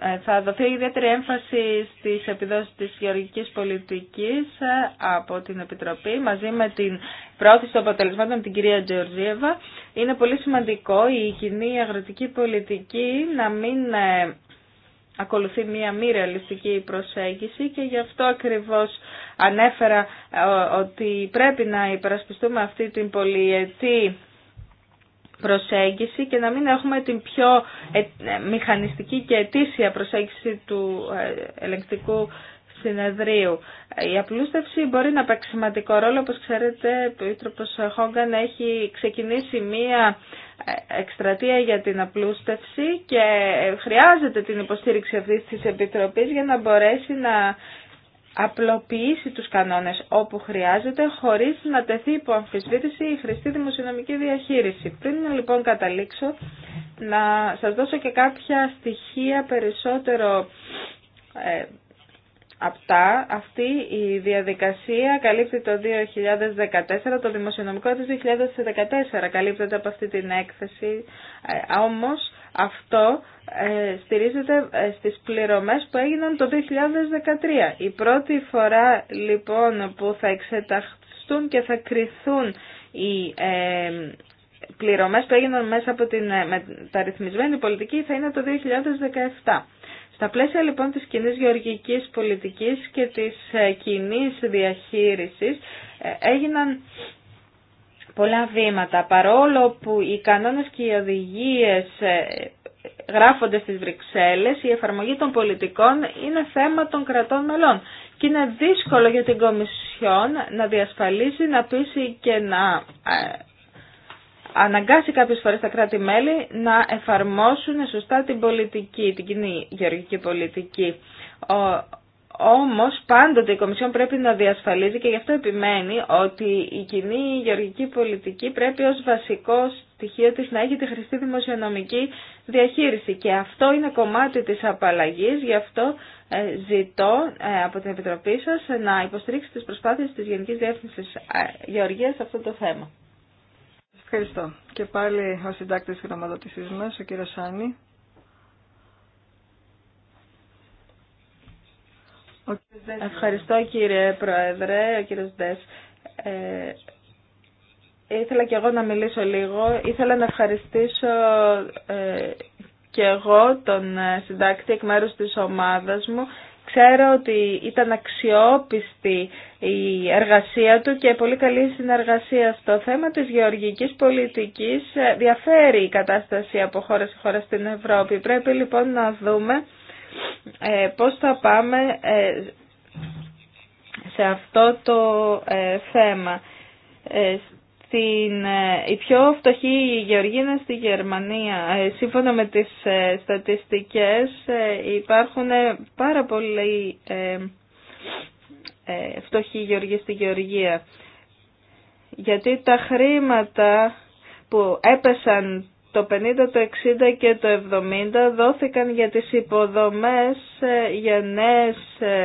ε, θα δοθεί ιδιαίτερη έμφαση στις επιδόσεις της γεωργικής πολιτικής ε, από την Επιτροπή μαζί με την πρόθεση των αποτελεσμάτων την κυρία Τζεωργίεβα. Είναι πολύ σημαντικό η κοινή αγροτική πολιτική να μην ε, ακολουθεί μία μη ρεαλιστική προσέγγιση και γι' αυτό ακριβώς ανέφερα ότι πρέπει να υπερασπιστούμε αυτή την πολυετή προσέγγιση και να μην έχουμε την πιο ε, ε, μηχανιστική και αιτήσια προσέγγιση του ε, ελεγκτικού συνεδρίου. Η απλούστευση μπορεί να παίξει σημαντικό ρόλο. Όπως ξέρετε, ο Ήτροπος Χόγκαν έχει ξεκινήσει μία εκστρατεία για την απλούστευση και χρειάζεται την υποστήριξη αυτής της Επιτροπής για να μπορέσει να απλοποιήσει τους κανόνες όπου χρειάζεται χωρίς να τεθεί υπό αμφισβήτηση η χρηστή δημοσιονομική διαχείριση. Πριν λοιπόν καταλήξω να σας δώσω και κάποια στοιχεία περισσότερο ε, αυτά. Αυτή η διαδικασία καλύπτει το 2014, το δημοσιονομικό της 2014 καλύπτεται από αυτή την έκθεση. Ε, όμως αυτό ε, στηρίζεται ε, στις πληρωμές που έγιναν το 2013. Η πρώτη φορά λοιπόν που θα εξεταχθούν και θα κριθούν οι ε, πληρωμές που έγιναν μέσα από την μεταρρυθμισμένη πολιτική θα είναι το 2017. Στα πλαίσια λοιπόν της κοινής γεωργικής πολιτικής και της κοινής διαχείρισης έγιναν πολλά βήματα. Παρόλο που οι κανόνες και οι οδηγίες ε, γράφονται στις Βρυξέλλες, η εφαρμογή των πολιτικών είναι θέμα των κρατών μελών. Και είναι δύσκολο για την Κομισιόν να διασφαλίσει, να πείσει και να ε, αναγκάσει κάποιες φορές τα κράτη-μέλη να εφαρμόσουν σωστά την πολιτική, την κοινή γεωργική πολιτική. Όμως πάντοτε η Κομισιόν πρέπει να διασφαλίζει και γι' αυτό επιμένει ότι η κοινή γεωργική πολιτική πρέπει ως βασικό στοιχείο της να έχει τη χρηστή δημοσιονομική διαχείριση. Και αυτό είναι κομμάτι της απαλλαγής, γι' αυτό ε, ζητώ ε, από την Επιτροπή σας να υποστηρίξει τις προσπάθειες της Γενικής Διεύθυνσης ε, Γεωργίας σε αυτό το θέμα. Ευχαριστώ. Και πάλι ο συντάκτης χρηματοδοτησής μας, ο κύριος Σάνη. Ευχαριστώ κύριε Πρόεδρε, ο κύριος Ντες. Ε, ήθελα και εγώ να μιλήσω λίγο. Ήθελα να ευχαριστήσω ε, και εγώ τον ε, συντάκτη εκ μέρους της ομάδας μου. Ξέρω ότι ήταν αξιόπιστη η εργασία του και πολύ καλή συνεργασία στο θέμα της γεωργικής πολιτικής. Διαφέρει η κατάσταση από χώρα σε χώρα στην Ευρώπη. Πρέπει λοιπόν να δούμε ε, πώς θα πάμε ε, σε αυτό το ε, θέμα. Στην, η πιο φτωχή γεωργία είναι στη Γερμανία. Σύμφωνα με τις στατιστικές υπάρχουν πάρα πολλοί φτωχοί γεωργοί στη Γεωργία. Γιατί τα χρήματα που έπεσαν το 50, το 60 και το 70 δόθηκαν για τις υποδομές ε, για, νέες, ε,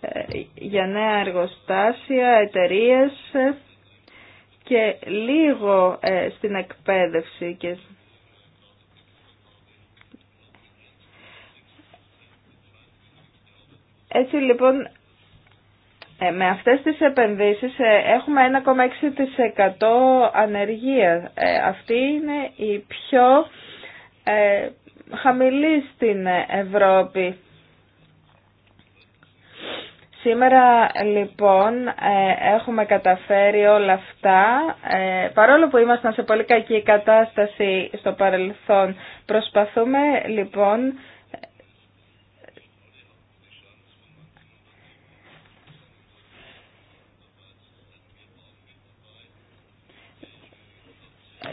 ε, για νέα εργοστάσια, εταιρείες και λίγο στην εκπαίδευση και Έτσι λοιπόν ε, με αυτές τις επενδύσεις ε, έχουμε 1,6% ανεργία. Ε, αυτή είναι η πιο χαμηλή στην Ευρώπη. Σήμερα λοιπόν έχουμε καταφέρει όλα αυτά. παρόλο που ήμασταν σε πολύ κακή κατάσταση στο παρελθόν, προσπαθούμε λοιπόν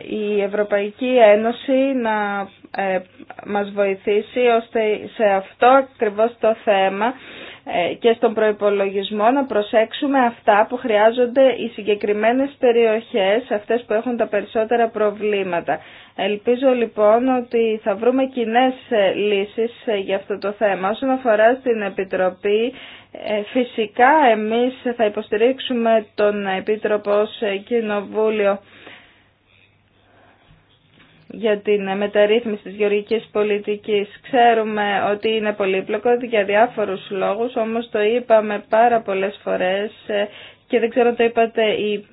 η Ευρωπαϊκή Ένωση να ε, μας βοηθήσει ώστε σε αυτό ακριβώς το θέμα ε, και στον προϋπολογισμό να προσέξουμε αυτά που χρειάζονται οι συγκεκριμένες περιοχές, αυτές που έχουν τα περισσότερα προβλήματα. Ελπίζω λοιπόν ότι θα βρούμε κοινέ ε, λύσεις για αυτό το θέμα. Όσον αφορά στην Επιτροπή, φυσικά εμείς θα υποστηρίξουμε τον Επίτροπο ως Κοινοβούλιο για την μεταρρύθμιση της γεωργικής πολιτικής. Ξέρουμε ότι είναι πολύπλοκο για διάφορους λόγους, όμως το είπαμε πάρα πολλές φορές ε, και δεν ξέρω αν το είπατε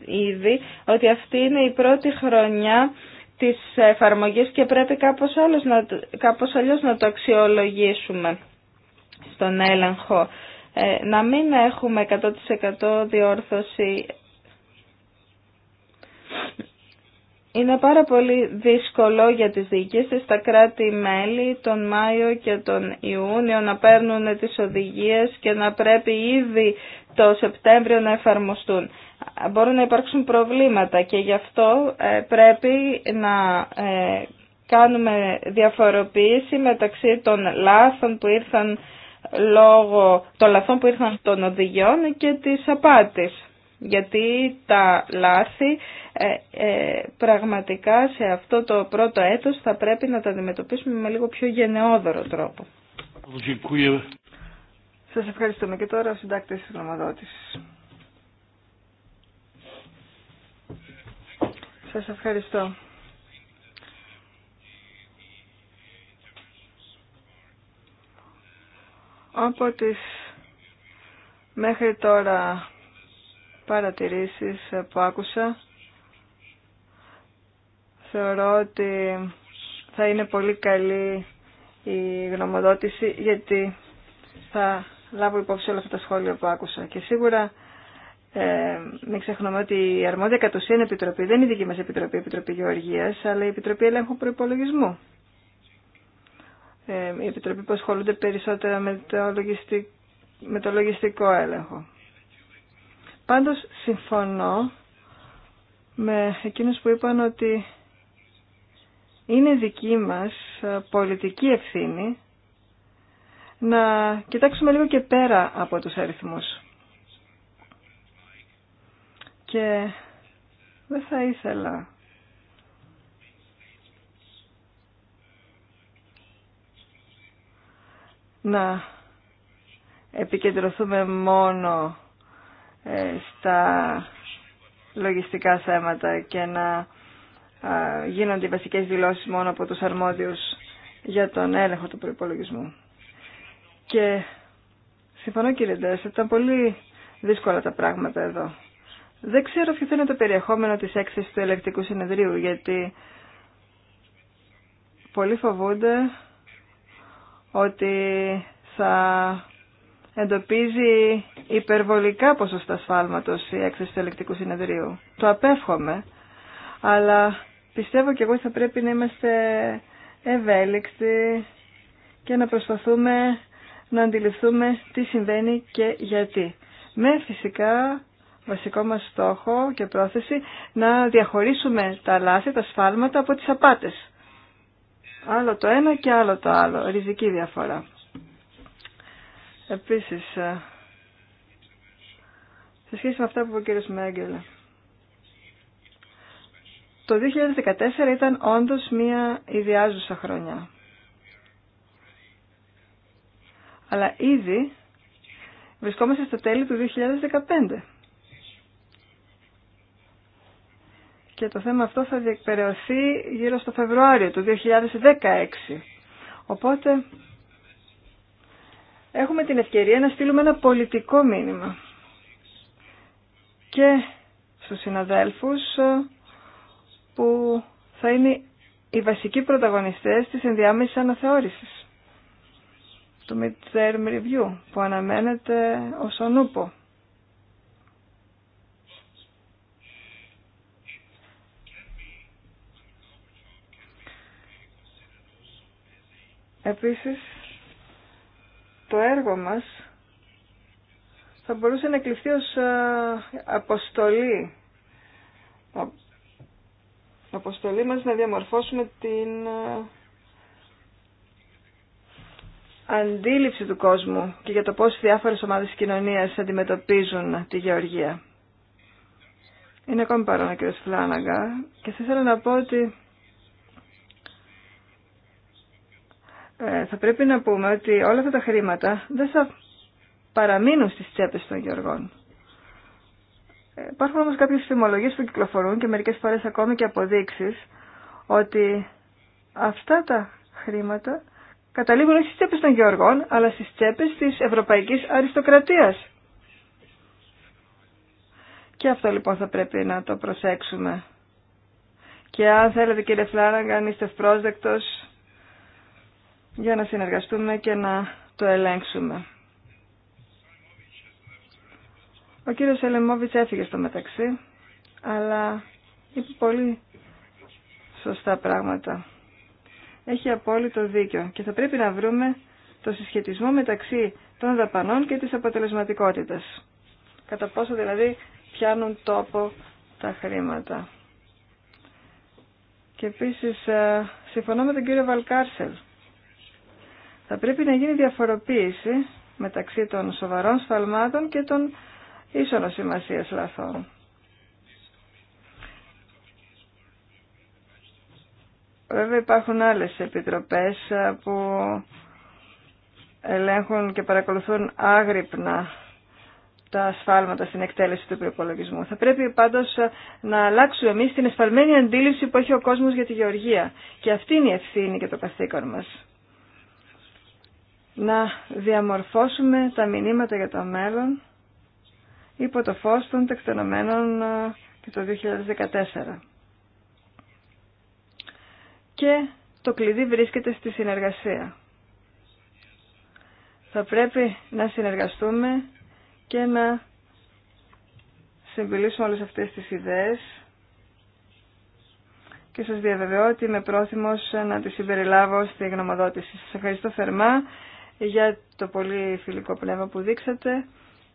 ήδη, ότι αυτή είναι η πρώτη χρονιά της εφαρμογής και πρέπει κάπως, άλλος να, κάπως αλλιώς να το αξιολογήσουμε στον έλεγχο. Ε, να μην έχουμε 100% διόρθωση Είναι πάρα πολύ δύσκολο για τις διοικήσεις στα κράτη-μέλη τον Μάιο και τον Ιούνιο να παίρνουν τις οδηγίες και να πρέπει ήδη το Σεπτέμβριο να εφαρμοστούν. Μπορούν να υπάρξουν προβλήματα και γι' αυτό ε, πρέπει να ε, κάνουμε διαφοροποίηση μεταξύ των λάθων που ήρθαν λόγω των λαθών που ήρθαν των οδηγιών και της απάτης γιατί τα λάθη ε, ε, πραγματικά σε αυτό το πρώτο έτος θα πρέπει να τα αντιμετωπίσουμε με λίγο πιο γενναιόδωρο τρόπο. Σας ευχαριστούμε και τώρα ο συντάκτης της γνωμοδότησης. Σας ευχαριστώ. Από τις μέχρι τώρα παρατηρήσεις που άκουσα. Θεωρώ ότι θα είναι πολύ καλή η γνωμοδότηση γιατί θα λάβω υπόψη όλα αυτά τα σχόλια που άκουσα. Και σίγουρα ε, μην ξεχνούμε ότι η αρμόδια κατ' ουσίαν επιτροπή δεν είναι η δική μας επιτροπή, η Επιτροπή Γεωργίας, αλλά η Επιτροπή Ελέγχου Προϋπολογισμού. Ε, η Επιτροπή που ασχολούνται περισσότερα με το λογιστικό έλεγχο. Πάντως συμφωνώ με εκείνους που είπαν ότι είναι δική μας πολιτική ευθύνη να κοιτάξουμε λίγο και πέρα από τους αριθμούς. Και δεν θα ήθελα να επικεντρωθούμε μόνο ε, στα λογιστικά θέματα και να γίνονται οι βασικές δηλώσεις μόνο από τους αρμόδιους για τον έλεγχο του προϋπολογισμού. Και συμφωνώ κύριε ήταν πολύ δύσκολα τα πράγματα εδώ. Δεν ξέρω ποιο θα είναι το περιεχόμενο της έκθεσης του ελεκτικού συνεδρίου, γιατί πολλοί φοβούνται ότι θα εντοπίζει υπερβολικά ποσοστά σφάλματος η έκθεση του ελεκτικού συνεδρίου. Το απέφχομαι, αλλά πιστεύω και εγώ ότι θα πρέπει να είμαστε ευέλικτοι και να προσπαθούμε να αντιληφθούμε τι συμβαίνει και γιατί. Με φυσικά βασικό μας στόχο και πρόθεση να διαχωρίσουμε τα λάθη, τα σφάλματα από τις απάτες. Άλλο το ένα και άλλο το άλλο, ριζική διαφορά. Επίσης, ε, σε σχέση με αυτά που είπε ο κ. Μέγκελ, το 2014 ήταν όντως μια ιδιάζουσα χρονιά. Αλλά ήδη βρισκόμαστε στο τέλη του 2015. Και το θέμα αυτό θα διεκπαιρεωθεί γύρω στο Φεβρουάριο του 2016. Οπότε έχουμε την ευκαιρία να στείλουμε ένα πολιτικό μήνυμα και στους συναδέλφους ε, που θα είναι οι βασικοί πρωταγωνιστές της ενδιάμεσης αναθεώρησης του Midterm Review που αναμένεται ως Νούπο. Επίσης, το έργο μας θα μπορούσε να εκλειφθεί ως ε, αποστολή. Αποστολή μας να διαμορφώσουμε την ε, αντίληψη του κόσμου και για το πώς διάφορες ομάδες της κοινωνίας αντιμετωπίζουν τη γεωργία. Είναι ακόμη παρόν ο κ. Φλάναγκα και θα ήθελα να πω ότι Ε, θα πρέπει να πούμε ότι όλα αυτά τα χρήματα δεν θα παραμείνουν στις τσέπες των γεωργών. Ε, υπάρχουν όμως κάποιες φημολογίες που κυκλοφορούν και μερικές φορές ακόμη και αποδείξεις ότι αυτά τα χρήματα καταλήγουν όχι στις τσέπες των γεωργών αλλά στις τσέπες της ευρωπαϊκής αριστοκρατίας. Και αυτό λοιπόν θα πρέπει να το προσέξουμε. Και αν θέλετε κύριε αν είστε ευπρόσδεκτος για να συνεργαστούμε και να το ελέγξουμε. Ο κύριος Ελεμόβιτς έφυγε στο μεταξύ, αλλά είπε πολύ σωστά πράγματα. Έχει απόλυτο δίκιο και θα πρέπει να βρούμε το συσχετισμό μεταξύ των δαπανών και της αποτελεσματικότητας. Κατά πόσο δηλαδή πιάνουν τόπο τα χρήματα. Και επίσης ε, συμφωνώ με τον κύριο Βαλκάρσελ θα πρέπει να γίνει διαφοροποίηση μεταξύ των σοβαρών σφαλμάτων και των ίσονο σημασία λαθών. Βέβαια υπάρχουν άλλες επιτροπές που ελέγχουν και παρακολουθούν άγρυπνα τα σφάλματα στην εκτέλεση του προπολογισμού. Θα πρέπει πάντως να αλλάξουμε εμείς την εσφαλμένη αντίληψη που έχει ο κόσμος για τη γεωργία. Και αυτή είναι η ευθύνη και το καθήκον μας να διαμορφώσουμε τα μηνύματα για το μέλλον υπό το φως των τεκτενωμένων και το 2014. Και το κλειδί βρίσκεται στη συνεργασία. Θα πρέπει να συνεργαστούμε και να συμπηλήσουμε όλες αυτές τις ιδέες και σας διαβεβαιώ ότι είμαι πρόθυμος να τις συμπεριλάβω στη γνωμοδότηση. Σας ευχαριστώ θερμά για το πολύ φιλικό πνεύμα που δείξατε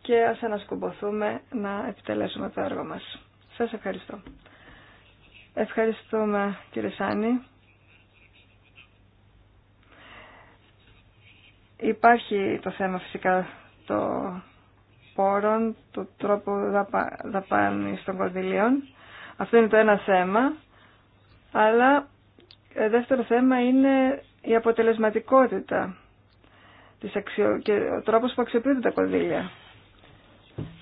και ας ανασκουμποθούμε να επιτελέσουμε το έργο μας. Σας ευχαριστώ. Ευχαριστούμε κύριε Σάνη. Υπάρχει το θέμα φυσικά το πόρων, του τρόπου δαπα, δαπάνης των κονδυλίων. Αυτό είναι το ένα θέμα. Αλλά ε, δεύτερο θέμα είναι η αποτελεσματικότητα τις αξιο... και ο τρόπο που αξιοποιούνται τα κονδύλια.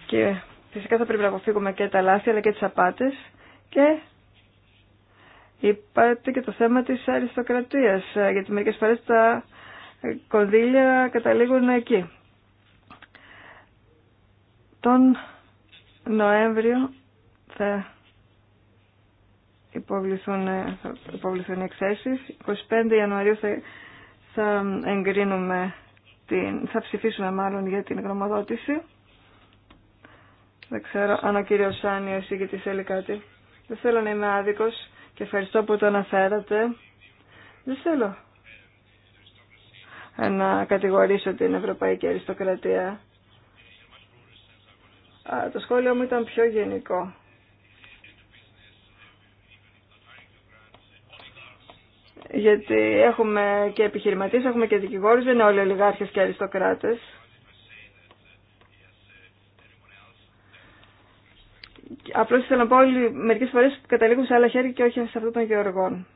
Και φυσικά θα πρέπει να αποφύγουμε και τα λάθη αλλά και τι απάτε και Υπάρχει και το θέμα τη αριστοκρατίας, γιατί μερικέ φορέ τα κονδύλια καταλήγουν εκεί. Τον Νοέμβριο θα υποβληθούν, υποβληθούν οι εξέσεις. 25 Ιανουαρίου θα εγκρίνουμε θα ψηφίσουμε μάλλον για την γνωμοδότηση. Δεν ξέρω αν ο κύριος Σάνιο ή και θέλει κάτι. Δεν θέλω να είμαι άδικο και ευχαριστώ που το αναφέρατε. Δεν θέλω να κατηγορήσω την Ευρωπαϊκή Αριστοκρατία. το σχόλιο μου ήταν πιο γενικό. γιατί έχουμε και επιχειρηματίες, έχουμε και δικηγόρους, δεν είναι όλοι ολιγάρχες και αριστοκράτες. Απλώς ήθελα να πω όλοι μερικές φορές καταλήγουν σε άλλα χέρια και όχι σε αυτό των γεωργών.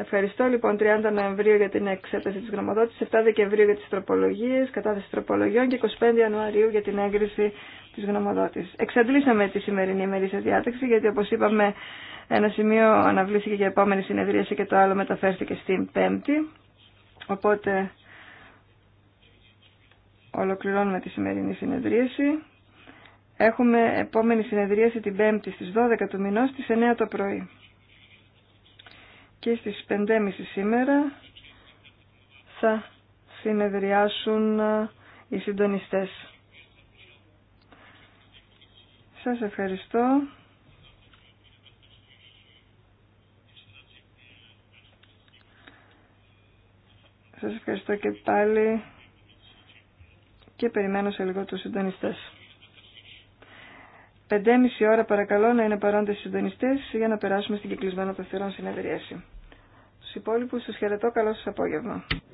Ευχαριστώ λοιπόν 30 Νοεμβρίου για την εξέταση της γνωμοδότησης, 7 Δεκεμβρίου για τις τροπολογίες, κατάθεση τροπολογιών και 25 Ιανουαρίου για την έγκριση της γνωμοδότης. Εξαντλήσαμε τη σημερινή ημερήσια διάταξη γιατί όπως είπαμε ένα σημείο αναβλήθηκε για επόμενη συνεδρίαση και το άλλο μεταφέρθηκε στην Πέμπτη. Οπότε ολοκληρώνουμε τη σημερινή συνεδρίαση. Έχουμε επόμενη συνεδρίαση την Πέμπτη στις 12 του μηνός στις 9 το πρωί. Και στις 5.30 σήμερα θα συνεδριάσουν οι συντονιστές. Σας ευχαριστώ. Σας ευχαριστώ και πάλι και περιμένω σε λίγο τους συντονιστές. Πεντέμιση ώρα παρακαλώ να είναι παρόντες οι συντονιστές για να περάσουμε στην κυκλισμένο των θερών συνεδριέση. Στους υπόλοιπους σας χαιρετώ. Καλό σας απόγευμα.